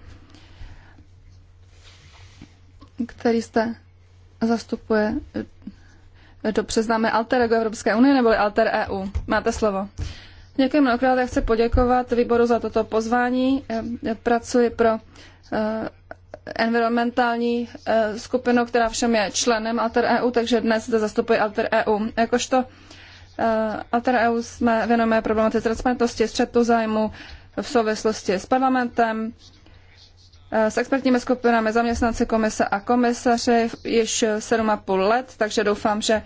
který jste zastupuje dobře známe alter ego Evropské unie neboli alter EU. Máte slovo. Děkuji mnohokrát, já chci poděkovat výboru za toto pozvání. pracuji pro eh, environmentální eh, skupinu, která všem je členem Alter EU, takže dnes zde zastupuji Alter EU. Jakožto eh, Alter EU jsme věnujeme problematice transparentnosti, střetu zájmu v souvislosti s parlamentem, Eh, s expertními skupinami, zaměstnanci komise a komisaři již 7,5 let, takže doufám, že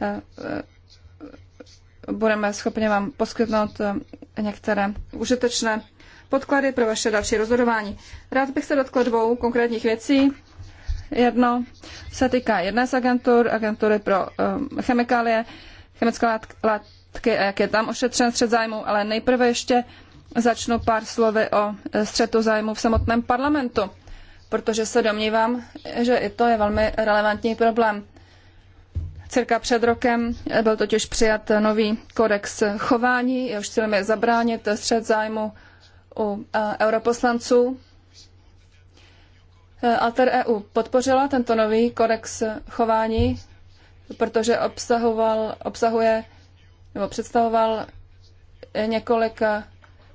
eh, eh, budeme schopni vám poskytnout některé užitečné podklady pro vaše další rozhodování. Rád bych se dotkl dvou konkrétních věcí. Jedno se týká jedné z agentur, agentury pro chemikálie, chemické látky a jak je tam ošetřen střed zájmu, ale nejprve ještě začnu pár slovy o e, střetu zájmu v samotném parlamentu, protože se domnívám, že i to je velmi relevantní problém. Cirka před rokem e, byl totiž přijat nový kodex chování, jehož cílem je zabránit střetu zájmu u e, europoslanců. Alter EU podpořila tento nový kodex chování, protože obsahoval, obsahuje nebo představoval několik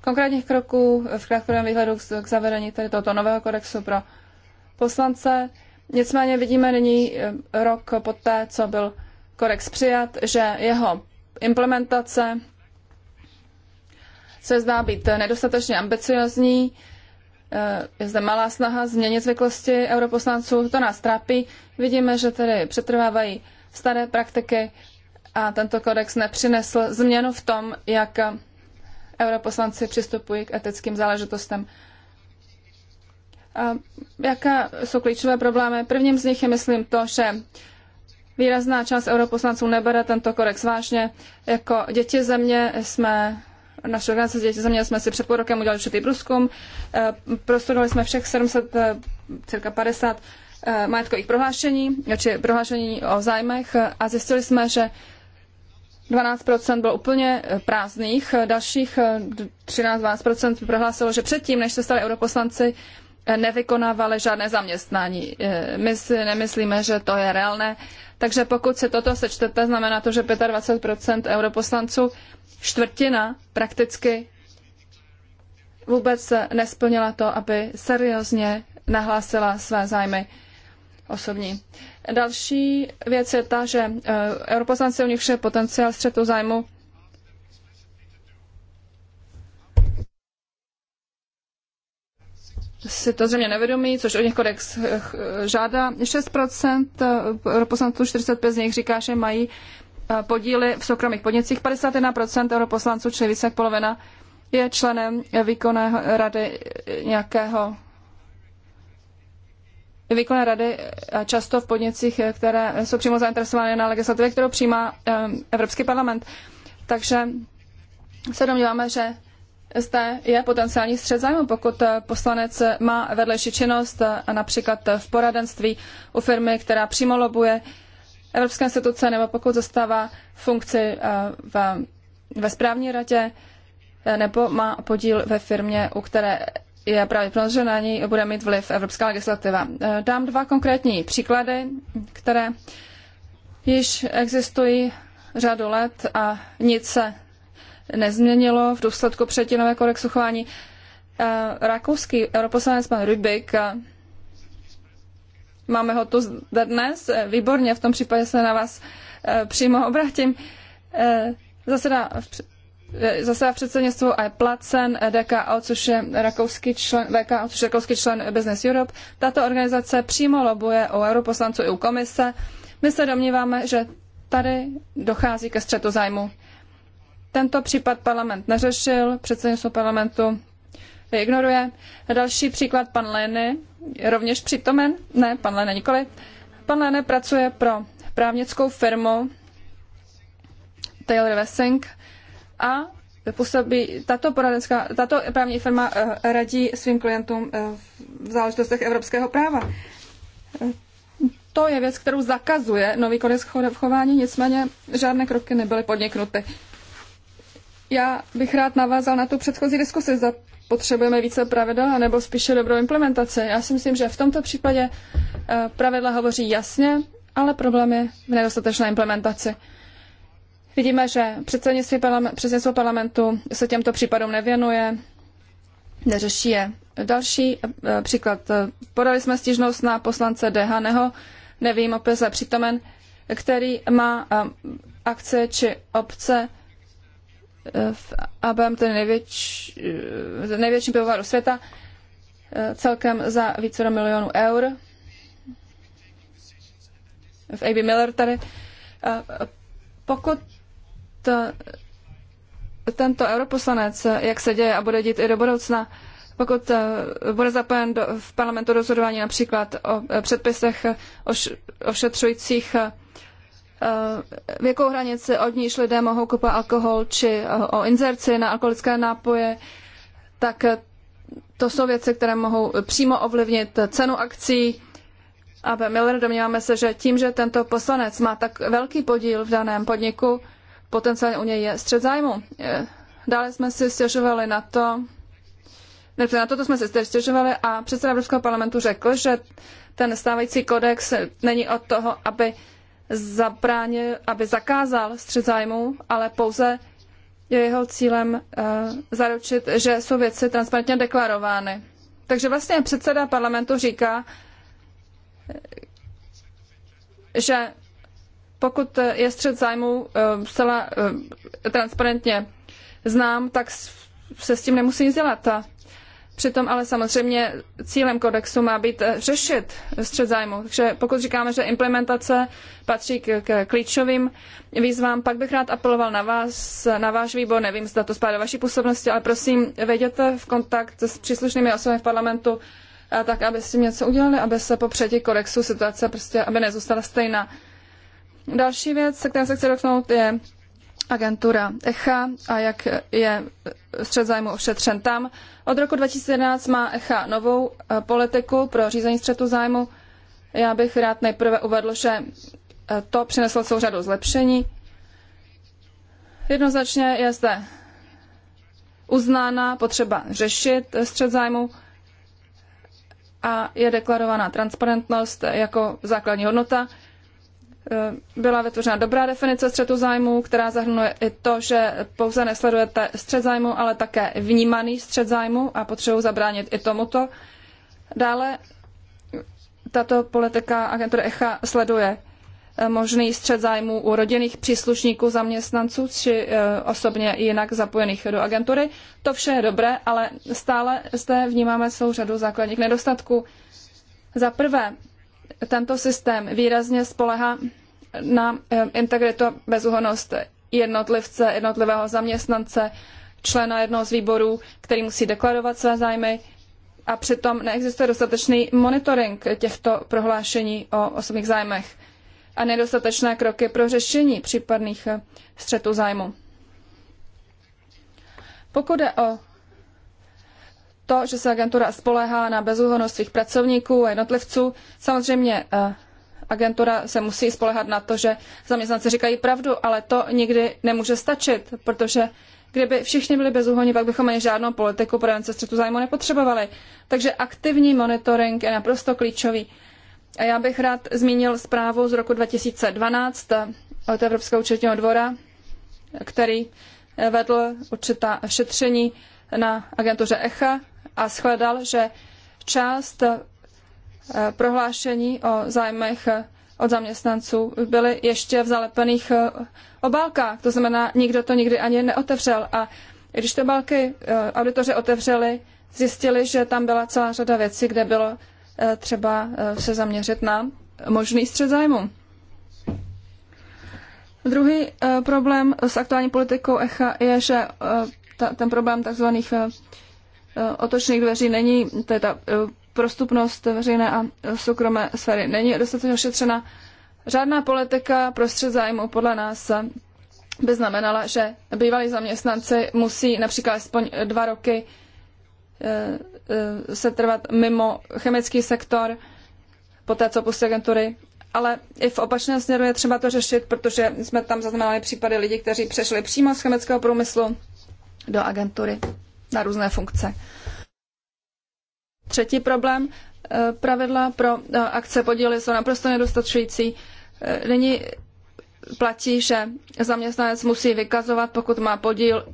konkrétních kroků v krátkodobém výhledu k zavedení tady tohoto nového kodexu pro poslance. Nicméně vidíme nyní eh, rok poté, co byl kodex přijat, že jeho implementace se zdá být nedostatečně ambiciozní. Eh, je zde malá snaha změnit zvyklosti europoslanců, to nás trápí. Vidíme, že tedy přetrvávají staré praktiky a tento kodex nepřinesl změnu v tom, jak europoslanci přistupují k etickým záležitostem. A jaká jsou klíčové problémy? Prvním z nich je, myslím, to, že výrazná část europoslanců nebere tento korex vážně. Jako děti země jsme naše organizace Děti země jsme si před půl rokem udělali určitý průzkum. Eh, prostudovali jsme všech 700, eh, cirka 50 eh, majetkových prohlášení, či prohlášení o zájmech a zjistili jsme, že 12% bylo úplně eh, prázdných, eh, dalších 13-12% eh, prohlásilo, že předtím, než se stali europoslanci, nevykonávali žádné zaměstnání. My si nemyslíme, že to je reálné, takže pokud se toto sečtete, znamená to, že 25% europoslanců, čtvrtina prakticky vůbec nesplnila to, aby seriózně nahlásila své zájmy osobní. Další věc je ta, že eh, europoslanci, u nichž je potenciál střetu zájmu, si to zřejmě nevědomí, což od nich kodex eh, eh, žádá. 6% europoslanců, 45 z nich říká, že mají podíly v soukromých podnicích, 51% europoslanců, čili více jak polovina, je členem výkonné rady nějakého výkonné rady často v podnicích, které jsou přímo zainteresované na legislativě, kterou přijímá Evropský parlament. Takže se domníváme, že zde je potenciální střed zájmu, pokud eh, poslanec má vedlejší činnost, eh, například v poradenství u firmy, která přímo lobuje Evropské instituce, nebo pokud zastává funkci eh, ve správní radě, nebo má podíl ve firmě, u které je proto, že na ní bude mít vliv evropská legislativa. Eh, dám dva konkrétní příklady, které již existují řadu let a nic se nezměnilo v důsledku přetinové kodexu chování. Eh, rakouský europoslanec pan Rybik, eh, máme ho tu zde dnes, výborně, v tom případě se na vás přímo obrátím, zasedá v Eh, zasedá předsednictvu a je placen eh, DKO, což je rakouský člen, VKO, což je rakouský člen Business Europe. Tato organizace přímo lobuje o europoslanců i u komise. My se domníváme, že tady dochází ke střetu zájmu. Tento případ parlament neřešil, předsednictvo parlamentu ignoruje. Další příklad, pan Leny, rovněž přítomen, ne, pan Leny nikoli. Pan Leny pracuje pro právnickou firmu Taylor Wessing, a působí, tato, poradenská, tato právní firma eh, radí svým klientům eh, v záležitostech evropského práva. To je věc, kterou zakazuje nový kodex chování, nicméně žádné kroky nebyly podniknuty. Já bych rád navázal na tu předchozí diskusi, zda potřebujeme více pravidel, nebo spíše dobrou implementaci. Já si myslím, že v tomto případě eh, pravidla hovoří jasně, ale problém je v nedostatečné implementaci. Vidíme, že předsednictví parlament, předsednictvo parlamentu se těmto případům nevěnuje, neřeší je. Další eh, příklad. Podali jsme stížnost na poslance Dehaneho, nevím, opět je přítomen, který má eh, akce či obce eh, v ABM, ten největší, největší pivovaru světa, celkem za více do milionů eur. V AB Miller tady. Pokud tento europoslanec, jak se děje a bude dít i do budoucna, pokud eh, bude zapojen do, v parlamentu rozhodování například o eh, předpisech oš, ošetřujících eh, věkou hranici, od níž lidé mohou kupovat alkohol, či o inzerci na alkoholické nápoje, tak to jsou věci, které mohou přímo ovlivnit cenu akcí. A Miller domníváme se, že tím, že tento poslanec má tak velký podíl v daném podniku, potenciálně u něj je střed zájmu. E, dále jsme si stěžovali na to, ne, na toto jsme se stěžovali a předseda Evropského parlamentu řekl, že ten stávající kodex není od toho, aby zabránil, aby zakázal střed zájmu, ale pouze je jeho cílem uh, zaručit, že jsou věci transparentně deklarovány. Takže vlastně předseda parlamentu říká, e, že pokud je střed zájmu eh, zcela eh, transparentně znám, tak se s tím nemusí nic dělat. Přitom ale samozřejmě cílem kodexu má být eh, řešit střed zájmu. Takže pokud říkáme, že implementace patří k, k klíčovým výzvám, pak bych rád apeloval na vás, na váš výbor, nevím, zda to spadá do vaší působnosti, ale prosím, vejděte v kontakt s příslušnými osobami v parlamentu, tak aby si něco udělali, aby se po přijetí kodexu situace prostě, aby nezůstala stejná. Další věc, se které se chci dotknout, je agentura ECHA a jak je střed zájmu ošetřen tam. Od roku 2011 má ECHA novou eh, politiku pro řízení střetu zájmu. Já bych rád nejprve uvedl, že eh, to přineslo celou řadu zlepšení. Jednoznačně je zde uznána potřeba řešit střed zájmu a je deklarována transparentnost jako základní hodnota. Eh, byla vytvořena dobrá definice střetu zájmu, která zahrnuje i to, že pouze nesledujete střet zájmu, ale také vnímaný střet zájmu a potřebu zabránit i tomuto. Dále tato politika agentury ECHA sleduje eh, možný střed zájmu u rodinných příslušníků zaměstnanců či eh, osobně jinak zapojených do agentury. To vše je dobré, ale stále zde vnímáme celou řadu základních nedostatků. Za prvé, tento systém výrazně spolehá na eh, integritu bezúhonost jednotlivce, jednotlivého zaměstnance, člena jednoho z výborů, který musí deklarovat své zájmy a přitom neexistuje dostatečný monitoring těchto prohlášení o osobních zájmech a nedostatečné kroky pro řešení případných eh, střetů zájmu. Pokud jde o to, že se agentura spoléhá na bezúhonnost svých pracovníků a jednotlivců, samozřejmě eh, agentura se musí spolehat na to, že zaměstnanci říkají pravdu, ale to nikdy nemůže stačit, protože kdyby všichni byli bezúhonní, pak bychom ani žádnou politiku prevence střetu zájmu nepotřebovali. Takže aktivní monitoring je naprosto klíčový. A já bych rád zmínil zprávu z roku 2012 eh, od Evropského účetního dvora, který eh, vedl určitá šetření na agentuře ECHA a shledal, že část eh, prohlášení o zájmech eh, od zaměstnanců byly ještě v zalepených eh, obálkách. To znamená, nikdo to nikdy ani neotevřel. A když ty obálky auditoři otevřeli, zjistili, že tam byla celá řada věcí, kde bylo třeba se zaměřit na možný střed zájmu. Druhý problém s aktuální politikou ECHA je, že ten problém takzvaných Eh, otočných dveří není, to je ta eh, prostupnost veřejné a soukromé sféry není dostatečně ošetřena. Žádná politika prostřed zájmu podle nás by znamenala, že bývalí zaměstnanci musí například aspoň dva roky eh, se trvat mimo chemický sektor, poté co pustí agentury. Ale i v opačném směru je třeba to řešit, protože jsme tam zaznamenali případy lidí, kteří přešli přímo z chemického průmyslu do agentury na různé funkce. Třetí problém, eh, pravidla pro eh, akce podíly jsou naprosto nedostačující. Eh, nyní platí, že zaměstnanec musí vykazovat, pokud má podíl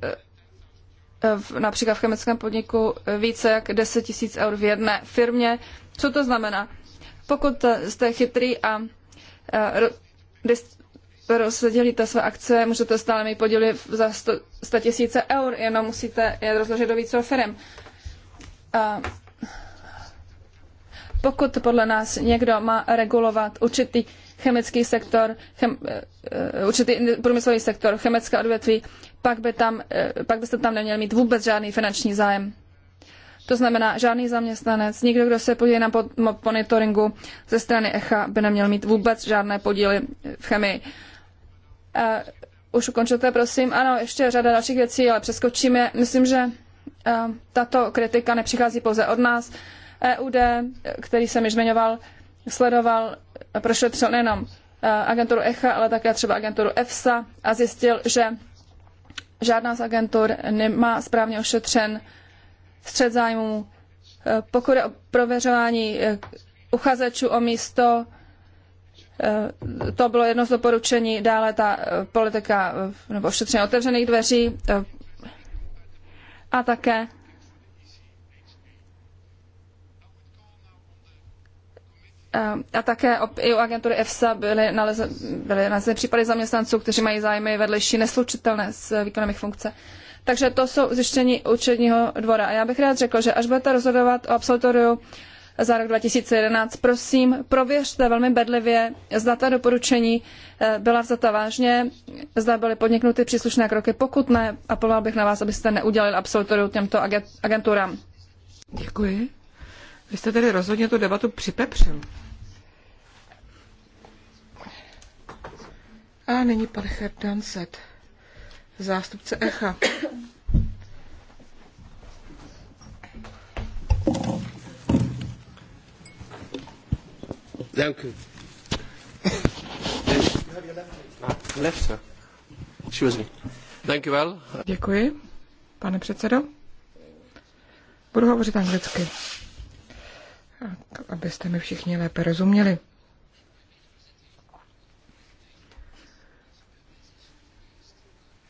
v, například v chemickém podniku více jak 10 tisíc eur v jedné firmě. Co to znamená? Pokud jste chytrý a kterou se své akce, můžete stále mít podíly za 100 tisíce eur, jenom musíte je rozložit do více firm. A pokud podle nás někdo má regulovat určitý chemický sektor, chem, eh, eh, určitý průmyslový sektor, chemické odvětví, pak, by tam, eh, pak byste tam neměl mít vůbec žádný finanční zájem. To znamená, žádný zaměstnanec, nikdo, kdo se podílí na monitoringu ze strany ECHA, by neměl mít vůbec žádné podíly v chemii už ukončete, prosím. Ano, ještě řada dalších věcí, ale přeskočíme. Myslím, že eh, tato kritika nepřichází pouze od nás. EUD, který jsem již zmiňoval, sledoval, prošetřil nejenom eh, agenturu ECHA, e, ale také třeba agenturu EFSA a zjistil, že žádná z agentur nemá správně ošetřen střed zájmů. Eh, pokud je o prověřování uchazečů o místo, Eh, to bylo jedno z doporučení. Dále ta eh, politika eh, nebo ošetření otevřených dveří a také A také i u agentury EFSA byly nalezeny, byly nalezeny případy zaměstnanců, kteří mají zájmy vedlejší neslučitelné s výkonem funkce. Takže to jsou zjištění účetního dvora. A já bych rád řekl, že až budete rozhodovat o absolutoriu za rok 2011. Prosím, prověřte velmi bedlivě, zda ta doporučení eh, byla vzata vážně, zda byly podniknuty příslušné kroky. Pokud ne, apeloval bych na vás, abyste neudělali absolutorium těmto agenturám. Děkuji. Vy jste tedy rozhodně tu debatu připepřil. A nyní pan Herdanset, zástupce Echa. Dank u. Děkuji, pane předsedo. Budu hovořit anglicky, abyste mi všichni lépe rozuměli.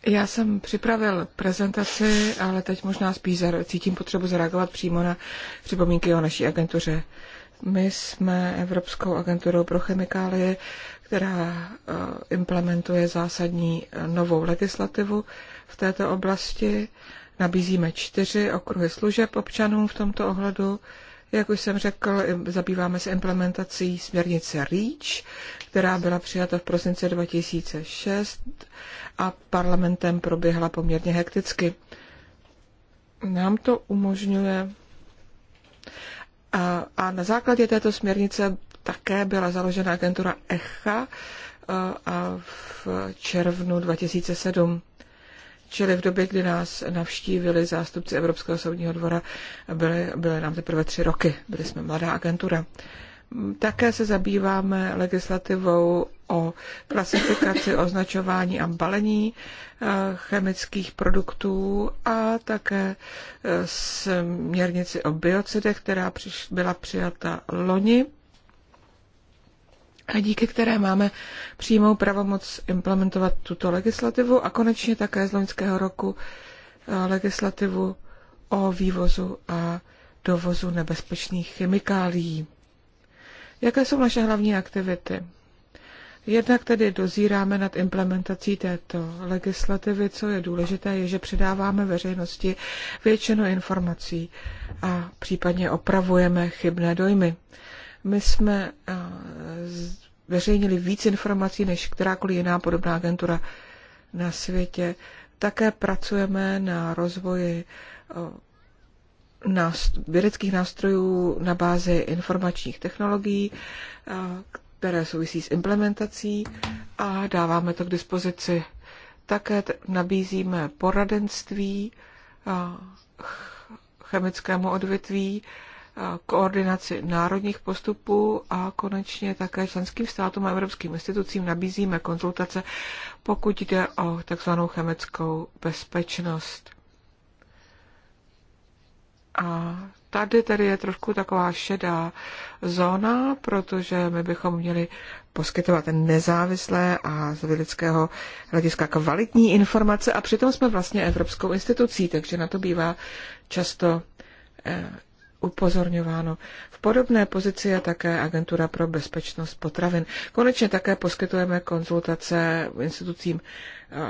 Já jsem připravil prezentaci, ale teď možná spíš cítím potřebu zareagovat přímo na připomínky o naší agentuře my jsme Evropskou agenturou pro chemikálie, která e, implementuje zásadní e, novou legislativu v této oblasti. Nabízíme čtyři okruhy služeb občanům v tomto ohledu. Jak už jsem řekl, zabýváme se implementací směrnice REACH, která byla přijata v prosinci 2006 a parlamentem proběhla poměrně hekticky. Nám to umožňuje a na základě této směrnice také byla založena agentura ECHA e, a v červnu 2007. Čili v době, kdy nás navštívili zástupci Evropského soudního dvora, byly, byly nám teprve tři roky, byli jsme mladá agentura. Také se zabýváme legislativou o klasifikaci, označování a balení eh, chemických produktů a také eh, směrnici o biocidech, která byla přijata loni a díky které máme přímou pravomoc implementovat tuto legislativu a konečně také z loňského roku eh, legislativu o vývozu a dovozu nebezpečných chemikálií. Jaké jsou naše hlavní aktivity? Jednak tedy dozíráme nad implementací této legislativy. Co je důležité, je, že předáváme veřejnosti většinu informací a případně opravujeme chybné dojmy. My jsme eh, veřejnili víc informací než kterákoliv jiná podobná agentura na světě. Také pracujeme na rozvoji eh, vědeckých nástrojů na bázi informačních technologií, eh, které souvisí s implementací a dáváme to k dispozici. Také nabízíme poradenství eh, chemickému odvětví, eh, koordinaci národních postupů a konečně také členským státům a evropským institucím nabízíme konzultace, pokud jde o takzvanou chemickou bezpečnost. A tady tedy je trošku taková šedá zóna, protože my bychom měli poskytovat nezávislé a z vědeckého hlediska kvalitní informace a přitom jsme vlastně evropskou institucí, takže na to bývá často eh, upozorňováno. V podobné pozici je také Agentura pro bezpečnost potravin. Konečně také poskytujeme konzultace institucím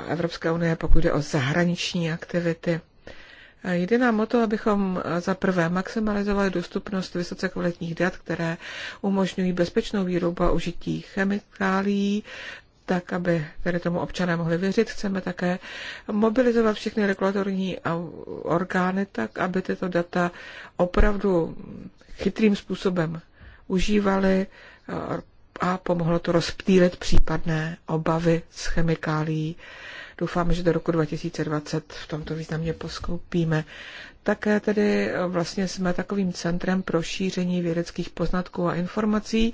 eh, Evropské unie, pokud jde o zahraniční aktivity. Jde nám o to, abychom eh, za prvé maximalizovali dostupnost vysoce kvalitních dat, které umožňují bezpečnou výrobu a užití chemikálií, tak, aby tedy tomu občané mohli věřit. Chceme také mobilizovat všechny regulatorní orgány tak, aby tyto data opravdu chytrým způsobem užívali eh, a pomohlo to rozptýlit případné obavy z chemikálií doufám, že do roku 2020 v tomto významně poskoupíme. Také tedy eh, vlastně jsme takovým centrem pro šíření vědeckých poznatků a informací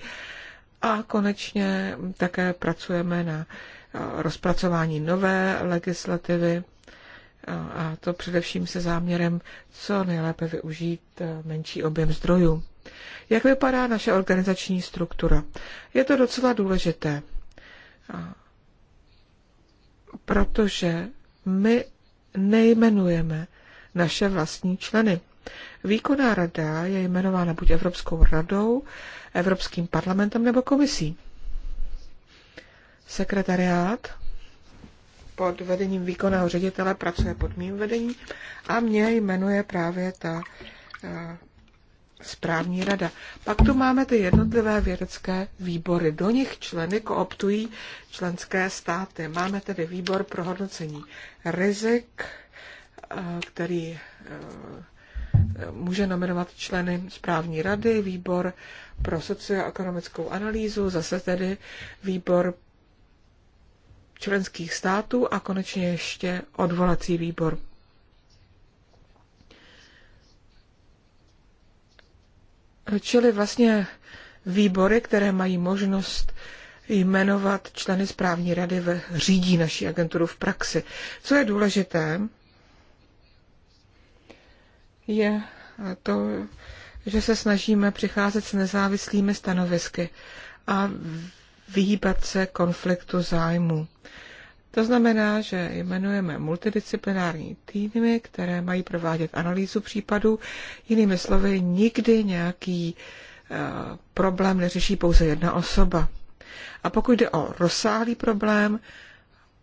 a konečně také pracujeme na eh, rozpracování nové legislativy eh, a to především se záměrem co nejlépe využít menší objem zdrojů. Jak vypadá naše organizační struktura? Je to docela důležité protože my nejmenujeme naše vlastní členy. Výkonná rada je jmenována buď Evropskou radou, Evropským parlamentem nebo komisí. Sekretariát pod vedením výkonného ředitele pracuje pod mým vedením a mě jmenuje právě ta eh, správní rada. Pak tu máme ty jednotlivé vědecké výbory. Do nich členy kooptují členské státy. Máme tedy výbor pro hodnocení rizik, eh, který eh, může nominovat členy správní rady, výbor pro socioekonomickou analýzu, zase tedy výbor členských států a konečně ještě odvolací výbor. Čili vlastně výbory, které mají možnost jmenovat členy správní rady ve řídí naší agenturu v praxi. Co je důležité, je to, že se snažíme přicházet s nezávislými stanovisky a vyhýbat se konfliktu zájmu. To znamená, že jmenujeme multidisciplinární týmy, které mají provádět analýzu případů. Jinými slovy, nikdy nějaký eh, problém neřeší pouze jedna osoba. A pokud jde o rozsáhlý problém,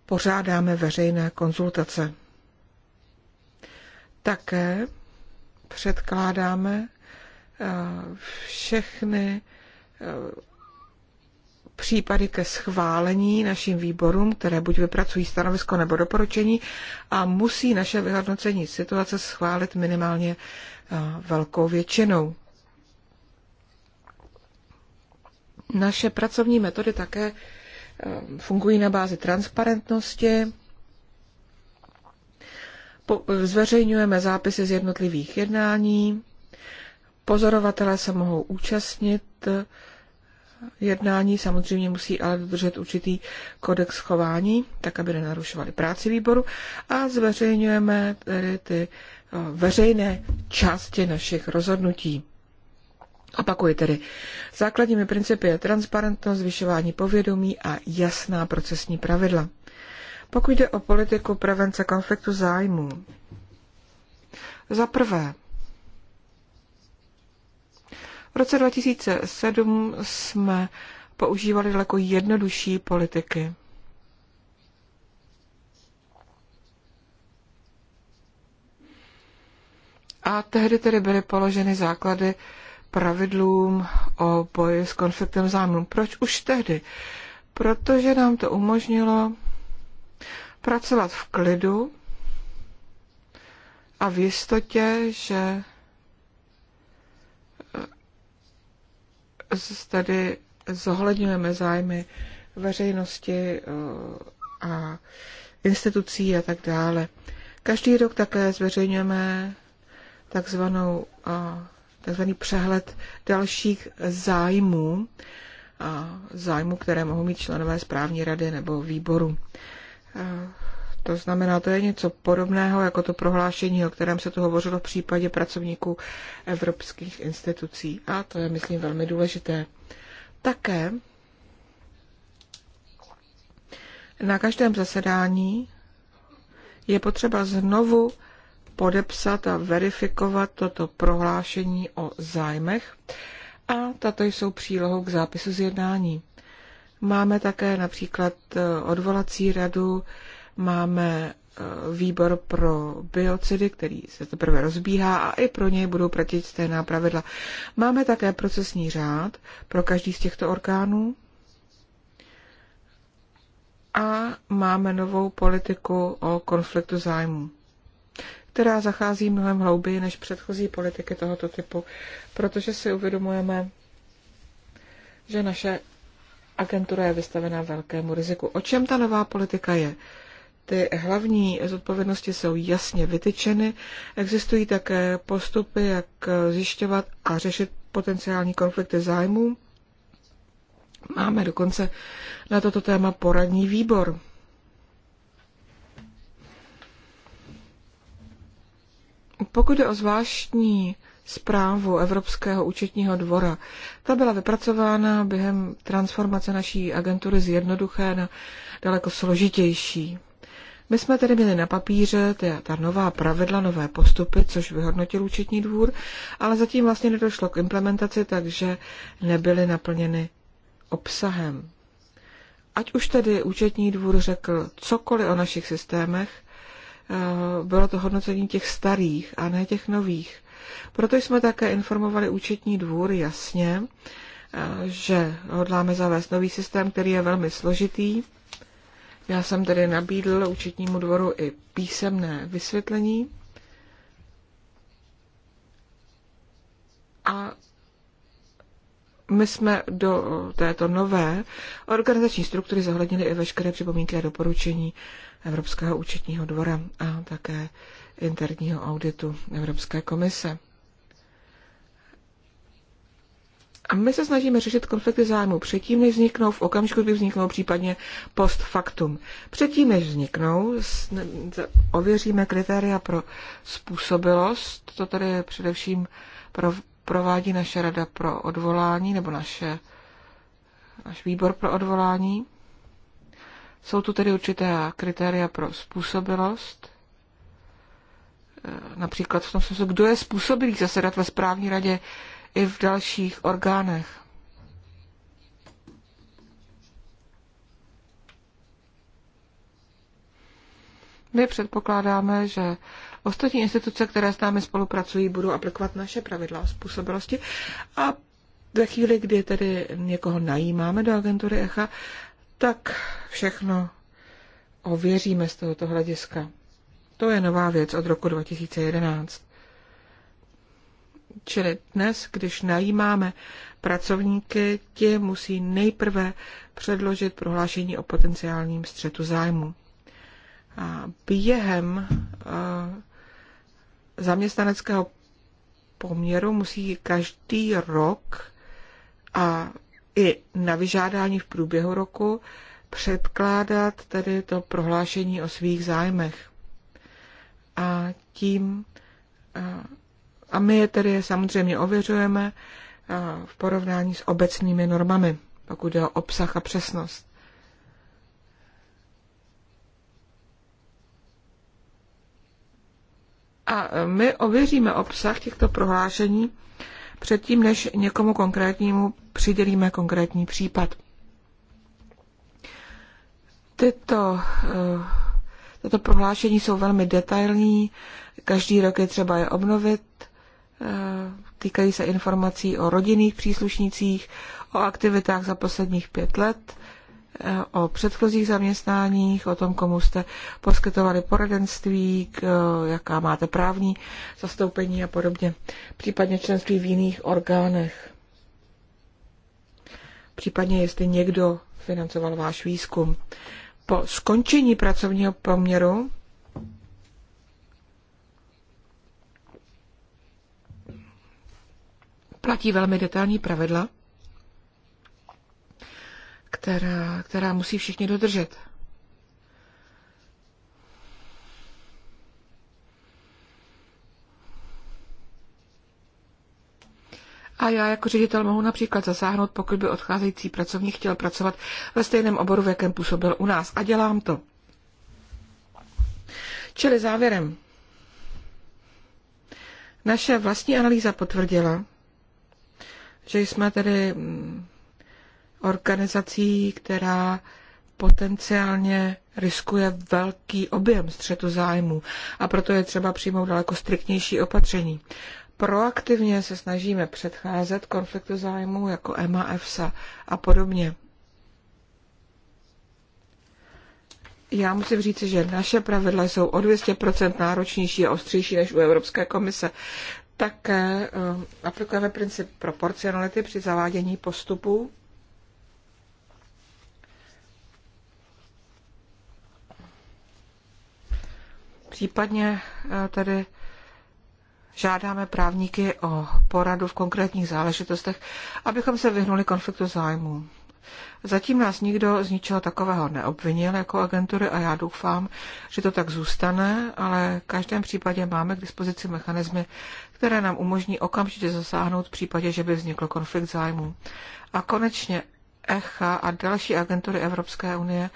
pořádáme veřejné konzultace. Také předkládáme eh, všechny eh, případy ke schválení našim výborům, které buď vypracují stanovisko nebo doporučení a musí naše vyhodnocení situace schválit minimálně eh, velkou většinou. Naše pracovní metody také eh, fungují na bázi transparentnosti. Zveřejňujeme zápisy z jednotlivých jednání. Pozorovatelé se mohou účastnit eh, jednání. Samozřejmě musí ale dodržet určitý kodex chování, tak aby nenarušovali práci výboru. A zveřejňujeme tedy ty eh, veřejné části našich rozhodnutí. Opakuji tedy. Základními principy je transparentnost, zvyšování povědomí a jasná procesní pravidla. Pokud jde o politiku prevence konfliktu zájmů, za prvé, v roce 2007 jsme používali daleko jednodušší politiky. A tehdy tedy byly položeny základy pravidlům o boji s konfliktem zájmů. Proč už tehdy? Protože nám to umožnilo pracovat v klidu a v jistotě, že tady zohledňujeme zájmy veřejnosti eh, a institucí a tak dále. Každý rok také zveřejňujeme takzvanou, eh, takzvaný přehled dalších zájmů, eh, zájmů, které mohou mít členové správní rady nebo výboru. To znamená, to je něco podobného jako to prohlášení, o kterém se tu hovořilo v případě pracovníků evropských institucí. A to je, myslím, velmi důležité. Také na každém zasedání je potřeba znovu podepsat a verifikovat toto prohlášení o zájmech a tato jsou přílohou k zápisu z jednání. Máme také například odvolací radu, Máme eh, výbor pro biocidy, který se teprve rozbíhá a i pro něj budou pratit stejná pravidla. Máme také procesní řád pro každý z těchto orgánů a máme novou politiku o konfliktu zájmu, která zachází mnohem hlouběji než předchozí politiky tohoto typu, protože si uvědomujeme, že naše agentura je vystavena velkému riziku. O čem ta nová politika je? ty hlavní zodpovědnosti jsou jasně vytyčeny. Existují také postupy, jak zjišťovat a řešit potenciální konflikty zájmů. Máme dokonce na toto téma poradní výbor. Pokud je o zvláštní zprávu Evropského účetního dvora. Ta byla vypracována během transformace naší agentury z jednoduché na daleko složitější. My jsme tedy měli na papíře ta nová pravidla, nové postupy, což vyhodnotil účetní dvůr, ale zatím vlastně nedošlo k implementaci, takže nebyly naplněny obsahem. Ať už tedy účetní dvůr řekl cokoliv o našich systémech, eh, bylo to hodnocení těch starých a ne těch nových. Proto jsme také informovali účetní dvůr jasně, eh, že hodláme zavést nový systém, který je velmi složitý, já jsem tedy nabídl účetnímu dvoru i písemné vysvětlení a my jsme do této nové organizační struktury zohlednili i veškeré připomínky a doporučení Evropského účetního dvora a také interního auditu Evropské komise. A My se snažíme řešit konflikty zájmu předtím, než vzniknou, v okamžiku, kdy vzniknou, případně post factum. Předtím, než vzniknou, ověříme kritéria pro způsobilost, to je především pro, provádí naše rada pro odvolání nebo naše, naš výbor pro odvolání. Jsou tu tedy určité kritéria pro způsobilost, e, například v tom smyslu, kdo je způsobilý zasedat ve správní radě i v dalších orgánech. My předpokládáme, že ostatní instituce, které s námi spolupracují, budou aplikovat naše pravidla o způsobilosti a ve chvíli, kdy tedy někoho najímáme do agentury ECHA, tak všechno ověříme z tohoto hlediska. To je nová věc od roku 2011. Čili dnes, když najímáme pracovníky, ti musí nejprve předložit prohlášení o potenciálním střetu zájmu. A během eh, zaměstnaneckého poměru musí každý rok a i na vyžádání v průběhu roku předkládat tedy to prohlášení o svých zájmech. A tím eh, a my je tedy samozřejmě ověřujeme v porovnání s obecnými normami, pokud jde o obsah a přesnost. A e, my ověříme obsah těchto prohlášení předtím, než někomu konkrétnímu přidělíme konkrétní případ. Tyto, e, tyto prohlášení jsou velmi detailní, každý rok je třeba je obnovit Eh, týkají se informací o rodinných příslušnících, o aktivitách za posledních pět let, eh, o předchozích zaměstnáních, o tom, komu jste poskytovali poradenství, k, eh, jaká máte právní zastoupení a podobně, případně členství v jiných orgánech. Případně, jestli někdo financoval váš výzkum. Po skončení pracovního poměru platí velmi detailní pravidla, která, která musí všichni dodržet. A já jako ředitel mohu například zasáhnout, pokud by odcházející pracovník chtěl pracovat ve stejném oboru, v jakém působil u nás. A dělám to. Čili závěrem. Naše vlastní analýza potvrdila, že jsme tedy mm, organizací, která potenciálně riskuje velký objem střetu zájmů a proto je třeba přijmout daleko striktnější opatření. Proaktivně se snažíme předcházet konfliktu zájmů jako EMA, EFSA a podobně. Já musím říct, že naše pravidla jsou o 200% náročnější a ostřejší než u Evropské komise. Také eh, aplikujeme princip proporcionality při zavádění postupů. Případně eh, tedy žádáme právníky o poradu v konkrétních záležitostech, abychom se vyhnuli konfliktu zájmů. Zatím nás nikdo z ničeho takového neobvinil jako agentury a já doufám, že to tak zůstane, ale v každém případě máme k dispozici mechanismy, které nám umožní okamžitě zasáhnout v případě, že by vznikl konflikt zájmů. A konečně ECHA a další agentury Evropské unie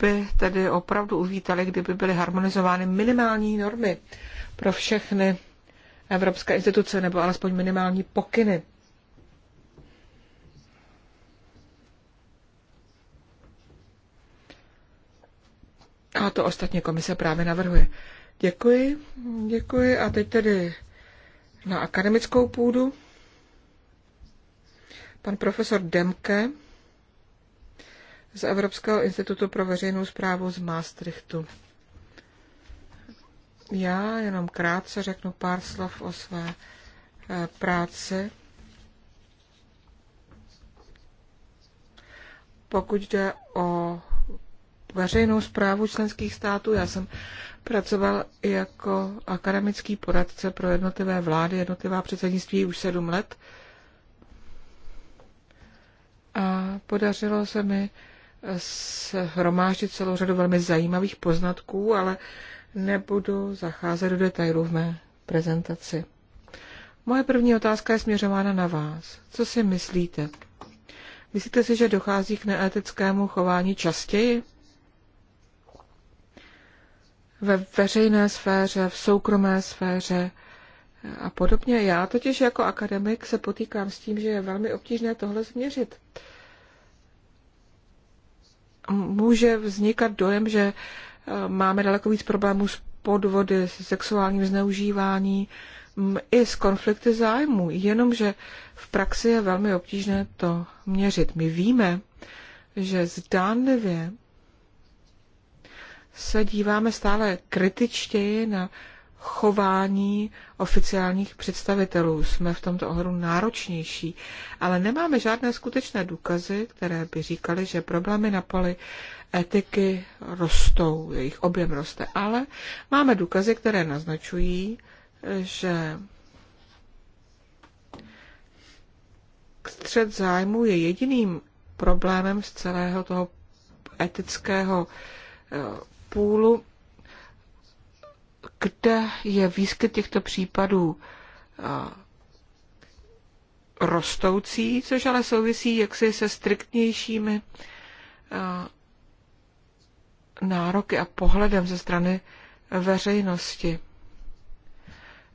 by tedy opravdu uvítali, kdyby byly harmonizovány minimální normy pro všechny evropské instituce nebo alespoň minimální pokyny. A to ostatně komise právě navrhuje. Děkuji, děkuji a teď tedy na akademickou půdu. Pan profesor Demke z Evropského institutu pro veřejnou zprávu z Maastrichtu. Já jenom krátce řeknu pár slov o své eh, práci. Pokud jde o veřejnou zprávu členských států. Já jsem pracoval jako akademický poradce pro jednotlivé vlády, jednotlivá předsednictví už sedm let. A podařilo se mi shromáždit celou řadu velmi zajímavých poznatků, ale nebudu zacházet do detailů v mé prezentaci. Moje první otázka je směřována na vás. Co si myslíte? Myslíte si, že dochází k neetickému chování častěji? ve veřejné sféře, v soukromé sféře a podobně. Já totiž jako akademik se potýkám s tím, že je velmi obtížné tohle změřit. Může vznikat dojem, že eh, máme daleko víc problémů s podvody, s sexuálním zneužívání mm, i s konflikty zájmů, jenomže v praxi je velmi obtížné to měřit. My víme, že zdánlivě se díváme stále kritičtěji na chování oficiálních představitelů. Jsme v tomto ohledu náročnější, ale nemáme žádné skutečné důkazy, které by říkaly, že problémy na poli etiky rostou, jejich objem roste, ale máme důkazy, které naznačují, že střed zájmu je jediným problémem z celého toho etického eh, půlu, kde je výskyt těchto případů rostoucí, což ale souvisí jaksi se striktnějšími nároky a pohledem ze strany veřejnosti.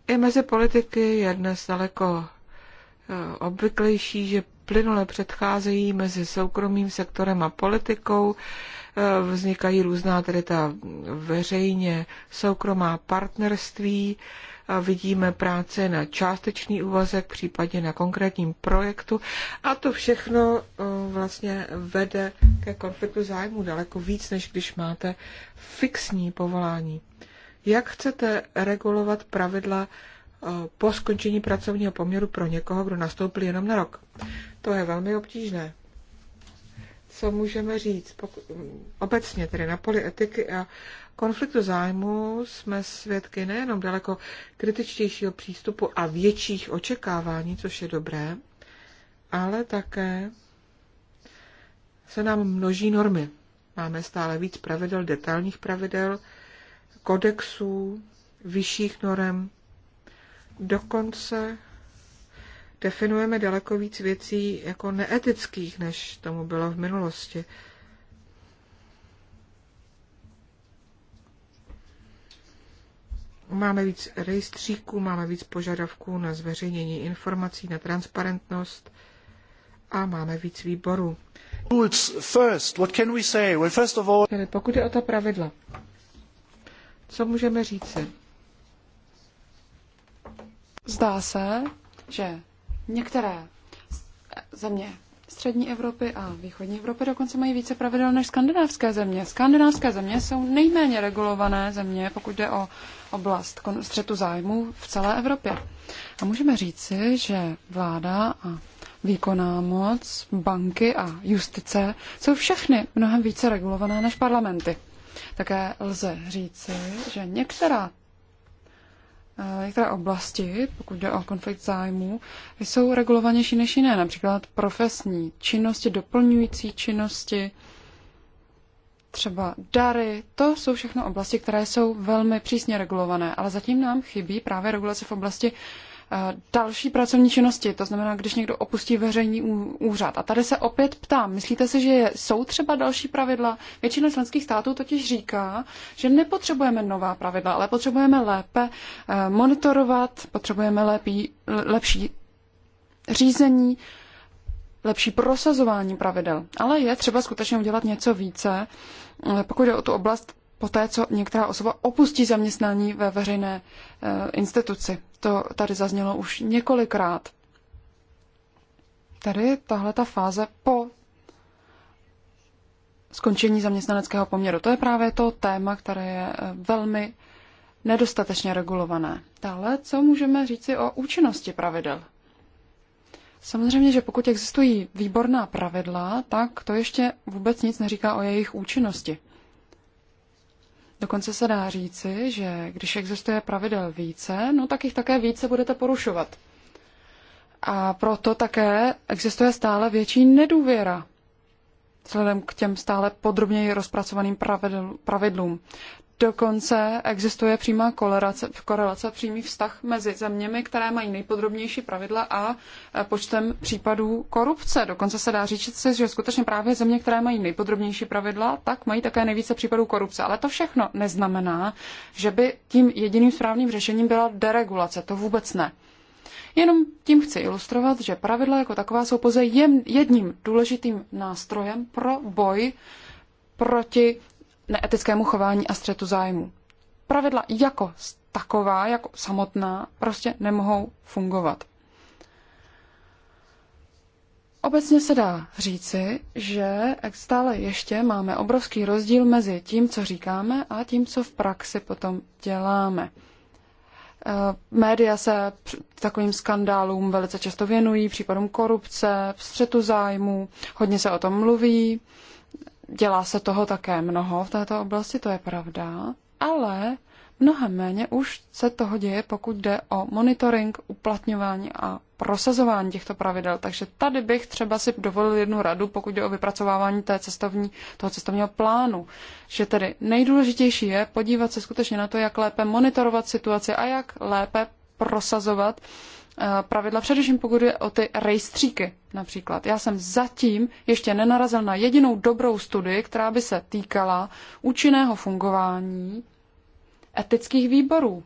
I mezi politiky je dnes daleko obvyklejší, že plynule předcházejí mezi soukromým sektorem a politikou, Eh, vznikají různá tedy ta veřejně soukromá partnerství, vidíme práce na částečný úvazek, případně na konkrétním projektu a to všechno eh, vlastně vede ke konfliktu zájmu daleko víc, než když máte fixní povolání. Jak chcete regulovat pravidla eh, po skončení pracovního poměru pro někoho, kdo nastoupil jenom na rok? To je velmi obtížné co můžeme říct. obecně tedy na poli etiky a konfliktu zájmu jsme svědky nejenom daleko kritičtějšího přístupu a větších očekávání, což je dobré, ale také se nám množí normy. Máme stále víc pravidel, detailních pravidel, kodexů, vyšších norem, dokonce definujeme daleko víc věcí jako neetických, než tomu bylo v minulosti. Máme víc rejstříků, máme víc požadavků na zveřejnění informací, na transparentnost a máme víc výborů. Tedy pokud je o ta pravidla, co můžeme říci? Zdá se, že Některé země střední Evropy a východní Evropy dokonce mají více pravidel než skandinávské země. Skandinávské země jsou nejméně regulované země, pokud jde o oblast střetu zájmů v celé Evropě. A můžeme říci, že vláda a výkonná moc, banky a justice jsou všechny mnohem více regulované než parlamenty. Také lze říci, že některá Eh, některé oblasti, pokud jde o konflikt zájmů, jsou regulovanější než jiné, například profesní činnosti, doplňující činnosti, třeba dary, to jsou všechno oblasti, které jsou velmi přísně regulované, ale zatím nám chybí právě regulace v oblasti Eh, další pracovní činnosti, to znamená, když někdo opustí veřejný úřad. A tady se opět ptám, myslíte si, že jsou třeba další pravidla? Většina členských států totiž říká, že nepotřebujeme nová pravidla, ale potřebujeme lépe eh, monitorovat, potřebujeme lépí, lepší řízení, lepší prosazování pravidel. Ale je třeba skutečně udělat něco více, eh, pokud je o tu oblast po té, co některá osoba opustí zaměstnání ve veřejné e, instituci. To tady zaznělo už několikrát. Tady tahle ta fáze po skončení zaměstnaneckého poměru. To je právě to téma, které je eh, velmi nedostatečně regulované. Dále, co můžeme říci o účinnosti pravidel? Samozřejmě, že pokud existují výborná pravidla, tak to ještě vůbec nic neříká o jejich účinnosti. Dokonce se dá říci, že když existuje pravidel více, no tak jich také více budete porušovat. A proto také existuje stále větší nedůvěra vzhledem k těm stále podrobněji rozpracovaným pravidlům. Dokonce existuje přímá korelace, korelace, přímý vztah mezi zeměmi, které mají nejpodrobnější pravidla a e, počtem případů korupce. Dokonce se dá říct, že skutečně právě země, které mají nejpodrobnější pravidla, tak mají také nejvíce případů korupce. Ale to všechno neznamená, že by tím jediným správným řešením byla deregulace. To vůbec ne. Jenom tím chci ilustrovat, že pravidla jako taková jsou pouze jedním důležitým nástrojem pro boj proti neetickému chování a střetu zájmu. Pravidla jako taková, jako samotná, prostě nemohou fungovat. Obecně se dá říci, že stále ještě máme obrovský rozdíl mezi tím, co říkáme a tím, co v praxi potom děláme. Eh, média se takovým skandálům velice často věnují, případům korupce, střetu zájmu, hodně se o tom mluví, dělá se toho také mnoho v této oblasti, to je pravda, ale mnohem méně už se toho děje, pokud jde o monitoring, uplatňování a prosazování těchto pravidel. Takže tady bych třeba si dovolil jednu radu, pokud jde o vypracovávání té cestovní, toho cestovního plánu. Že tedy nejdůležitější je podívat se skutečně na to, jak lépe monitorovat situaci a jak lépe prosazovat uh, Eh, pravidla, především pokud je o ty rejstříky například. Já jsem zatím ještě nenarazil na jedinou dobrou studii, která by se týkala účinného fungování etických výborů.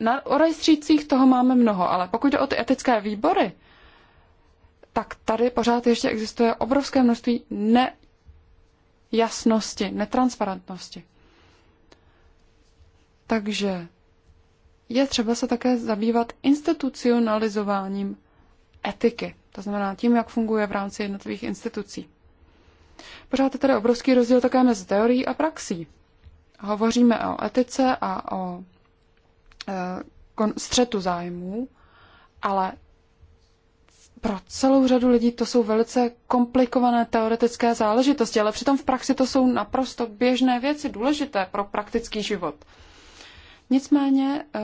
Na, o rejstřících toho máme mnoho, ale pokud jde o ty etické výbory, tak tady pořád ještě existuje obrovské množství nejasnosti, netransparentnosti. Takže je třeba se také zabývat institucionalizováním etiky, to znamená tím, jak funguje v rámci jednotlivých institucí. Pořád je tady obrovský rozdíl také mezi teorií a praxí. Hovoříme o etice a o e, střetu zájmů, ale pro celou řadu lidí to jsou velice komplikované teoretické záležitosti, ale přitom v praxi to jsou naprosto běžné věci, důležité pro praktický život. Nicméně eh,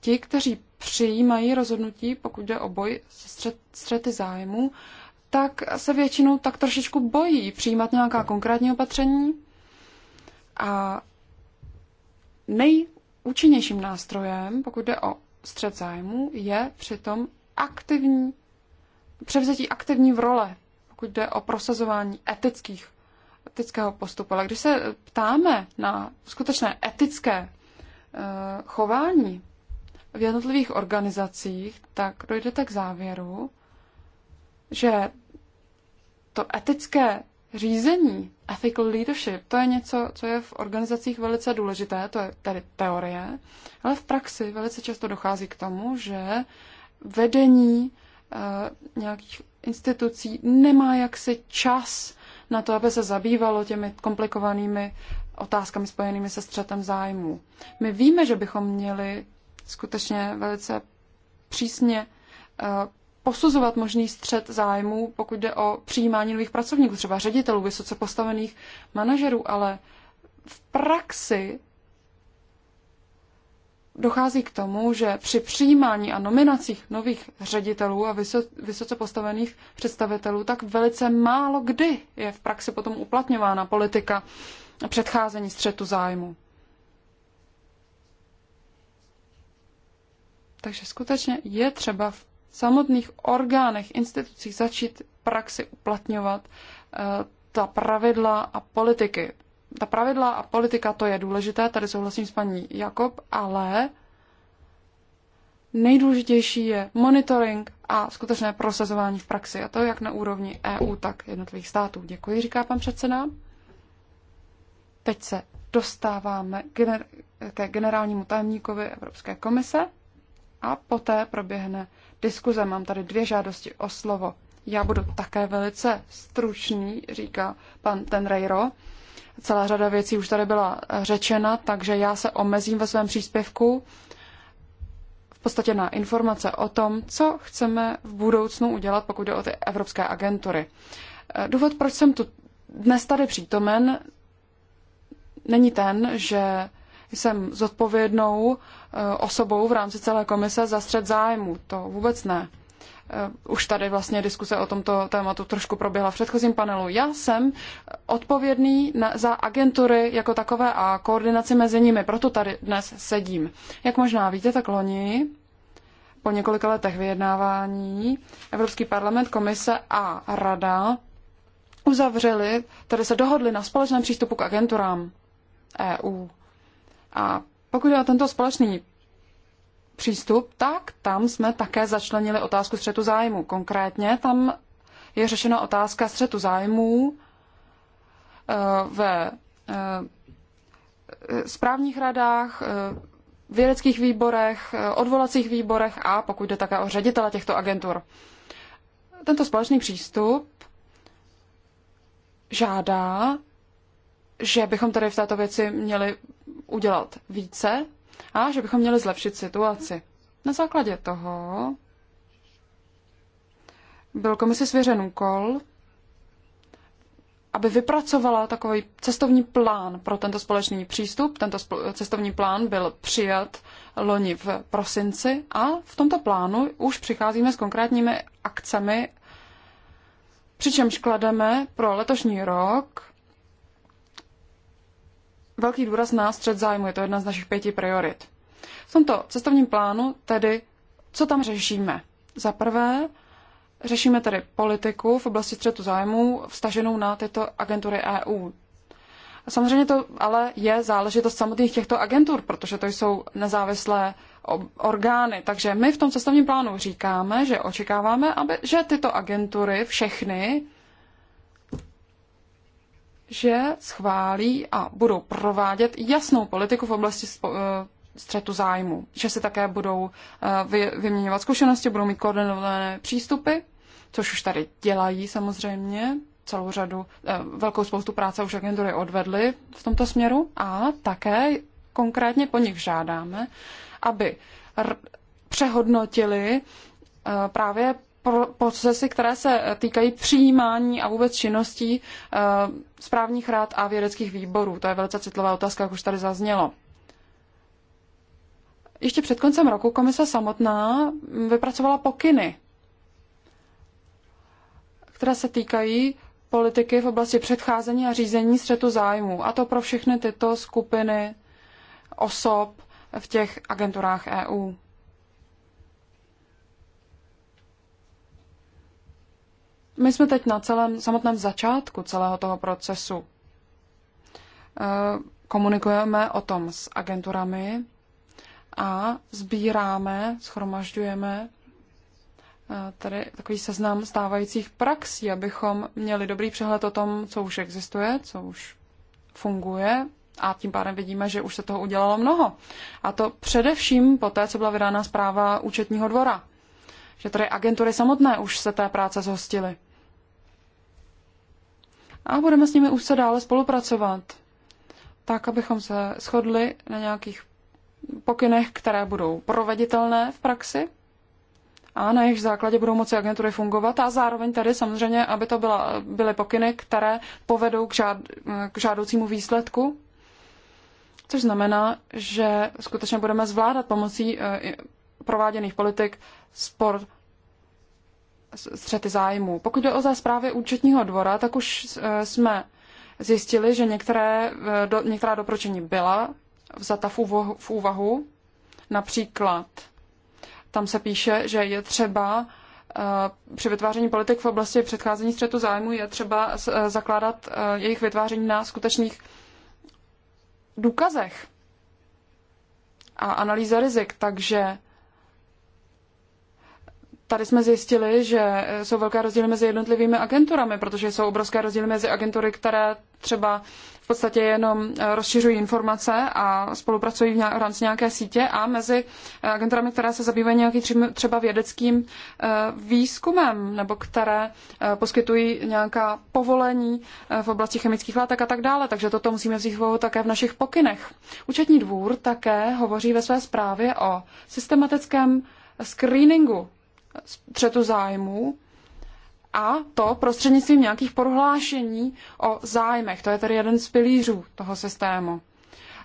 ti, kteří přijímají rozhodnutí, pokud jde o boj se střet, střety zájmu, tak se většinou tak trošičku bojí přijímat nějaká konkrétní opatření. A nejúčinnějším nástrojem, pokud jde o střet zájmu, je přitom aktivní, převzetí aktivní v role, pokud jde o prosazování etických, etického postupu. Ale když se ptáme na skutečné etické Eh, chování v jednotlivých organizacích, tak dojdete k závěru, že to etické řízení, ethical leadership, to je něco, co je v organizacích velice důležité, to je tedy teorie, ale v praxi velice často dochází k tomu, že vedení uh, nějakých institucí nemá jaksi čas na to, aby se zabývalo těmi komplikovanými otázkami spojenými se střetem zájmů. My víme, že bychom měli skutečně velice přísně eh, posuzovat možný střet zájmů, pokud jde o přijímání nových pracovníků, třeba ředitelů, vysoce postavených manažerů, ale v praxi dochází k tomu, že při přijímání a nominacích nových ředitelů a vysoce postavených představitelů, tak velice málo kdy je v praxi potom uplatňována politika uh, předcházení střetu zájmu. Takže skutečně je třeba v samotných orgánech, institucích začít praxi uplatňovat eh, ta pravidla a politiky. Ta pravidla a politika, to je důležité, tady souhlasím s paní Jakob, ale nejdůležitější je monitoring a skutečné prosazování v praxi, a to jak na úrovni EU, tak jednotlivých států. Děkuji, říká pan předseda. Teď se dostáváme gener- ke generálnímu tajemníkovi Evropské komise a poté proběhne diskuze. Mám tady dvě žádosti o slovo. Já budu také velice stručný, říká pan Tenreiro. Celá řada věcí už tady byla řečena, takže já se omezím ve svém příspěvku v podstatě na informace o tom, co chceme v budoucnu udělat, pokud jde o ty evropské agentury. Důvod, proč jsem tu dnes tady přítomen, není ten, že jsem zodpovědnou eh, osobou v rámci celé komise za střed zájmu. To vůbec ne. Eh, už tady vlastně diskuse o tomto tématu trošku proběhla v předchozím panelu. Já jsem odpovědný na, za agentury jako takové a koordinaci mezi nimi, proto tady dnes sedím. Jak možná víte, tak loni po několika letech vyjednávání Evropský parlament, komise a rada uzavřeli, tady se dohodli na společném přístupu k agenturám. EU. A pokud je o tento společný přístup, tak tam jsme také začlenili otázku střetu zájmu. Konkrétně tam je řešena otázka střetu zájmů e, ve e, e, správních radách, vědeckých výborech, odvolacích výborech a pokud jde také o ředitele těchto agentur. Tento společný přístup žádá že bychom tady v této věci měli udělat více a že bychom měli zlepšit situaci. Na základě toho byl komisi svěřen úkol, aby vypracovala takový cestovní plán pro tento společný přístup. Tento cestovní plán byl přijat loni v prosinci a v tomto plánu už přicházíme s konkrétními akcemi, přičemž klademe pro letošní rok velký důraz na střed zájmu, je to jedna z našich pěti priorit. V tomto cestovním plánu tedy, co tam řešíme? Za prvé, řešíme tedy politiku v oblasti střetu zájmů vstaženou na tyto agentury EU. Samozřejmě to ale je záležitost samotných těchto agentur, protože to jsou nezávislé orgány. Takže my v tom cestovním plánu říkáme, že očekáváme, aby, že tyto agentury všechny že schválí a budou provádět jasnou politiku v oblasti eh, střetu zájmu, že se také budou eh, vy, vyměňovat zkušenosti, budou mít koordinované přístupy, což už tady dělají samozřejmě, celou řadu, eh, velkou spoustu práce už agentury odvedly v tomto směru a také konkrétně po nich žádáme, aby přehodnotili právě procesy, které se týkají přijímání a vůbec činností eh, správních rád a vědeckých výborů. To je velice citlivá otázka, jak už tady zaznělo. Ještě před koncem roku komise samotná vypracovala pokyny, které se týkají politiky v oblasti předcházení a řízení střetu zájmů. A to pro všechny tyto skupiny osob v těch agenturách EU. My jsme teď na celém samotném začátku celého toho procesu. Eh, komunikujeme o tom s agenturami a sbíráme, schromažďujeme eh, tady takový seznam stávajících praxí, abychom měli dobrý přehled o tom, co už existuje, co už funguje a tím pádem vidíme, že už se toho udělalo mnoho. A to především po té, co byla vydána zpráva účetního dvora. Že tady agentury samotné už se té práce zhostily a budeme s nimi už se dále spolupracovat, tak abychom se shodli na nějakých pokynech, které budou proveditelné v praxi a na jejich základě budou moci agentury fungovat a zároveň tady samozřejmě, aby to byla, byly pokyny, které povedou k, žád, k žádoucímu výsledku, což znamená, že skutečně budeme zvládat pomocí eh, prováděných politik sport střety zájmů. Pokud jde o té zprávy účetního dvora, tak už eh, jsme zjistili, že některé, eh, do, některá doporučení byla vzata v úvahu, v úvahu. Například tam se píše, že je třeba eh, při vytváření politik v oblasti předcházení střetu zájmu je třeba zakládat jejich vytváření na skutečných důkazech a analýze rizik. Takže tady jsme zjistili, že jsou velké rozdíly mezi jednotlivými agenturami, protože jsou obrovské rozdíly mezi agentury, které třeba v podstatě jenom eh, rozšiřují informace a spolupracují v rámci nějaké sítě a mezi eh, agenturami, které se zabývají nějakým třeba vědeckým eh, výzkumem nebo které poskytují nějaká povolení v oblasti chemických látek a tak dále. Takže toto musíme vzít vůbec také v našich pokynech. Účetní dvůr také hovoří ve své zprávě o systematickém screeningu střetu zájmů a to prostřednictvím nějakých prohlášení o zájmech. To je tedy jeden z pilířů toho systému.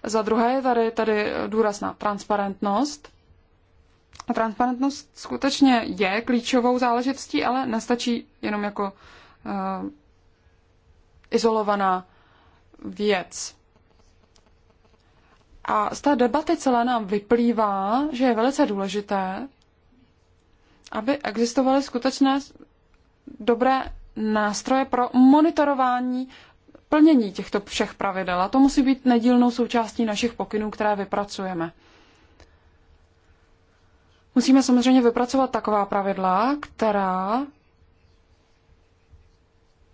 Za druhé je tady, tady důraz na transparentnost. A transparentnost skutečně je klíčovou záležitostí, ale nestačí jenom jako uh, izolovaná věc. A z té debaty celé nám vyplývá, že je velice důležité, aby existovaly skutečné dobré nástroje pro monitorování plnění těchto všech pravidel. A to musí být nedílnou součástí našich pokynů, které vypracujeme. Musíme samozřejmě vypracovat taková pravidla, která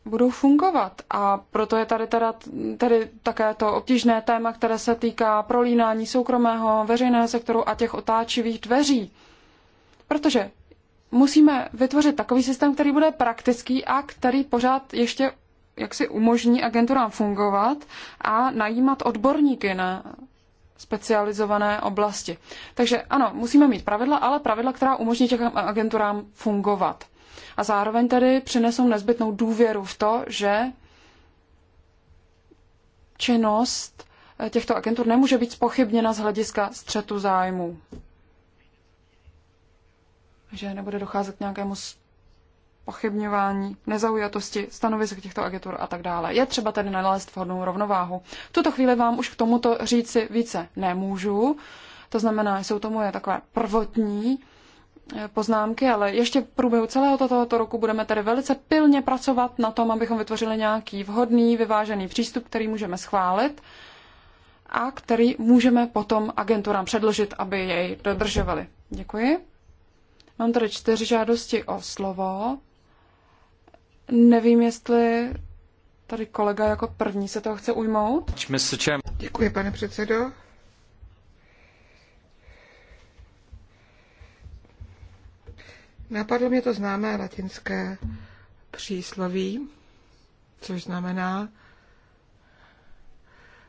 budou fungovat. A proto je tady, teda, tady také to obtížné téma, které se týká prolínání soukromého, veřejného sektoru a těch otáčivých dveří. Protože musíme vytvořit takový systém, který bude praktický a který pořád ještě jak si umožní agenturám fungovat a najímat odborníky na specializované oblasti. Takže ano, musíme mít pravidla, ale pravidla, která umožní těch agenturám fungovat. A zároveň tedy přinesou nezbytnou důvěru v to, že činnost těchto agentur nemůže být spochybněna z hlediska střetu zájmů že nebude docházet k nějakému pochybňování, nezaujatosti, stanovisek těchto agentur a tak dále. Je třeba tedy nalézt vhodnou rovnováhu. V tuto chvíli vám už k tomuto říci více nemůžu, to znamená, jsou to moje takové prvotní eh, poznámky, ale ještě v průběhu celého tohoto roku budeme tedy velice pilně pracovat na tom, abychom vytvořili nějaký vhodný, vyvážený přístup, který můžeme schválit a který můžeme potom agenturám předložit, aby jej dodržovali. Děkuji. Mám tady čtyři žádosti o slovo. Nevím, jestli tady kolega jako první se toho chce ujmout. Děkuji, pane předsedo. Napadlo mě to známé latinské přísloví, což znamená,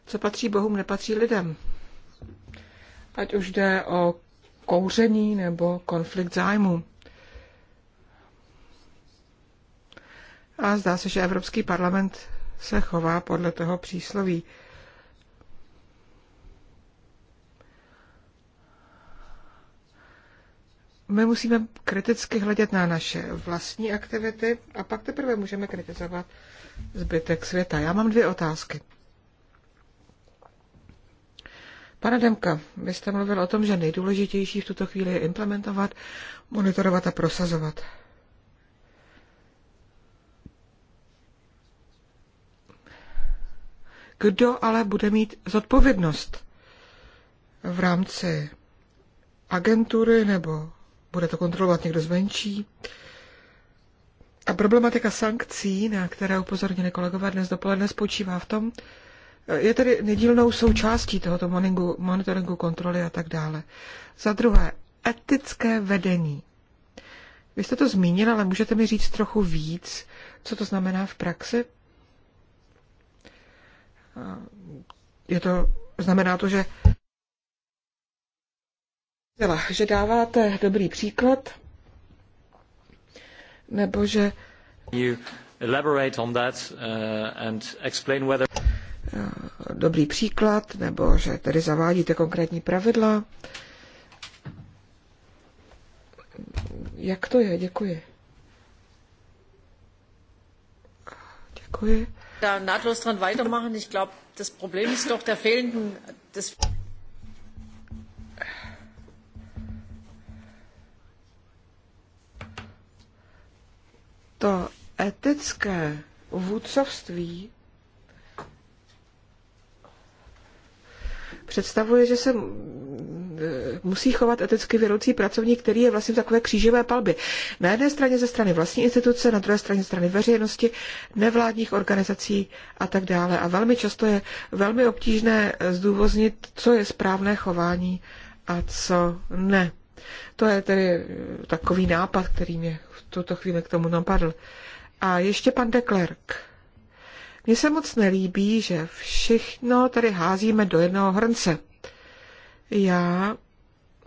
co patří bohům, nepatří lidem. Ať už jde o kouření nebo konflikt zájmu. A zdá se, že Evropský parlament se chová podle toho přísloví. My musíme kriticky hledět na naše vlastní aktivity a pak teprve můžeme kritizovat zbytek světa. Já mám dvě otázky. Pane Demka, vy jste mluvil o tom, že nejdůležitější v tuto chvíli je implementovat, monitorovat a prosazovat. Kdo ale bude mít zodpovědnost v rámci agentury nebo bude to kontrolovat někdo zvenčí? A problematika sankcí, na které upozornili kolegové dnes dopoledne, spočívá v tom, je tedy nedílnou součástí tohoto moningu, monitoringu kontroly a tak dále. Za druhé, etické vedení. Vy jste to zmínil, ale můžete mi říct trochu víc, co to znamená v praxi? Je to, znamená to, že že dáváte dobrý příklad, nebo že you elaborate on that uh, and explain whether Eh, dobrý příklad, nebo že tedy zavádíte konkrétní pravidla. Jak to je? Děkuji. Děkuji. Da nahtlos dran weitermachen. Ich glaube, das Problem ist doch der fehlenden, das. to etické vůdcovství představuje, že se e, musí chovat eticky vědoucí pracovník, který je vlastně v takové křížové palbě. Na jedné straně ze strany vlastní instituce, na druhé straně ze strany veřejnosti, nevládních organizací a tak dále. A velmi často je velmi obtížné zdůvoznit, co je správné chování a co ne. To je tedy e, takový nápad, který mě v tuto chvíli k tomu napadl. A ještě pan Deklerk. Mně se moc nelíbí, že všechno tady házíme do jednoho hrnce. Já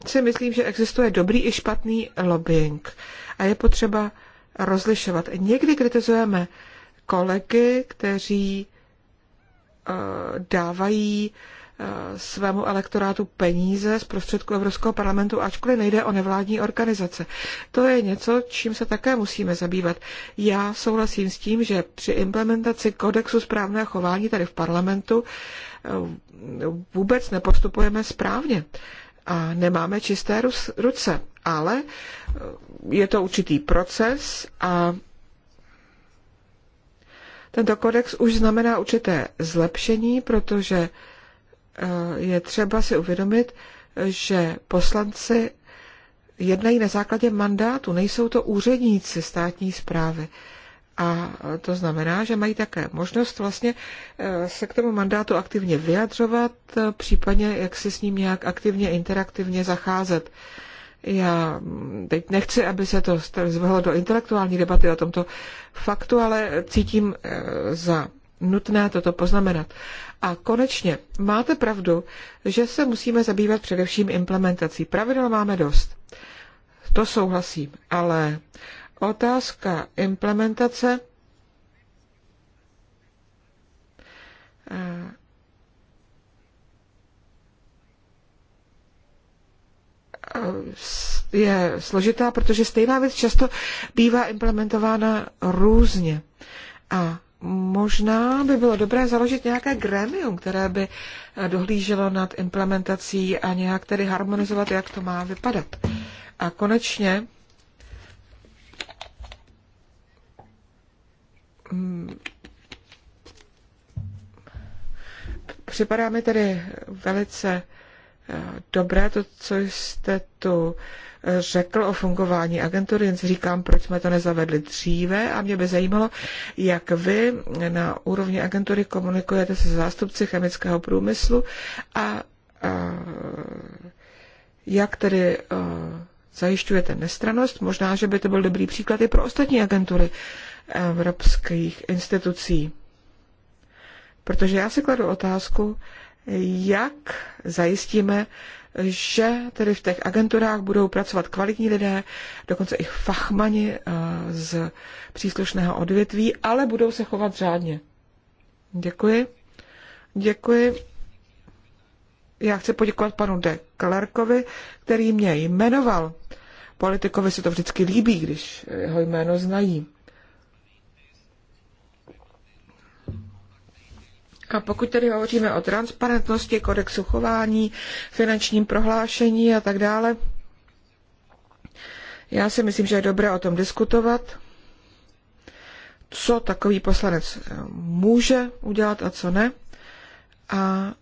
si myslím, že existuje dobrý i špatný lobbying a je potřeba rozlišovat. Někdy kritizujeme kolegy, kteří eh, dávají Eh, svému elektorátu peníze z prostředku Evropského parlamentu, ačkoliv nejde o nevládní organizace. To je něco, čím se také musíme zabývat. Já souhlasím s tím, že při implementaci kodexu správného chování tady v parlamentu eh, vůbec nepostupujeme správně a nemáme čisté ruce, ale eh, je to určitý proces a tento kodex už znamená určité zlepšení, protože Eh, je třeba si uvědomit, že poslanci jednají na základě mandátu, nejsou to úředníci státní zprávy. A to znamená, že mají také možnost vlastně eh, se k tomu mandátu aktivně vyjadřovat, eh, případně jak si s ním nějak aktivně, interaktivně zacházet. Já mm, teď nechci, aby se to zvedlo do intelektuální debaty o tomto faktu, ale cítím za nutné toto poznamenat. A konečně, máte pravdu, že se musíme zabývat především implementací. Pravidel máme dost. To souhlasím, ale otázka implementace eh, je složitá, protože stejná věc často bývá implementována různě. A možná by bylo dobré založit nějaké grémium, které by eh, dohlíželo nad implementací a nějak tedy harmonizovat, jak to má vypadat. A konečně mm, připadá mi tedy velice eh, dobré to, co jste tu řekl o fungování agentury, jen si říkám, proč jsme to nezavedli dříve a mě by zajímalo, jak vy na úrovni agentury komunikujete se zástupci chemického průmyslu a, a jak tedy a, e, zajišťujete nestranost. Možná, že by to byl dobrý příklad i pro ostatní agentury evropských institucí. Protože já si kladu otázku, jak zajistíme, že tedy v těch agenturách budou pracovat kvalitní lidé, dokonce i fachmani eh, z příslušného odvětví, ale budou se chovat řádně. Děkuji. Děkuji. Já chci poděkovat panu de Klerkovi, který mě jmenoval. Politikovi se to vždycky líbí, když jeho jméno znají. A pokud tedy hovoříme o transparentnosti, kodexu chování, finančním prohlášení a tak dále, já si myslím, že je dobré o tom diskutovat, co takový poslanec eh, může udělat a co ne. A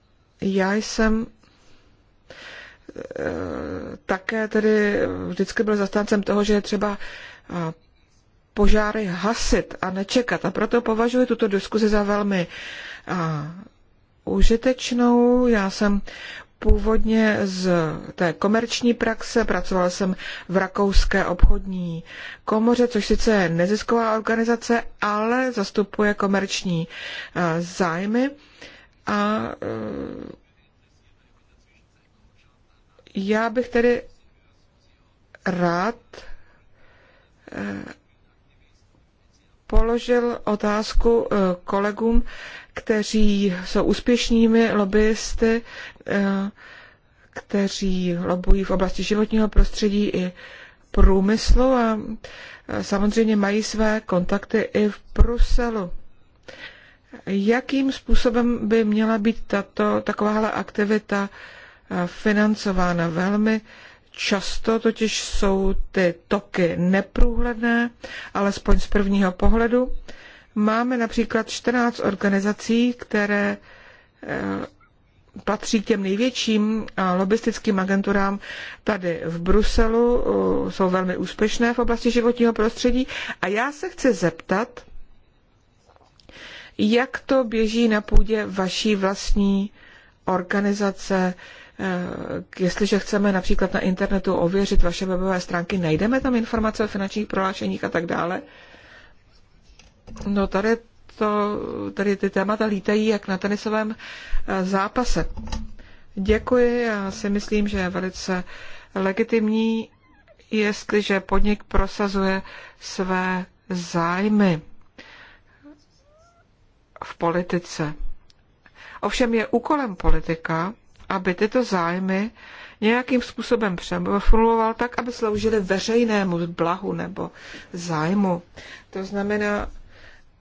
já jsem eh, také tedy vždycky byl zastáncem toho, že je třeba eh, požáry hasit a nečekat. A proto považuji tuto diskuzi za velmi a, užitečnou. Já jsem původně z té komerční praxe, pracovala jsem v Rakouské obchodní komoře, což sice je nezisková organizace, ale zastupuje komerční e, zájmy. A e, já bych tedy rád e, položil otázku eh, kolegům, kteří jsou úspěšnými lobbyisty, eh, kteří lobují v oblasti životního prostředí i průmyslu a eh, samozřejmě mají své kontakty i v Bruselu. Jakým způsobem by měla být tato, takováhle aktivita financována? Velmi Často totiž jsou ty toky neprůhledné, alespoň z prvního pohledu. Máme například 14 organizací, které eh, patří k těm největším lobbystickým agenturám tady v Bruselu, eh, jsou velmi úspěšné v oblasti životního prostředí. A já se chci zeptat, jak to běží na půdě vaší vlastní organizace, Eh, jestliže chceme například na internetu ověřit vaše webové stránky, najdeme tam informace o finančních prohlášeních a tak dále. No tady, to, tady ty témata lítají jak na tenisovém eh, zápase. Děkuji, já si myslím, že je velice legitimní, jestliže podnik prosazuje své zájmy v politice. Ovšem je úkolem politika, aby tyto zájmy nějakým způsobem přeformuloval tak, aby sloužily veřejnému blahu nebo zájmu. To znamená,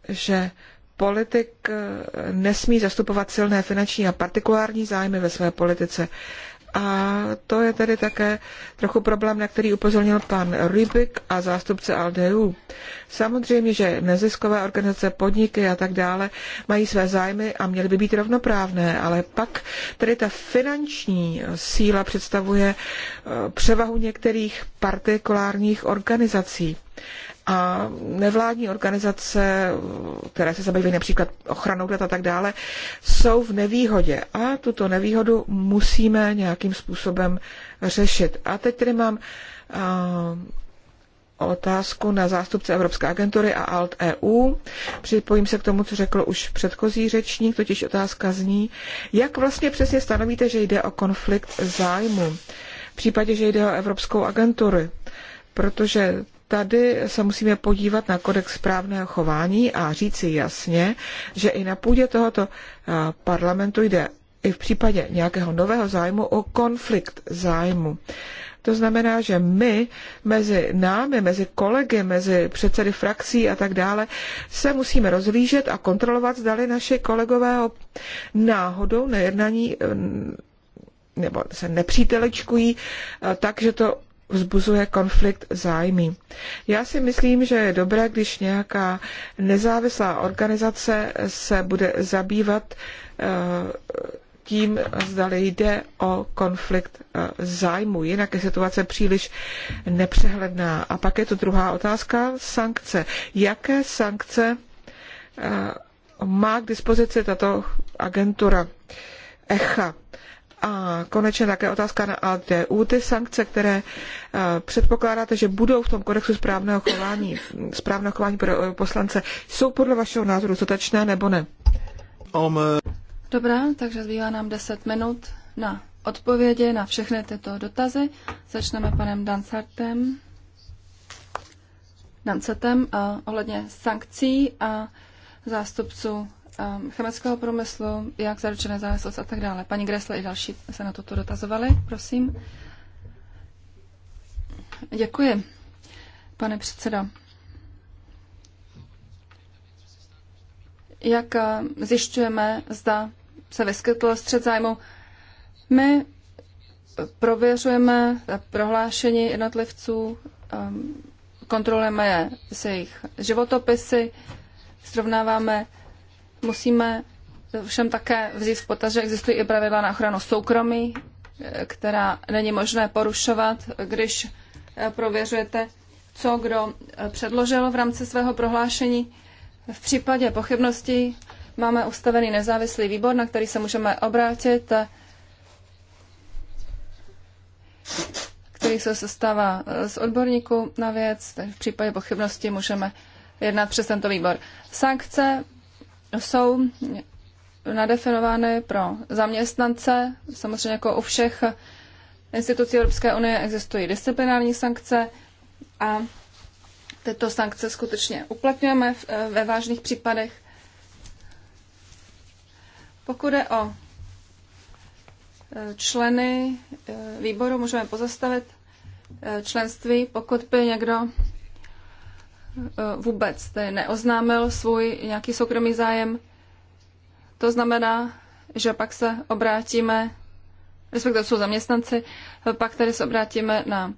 že politik eh, nesmí zastupovat silné finanční a partikulární zájmy ve své politice. A to je tedy také trochu problém, na který upozornil pan Rybik a zástupce ALDEU. Samozřejmě, že neziskové organizace, podniky a tak dále mají své zájmy a měly by být rovnoprávné, ale pak tedy ta finanční síla představuje eh, převahu některých partikulárních organizací. A nevládní organizace, které se zabývají například ochranou dat a tak dále, jsou v nevýhodě a tuto nevýhodu musíme nějakým způsobem řešit. A teď tedy mám uh, otázku na zástupce Evropské agentury a Alt EU. Připojím se k tomu, co řekl už předchozí řečník, totiž otázka zní, jak vlastně přesně stanovíte, že jde o konflikt zájmu v případě, že jde o Evropskou agenturu protože Tady se musíme podívat na kodex správného chování a říci jasně, že i na půdě tohoto eh, parlamentu jde i v případě nějakého nového zájmu o konflikt zájmu. To znamená, že my mezi námi, mezi kolegy, mezi předsedy frakcí a tak dále se musíme rozlížet a kontrolovat, zdali naše kolegové náhodou nejednaní eh, nebo se nepřítelečkují eh, tak, že to vzbuzuje konflikt zájmy. Já si myslím, že je dobré, když nějaká nezávislá organizace se bude zabývat eh, tím, zdali jde o konflikt eh, zájmu. Jinak je situace příliš nepřehledná. A pak je tu druhá otázka, sankce. Jaké sankce eh, má k dispozici tato agentura ECHA? A konečně také otázka na ADU. Ty sankce, které eh, předpokládáte, že budou v tom kodexu správného chování, správného chování pro eh, poslance, jsou podle vašeho názoru dostatečné nebo ne? Eh. Dobrá, takže zbývá nám 10 minut na odpovědi na všechny tyto dotazy. Začneme panem Dansartem. Dancetem a ohledně sankcí a zástupců Ehm, chemického průmyslu, jak zaručené nezávislost a tak dále. Paní Gressle i další se na toto dotazovali, prosím. Děkuji, pane předsedo. Jak eh, zjišťujeme, zda se vyskytl střed zájmu, my prověřujeme prohlášení jednotlivců, ehm, kontrolujeme je s jejich životopisy, srovnáváme Musíme všem také vzít v potaz, že existují i pravidla na ochranu soukromí, která není možné porušovat, když eh, prověřujete, co kdo eh, předložil v rámci svého prohlášení. V případě pochybností máme ustavený nezávislý výbor, na který se můžeme obrátit, eh, který se sestává z odborníků na věc. V případě pochybnosti můžeme jednat přes tento výbor. Sankce jsou nadefinovány pro zaměstnance. Samozřejmě jako u všech institucí Evropské unie existují disciplinární sankce a tyto sankce skutečně uplatňujeme ve vážných případech. Pokud je o e, členy e, výboru, můžeme pozastavit e, členství, pokud by někdo Eh, vůbec jste neoznámil svůj nějaký soukromý zájem. To znamená, že pak se obrátíme, respektive jsou zaměstnanci, eh, pak tedy se obrátíme na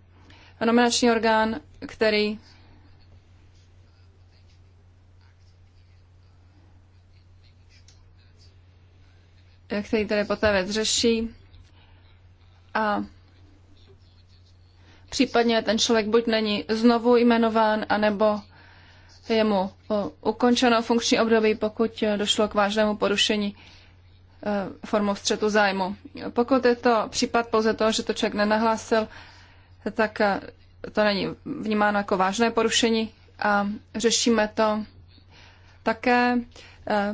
nominační orgán, který eh, který tedy poté věc řeší. A Případně ten člověk buď není znovu jmenován, anebo je mu eh, ukončeno funkční období, pokud eh, došlo k vážnému porušení eh, formou střetu zájmu. Pokud je to případ pouze toho, že to člověk nenahlásil, tak to není vnímáno jako vážné porušení a řešíme to také.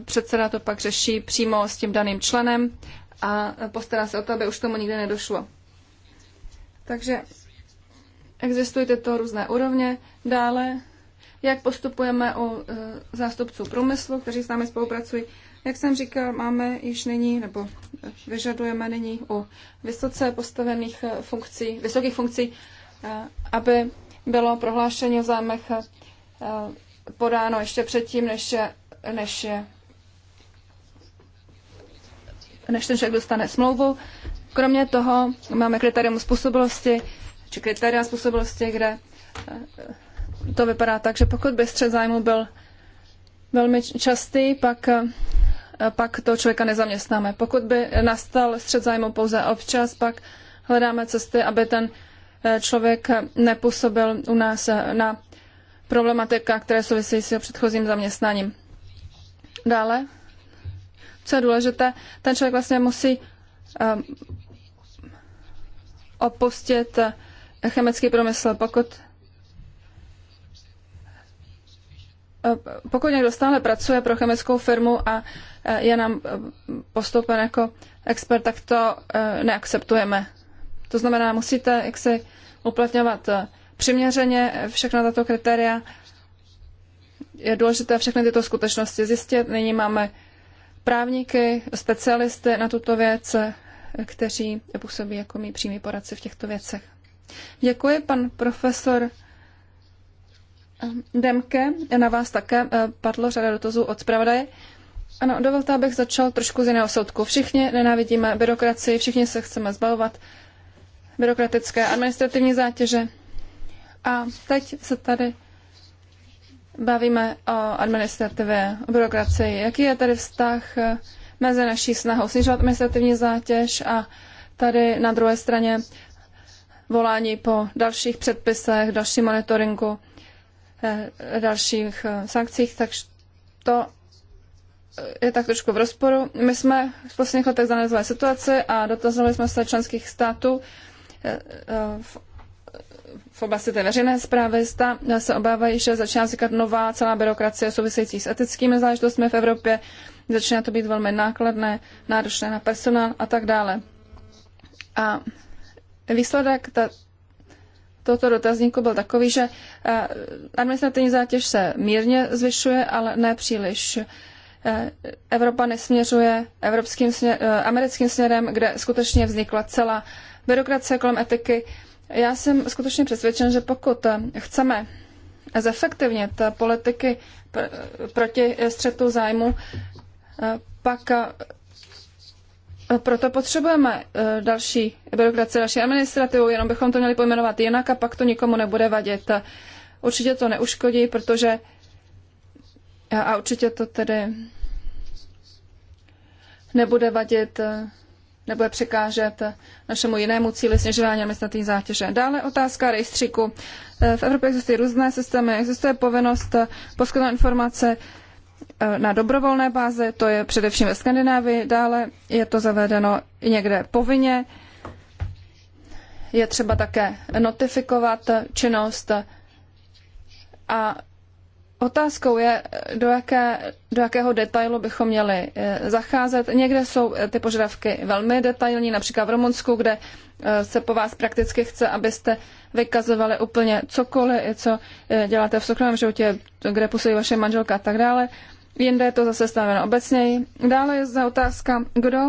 Předseda to pak řeší přímo s tím daným členem a postará se o to, aby už tomu nikdy nedošlo. Takže Existují tyto různé úrovně. Dále, jak postupujeme u e, zástupců průmyslu, kteří s námi spolupracují. Jak jsem říkal, máme již nyní, nebo vyžadujeme nyní u vysoce postavených e, funkcí, vysokých funkcí, e, aby bylo prohlášení o e, podáno ještě předtím, než je, než je než ten člověk dostane smlouvu. Kromě toho máme kritérium způsobilosti, či kritéria způsobilosti, kde eh, to vypadá tak, že pokud by střed zájmu byl velmi častý, pak, eh, pak toho člověka nezaměstnáme. Pokud by nastal střed zájmu pouze občas, pak hledáme cesty, aby ten eh, člověk nepůsobil u nás na problematika, které souvisí s jeho předchozím zaměstnáním. Dále, co je důležité, ten člověk vlastně musí opustit chemický průmysl, pokud eh, pokud někdo stále pracuje pro chemickou firmu a eh, je nám eh, postoupen jako expert, tak to neakceptujeme. To znamená, musíte jaksi uplatňovat přiměřeně všechna tato kritéria. Je důležité všechny tyto skutečnosti zjistit. Nyní máme právníky, specialisty na tuto věc, kteří působí jako mý přímý poradci v těchto věcech. Děkuji, pan profesor eh, Demke. Na vás také eh, padlo řada dotazů od zpravodaje. Ano, dovolte, abych začal trošku z jiného soudku. Všichni nenávidíme byrokracii, všichni se chceme zbavovat byrokratické administrativní zátěže. A teď se tady bavíme o administrativě, o byrokracii. Jaký je tady vztah eh, mezi naší snahou snižovat administrativní zátěž a tady na druhé straně volání po dalších předpisech, dalším monitoringu, eh, dalších eh, sankcích, tak to je tak trošku v rozporu. My jsme v posledních letech zanalizovali situaci a dotazovali jsme se členských států eh, v, v oblasti té veřejné zprávy. Zda se obávají, že začíná vznikat nová celá byrokracie související s etickými záležitostmi v Evropě. Začíná to být velmi nákladné, náročné na personál a tak dále. A výsledek ta, tohoto dotazníku byl takový, že eh, administrativní zátěž se mírně zvyšuje, ale ne příliš. Eh, Evropa nesměřuje evropským směr, eh, americkým směrem, kde skutečně vznikla celá byrokracie kolem etiky. Já jsem skutečně přesvědčen, že pokud chceme zefektivnit politiky proti střetu zájmu, pak Eh, proto potřebujeme eh, další byrokracie, další administrativu, jenom bychom to měli pojmenovat jinak a pak to nikomu nebude vadit. Určitě to neuškodí, protože eh, a určitě to tedy nebude vadit, nebude překážet našemu jinému cíli snižování administrativní zátěže. Dále otázka rejstříku. V Evropě existují různé systémy, existuje povinnost poskytnout informace Eh, na dobrovolné bázi, to je především ve Skandinávii, dále je to zavedeno někde povinně. Je třeba také notifikovat činnost a Otázkou je, do, jaké, do jakého detailu bychom měli eh, zacházet. Někde jsou eh, ty požadavky velmi detailní, například v Rumunsku, kde se po vás prakticky chce, abyste vykazovali úplně cokoliv, co děláte v soukromém životě, kde působí vaše manželka a tak dále jinde je to zase stanoveno obecněji. Dále je zde otázka, kdo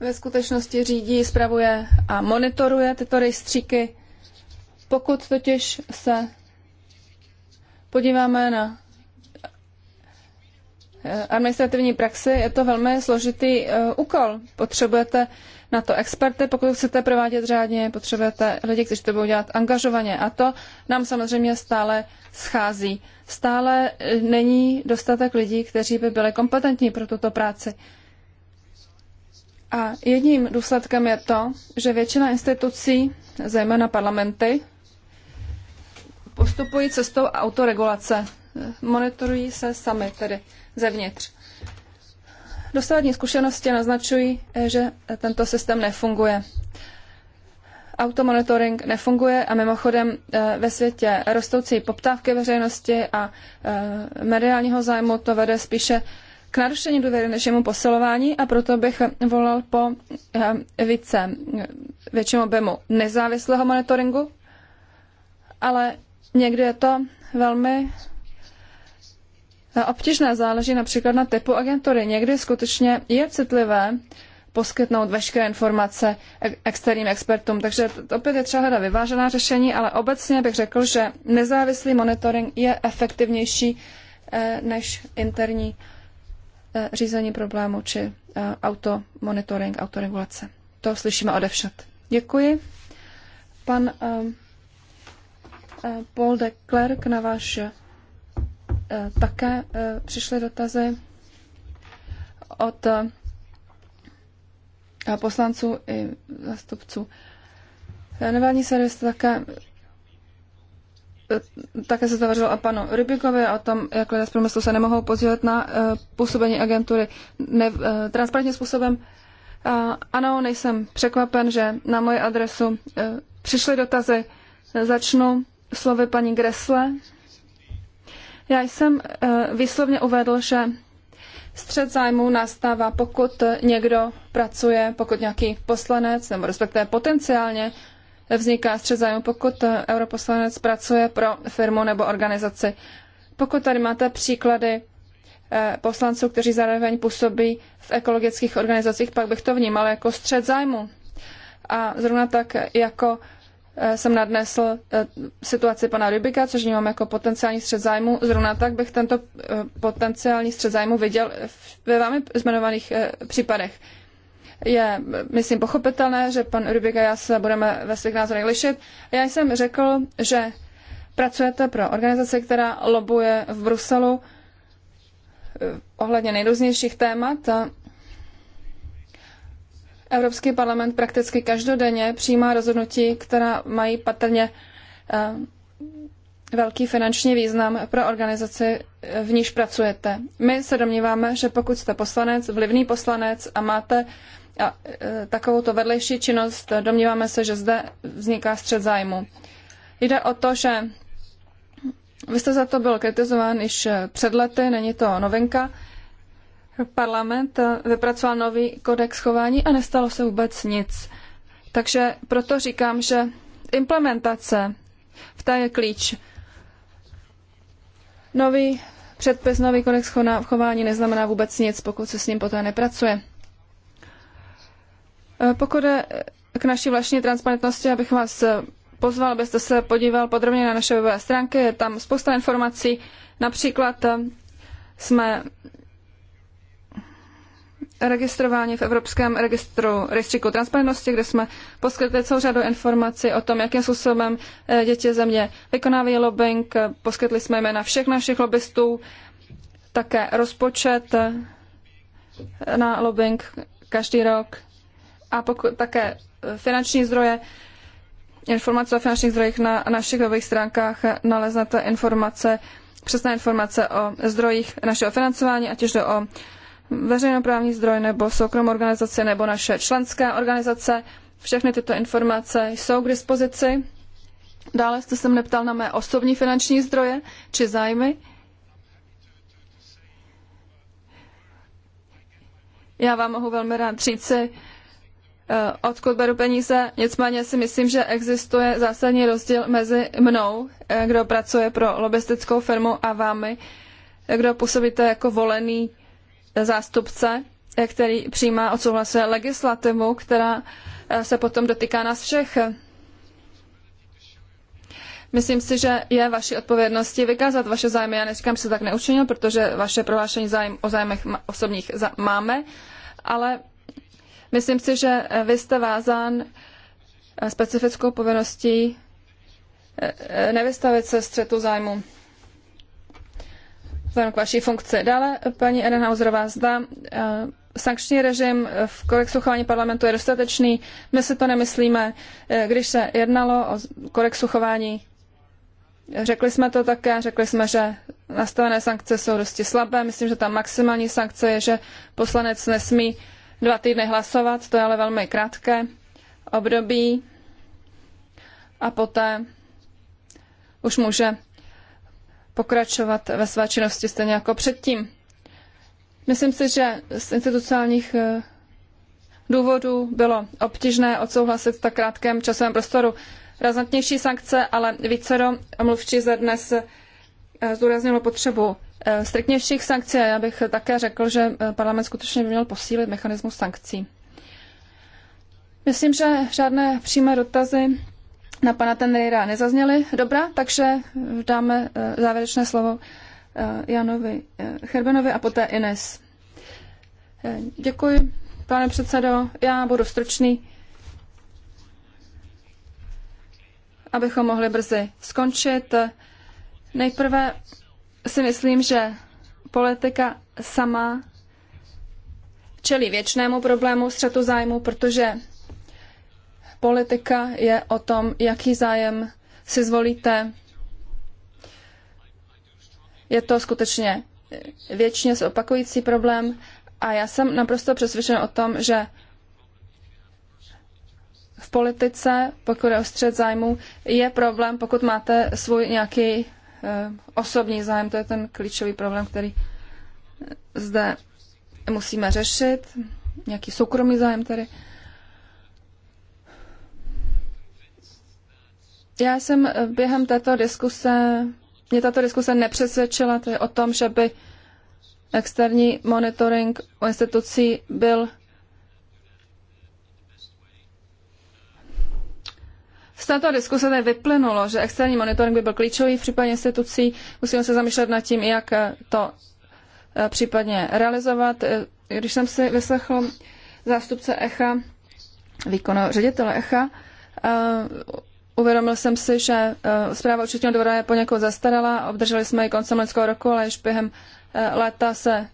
ve skutečnosti řídí, spravuje a monitoruje tyto rejstříky. Pokud totiž se podíváme na eh, administrativní praxi, je to velmi složitý eh, úkol. Potřebujete na to experty, pokud chcete provádět řádně, potřebujete lidi, kteří to budou dělat angažovaně. A to nám samozřejmě stále schází stále není dostatek lidí, kteří by byli kompetentní pro tuto práci. A jedním důsledkem je to, že většina institucí, zejména parlamenty, postupují cestou autoregulace. Monitorují se sami, tedy zevnitř. Dosávadní zkušenosti naznačují, že tento systém nefunguje. Automonitoring nefunguje a mimochodem eh, ve světě rostoucí poptávky veřejnosti a eh, mediálního zájmu to vede spíše k narušení důvěry než jemu posilování a proto bych volal po eh, více většímu objemu nezávislého monitoringu, ale někdy je to velmi obtížné, záleží například na typu agentury. Někdy skutečně je citlivé, poskytnout veškeré informace e- externím expertům. Takže opět je třeba hledat vyvážená řešení, ale obecně bych řekl, že nezávislý monitoring je efektivnější e, než interní e, řízení problému či automonitoring, autoregulace. To slyšíme odevšad. Děkuji. Pan Paul de Klerk na váš také přišly dotazy od a poslanců i zastupců. Nevládní servis také také se zavařil a panu Rybikovi o tom, jak lidé z průmyslu se nemohou podílet na uh, působení agentury ne, uh, transparentním způsobem. Uh, ano, nejsem překvapen, že na moji adresu uh, přišly dotazy. Začnu slovy paní Gresle. Já jsem uh, výslovně uvedl, že Střed zájmu nastává, pokud někdo pracuje, pokud nějaký poslanec, nebo respektive potenciálně vzniká střed zájmu, pokud europoslanec pracuje pro firmu nebo organizaci. Pokud tady máte příklady eh, poslanců, kteří zároveň působí v ekologických organizacích, pak bych to vnímal jako střed zájmu. A zrovna tak jako Eh, jsem nadnesl eh, situaci pana Rybika, což vnímám jako potenciální střed zájmu. Zrovna tak bych tento eh, potenciální střed zájmu viděl ve vámi zmenovaných případech. Je, myslím, pochopitelné, že pan Rybik a já se budeme ve svých názorech lišit. Já jsem řekl, že pracujete pro organizaci, která lobuje v Bruselu ohledně nejrůznějších témat. A Evropský parlament prakticky každodenně přijímá rozhodnutí, která mají patrně eh, velký finanční význam pro organizaci, eh, v níž pracujete. My se domníváme, že pokud jste poslanec, vlivný poslanec a máte eh, takovouto vedlejší činnost, domníváme se, že zde vzniká střed zájmu. Jde o to, že vy jste za to byl kritizován již před lety, není to novinka, parlament vypracoval nový kodex chování a nestalo se vůbec nic. Takže proto říkám, že implementace, v té je klíč. Nový předpis, nový kodex chování neznamená vůbec nic, pokud se s ním poté nepracuje. E, pokud je k naší vlastní transparentnosti, abych vás pozval, abyste se podíval podrobně na naše webové stránky. Je tam spousta informací. Například e, jsme registrováni v Evropském registru rejstříku transparentnosti, kde jsme poskytli celou řadu informací o tom, jakým způsobem eh, děti země vykonávají lobbying. Poskytli jsme jména všech našich lobbystů, také rozpočet eh, na lobbying každý rok a pokud, také eh, finanční zdroje. Informace o finančních zdrojích na našich webových stránkách naleznete informace, přesné informace o zdrojích našeho financování, ať už jde o veřejnoprávní zdroj nebo soukromá organizace nebo naše členské organizace. Všechny tyto informace jsou k dispozici. Dále jste se mne ptal na mé osobní finanční zdroje či zájmy. Já vám mohu velmi rád říci, eh, odkud beru peníze, nicméně si myslím, že existuje zásadní rozdíl mezi mnou, eh, kdo pracuje pro lobbystickou firmu a vámi, eh, kdo působíte jako volený zástupce, eh, který přijímá odsouhlasuje legislativu, která eh, se potom dotýká nás všech. Myslím si, že je vaší odpovědností vykázat vaše zájmy. Já neříkám, že se tak neučinil, protože vaše prohlášení o zájmech osobních máme, ale myslím si, že eh, vy jste vázán specifickou povinností nevystavit se střetu zájmu vzhledem k vaší funkci. Dále, paní Edenhauserová, zda eh, sankční režim v kodexu chování parlamentu je dostatečný. My si to nemyslíme. Eh, když se jednalo o kodexu chování, řekli jsme to také, řekli jsme, že nastavené sankce jsou dosti slabé. Myslím, že ta maximální sankce je, že poslanec nesmí dva týdny hlasovat, to je ale velmi krátké období a poté už může pokračovat ve své činnosti stejně jako předtím. Myslím si, že z institucionálních eh, důvodů bylo obtížné odsouhlasit v tak krátkém časovém prostoru razantnější sankce, ale vícero mluvčí ze dnes eh, zdůraznilo potřebu eh, striktnějších sankcí a já bych také řekl, že parlament skutečně by měl posílit mechanismus sankcí. Myslím, že žádné přímé dotazy na pana Tenreira nezazněly. Dobrá, takže dáme eh, závěrečné slovo eh, Janovi eh, Herbenovi a poté Ines. Děkuji, pane předsedo. Já budu stručný, abychom mohli brzy skončit. Nejprve si myslím, že politika sama čelí věčnému problému střetu zájmu, protože Politika je o tom, jaký zájem si zvolíte. Je to skutečně věčně se opakující problém a já jsem naprosto přesvědčen o tom, že v politice, pokud je o střed zájmu, je problém, pokud máte svůj nějaký eh, osobní zájem, to je ten klíčový problém, který zde musíme řešit, nějaký soukromý zájem tedy. Já jsem eh, během této diskuse, mě tato diskuse nepřesvědčila to o tom, že by externí monitoring u institucí byl Z této diskuse tady vyplynulo, že externí monitoring by byl klíčový v případě institucí. Musíme se zamýšlet nad tím, jak eh, to eh, případně realizovat. Když jsem si vyslechl zástupce ECHA, výkonného ředitele ECHA, Uvědomil jsem si, že eh, zpráva určitě dvora je poněkud zastarala. Obdrželi jsme ji koncem lidského roku, ale již během eh, léta se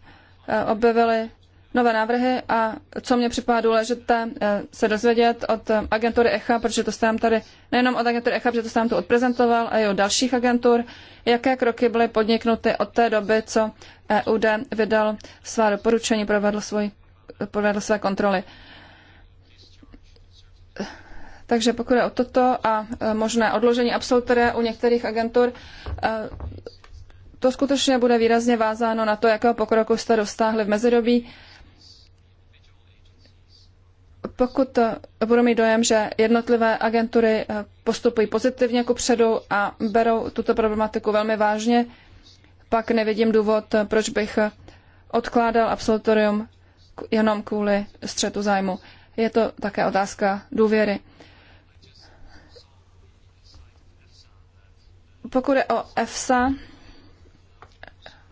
eh, objevily nové návrhy a co mě připadá důležité se dozvědět od agentury ECHA, protože to stávám tady, nejenom od agentury ECHA, protože to stávám tu odprezentoval, a i od dalších agentur, jaké kroky byly podniknuty od té doby, co EUD vydal svá doporučení, provedl, svůj, provedl své kontroly. Takže pokud je o toto a e, možné odložení absolutoria u některých agentur, e, to skutečně bude výrazně vázáno na to, jakého pokroku jste dostáhli v mezidobí. Pokud e, budu mít dojem, že jednotlivé agentury postupují pozitivně ku předu a berou tuto problematiku velmi vážně, pak nevidím důvod, proč bych odkládal absolutorium jenom kvůli střetu zájmu. Je to také otázka důvěry. Pokud je o EFSA,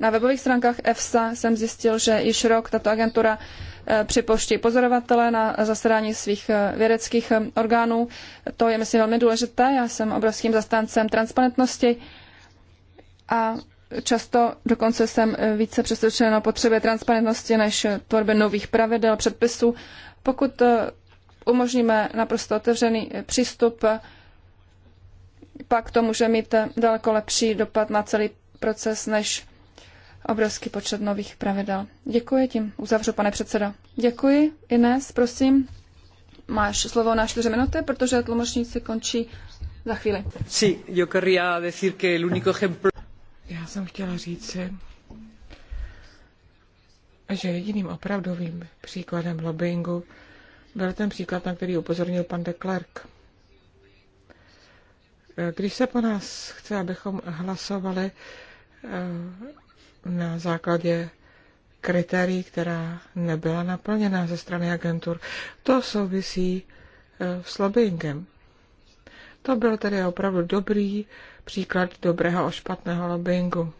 na webových stránkách EFSA jsem zjistil, že již rok tato agentura eh, připoští pozorovatele na zasedání svých eh, vědeckých eh, orgánů. To je, myslím, velmi důležité. Já jsem obrovským zastáncem transparentnosti a často dokonce jsem více přesvědčena o potřebě transparentnosti než tvorby nových pravidel, předpisů. Pokud umožníme naprosto otevřený přístup pak to může mít daleko lepší dopad na celý proces než obrovský počet nových pravidel. Děkuji, tím uzavřu, pane předseda. Děkuji. Ines, prosím, máš slovo na čtyři minuty, protože tlumočníci končí za chvíli. Sí, yo decir que el único ejemplo... Já jsem chtěla říci, že jediným opravdovým příkladem lobbyingu byl ten příklad, na který upozornil pan de Klerk. Když se po nás chce, abychom hlasovali eh, na základě kritérií, která nebyla naplněna ze strany agentur, to souvisí eh, s lobbyingem. To byl tedy opravdu dobrý příklad dobrého a špatného lobbyingu.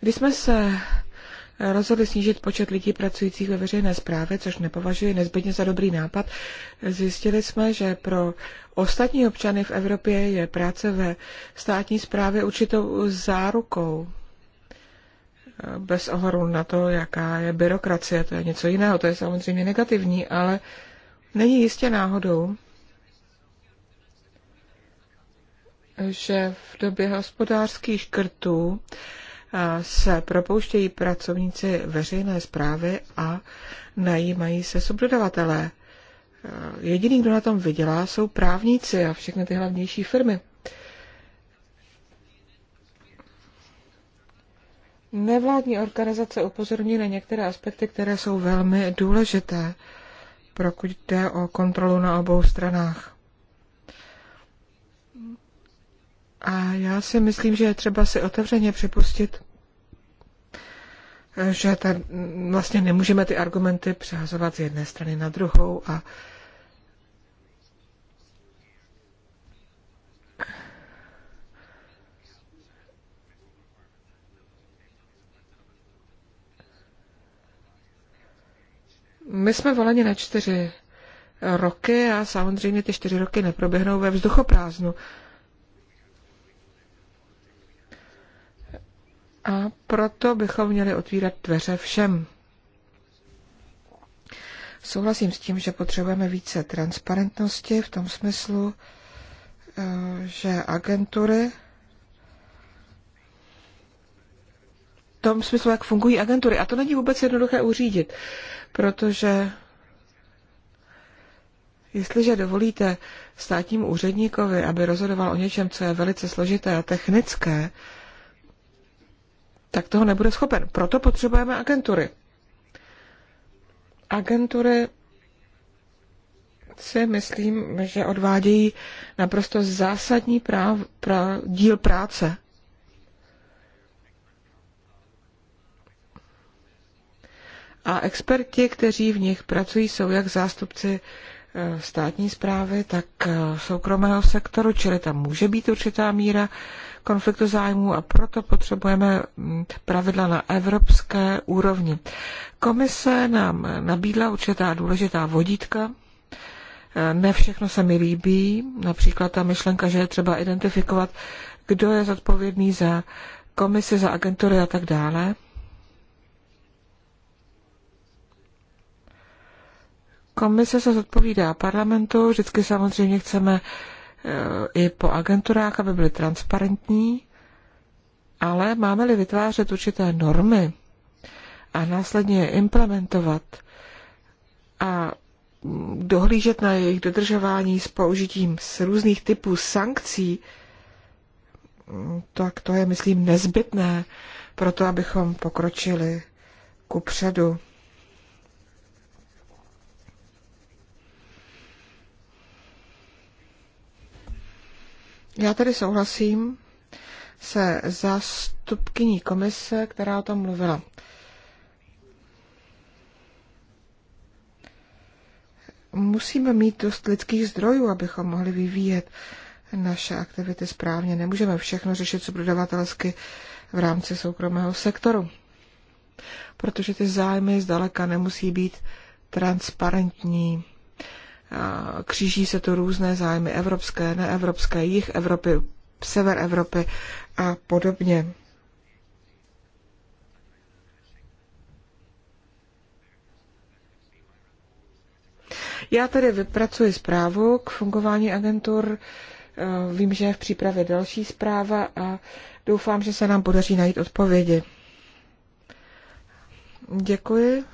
Když jsme se rozhodli snížit počet lidí pracujících ve veřejné správě, což nepovažuji nezbytně za dobrý nápad, zjistili jsme, že pro ostatní občany v Evropě je práce ve státní správě určitou zárukou bez ohoru na to, jaká je byrokracie. To je něco jiného, to je samozřejmě negativní, ale není jistě náhodou, že v době hospodářských škrtů se propouštějí pracovníci veřejné zprávy a najímají se subdodavatelé. Jediný, kdo na tom vydělá, jsou právníci a všechny ty hlavnější firmy. Nevládní organizace upozorní na některé aspekty, které jsou velmi důležité, pokud jde o kontrolu na obou stranách. A já si myslím, že je třeba si otevřeně připustit, že ta, vlastně nemůžeme ty argumenty přehazovat z jedné strany na druhou a My jsme voleni na čtyři roky a samozřejmě ty čtyři roky neproběhnou ve vzduchoprázdnu. a proto bychom měli otvírat dveře všem. Souhlasím s tím, že potřebujeme více transparentnosti v tom smyslu, eh, že agentury, v tom smyslu, jak fungují agentury, a to není vůbec jednoduché uřídit, protože Jestliže dovolíte státnímu úředníkovi, aby rozhodoval o něčem, co je velice složité a technické, tak toho nebude schopen. Proto potřebujeme agentury. Agentury si myslím, že odvádějí naprosto zásadní práv, pra, díl práce. A experti, kteří v nich pracují, jsou jak zástupci eh, státní zprávy, tak eh, soukromého sektoru, čili tam může být určitá míra konfliktu zájmů a proto potřebujeme mm, pravidla na evropské úrovni. Komise nám nabídla určitá důležitá vodítka, e, ne všechno se mi líbí, například ta myšlenka, že je třeba identifikovat, kdo je zodpovědný za komisi, za agentury a tak dále. Komise se zodpovídá parlamentu, vždycky samozřejmě chceme i po agenturách, aby byly transparentní, ale máme-li vytvářet určité normy a následně je implementovat a dohlížet na jejich dodržování s použitím s různých typů sankcí, tak to je, myslím, nezbytné pro to, abychom pokročili ku předu. Já tady souhlasím se zástupkyní komise, která o tom mluvila. Musíme mít dost lidských zdrojů, abychom mohli vyvíjet naše aktivity správně. Nemůžeme všechno řešit subdodavatelsky v rámci soukromého sektoru, protože ty zájmy zdaleka nemusí být transparentní kříží se to různé zájmy evropské, neevropské, jich Evropy, sever Evropy a podobně. Já tady vypracuji zprávu k fungování agentur. E, vím, že je v přípravě další zpráva a doufám, že se nám podaří najít odpovědi. Děkuji.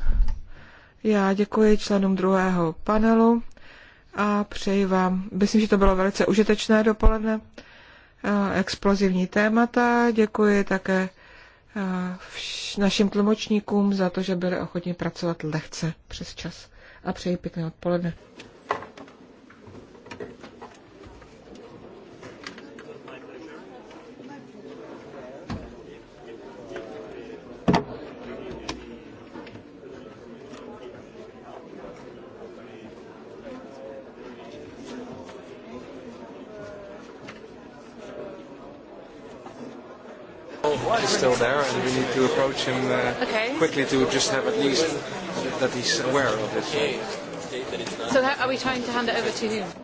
Já děkuji členům druhého panelu a přeji vám. Myslím, že to bylo velice užitečné dopoledne. Eh, explozivní témata. Děkuji také eh, našim tlumočníkům za to, že byli ochotni pracovat lehce přes čas. A přeji pěkné odpoledne. still there, and we need to approach him uh, okay. quickly to just have at least that he's aware of this. So how are we trying to hand it over to him?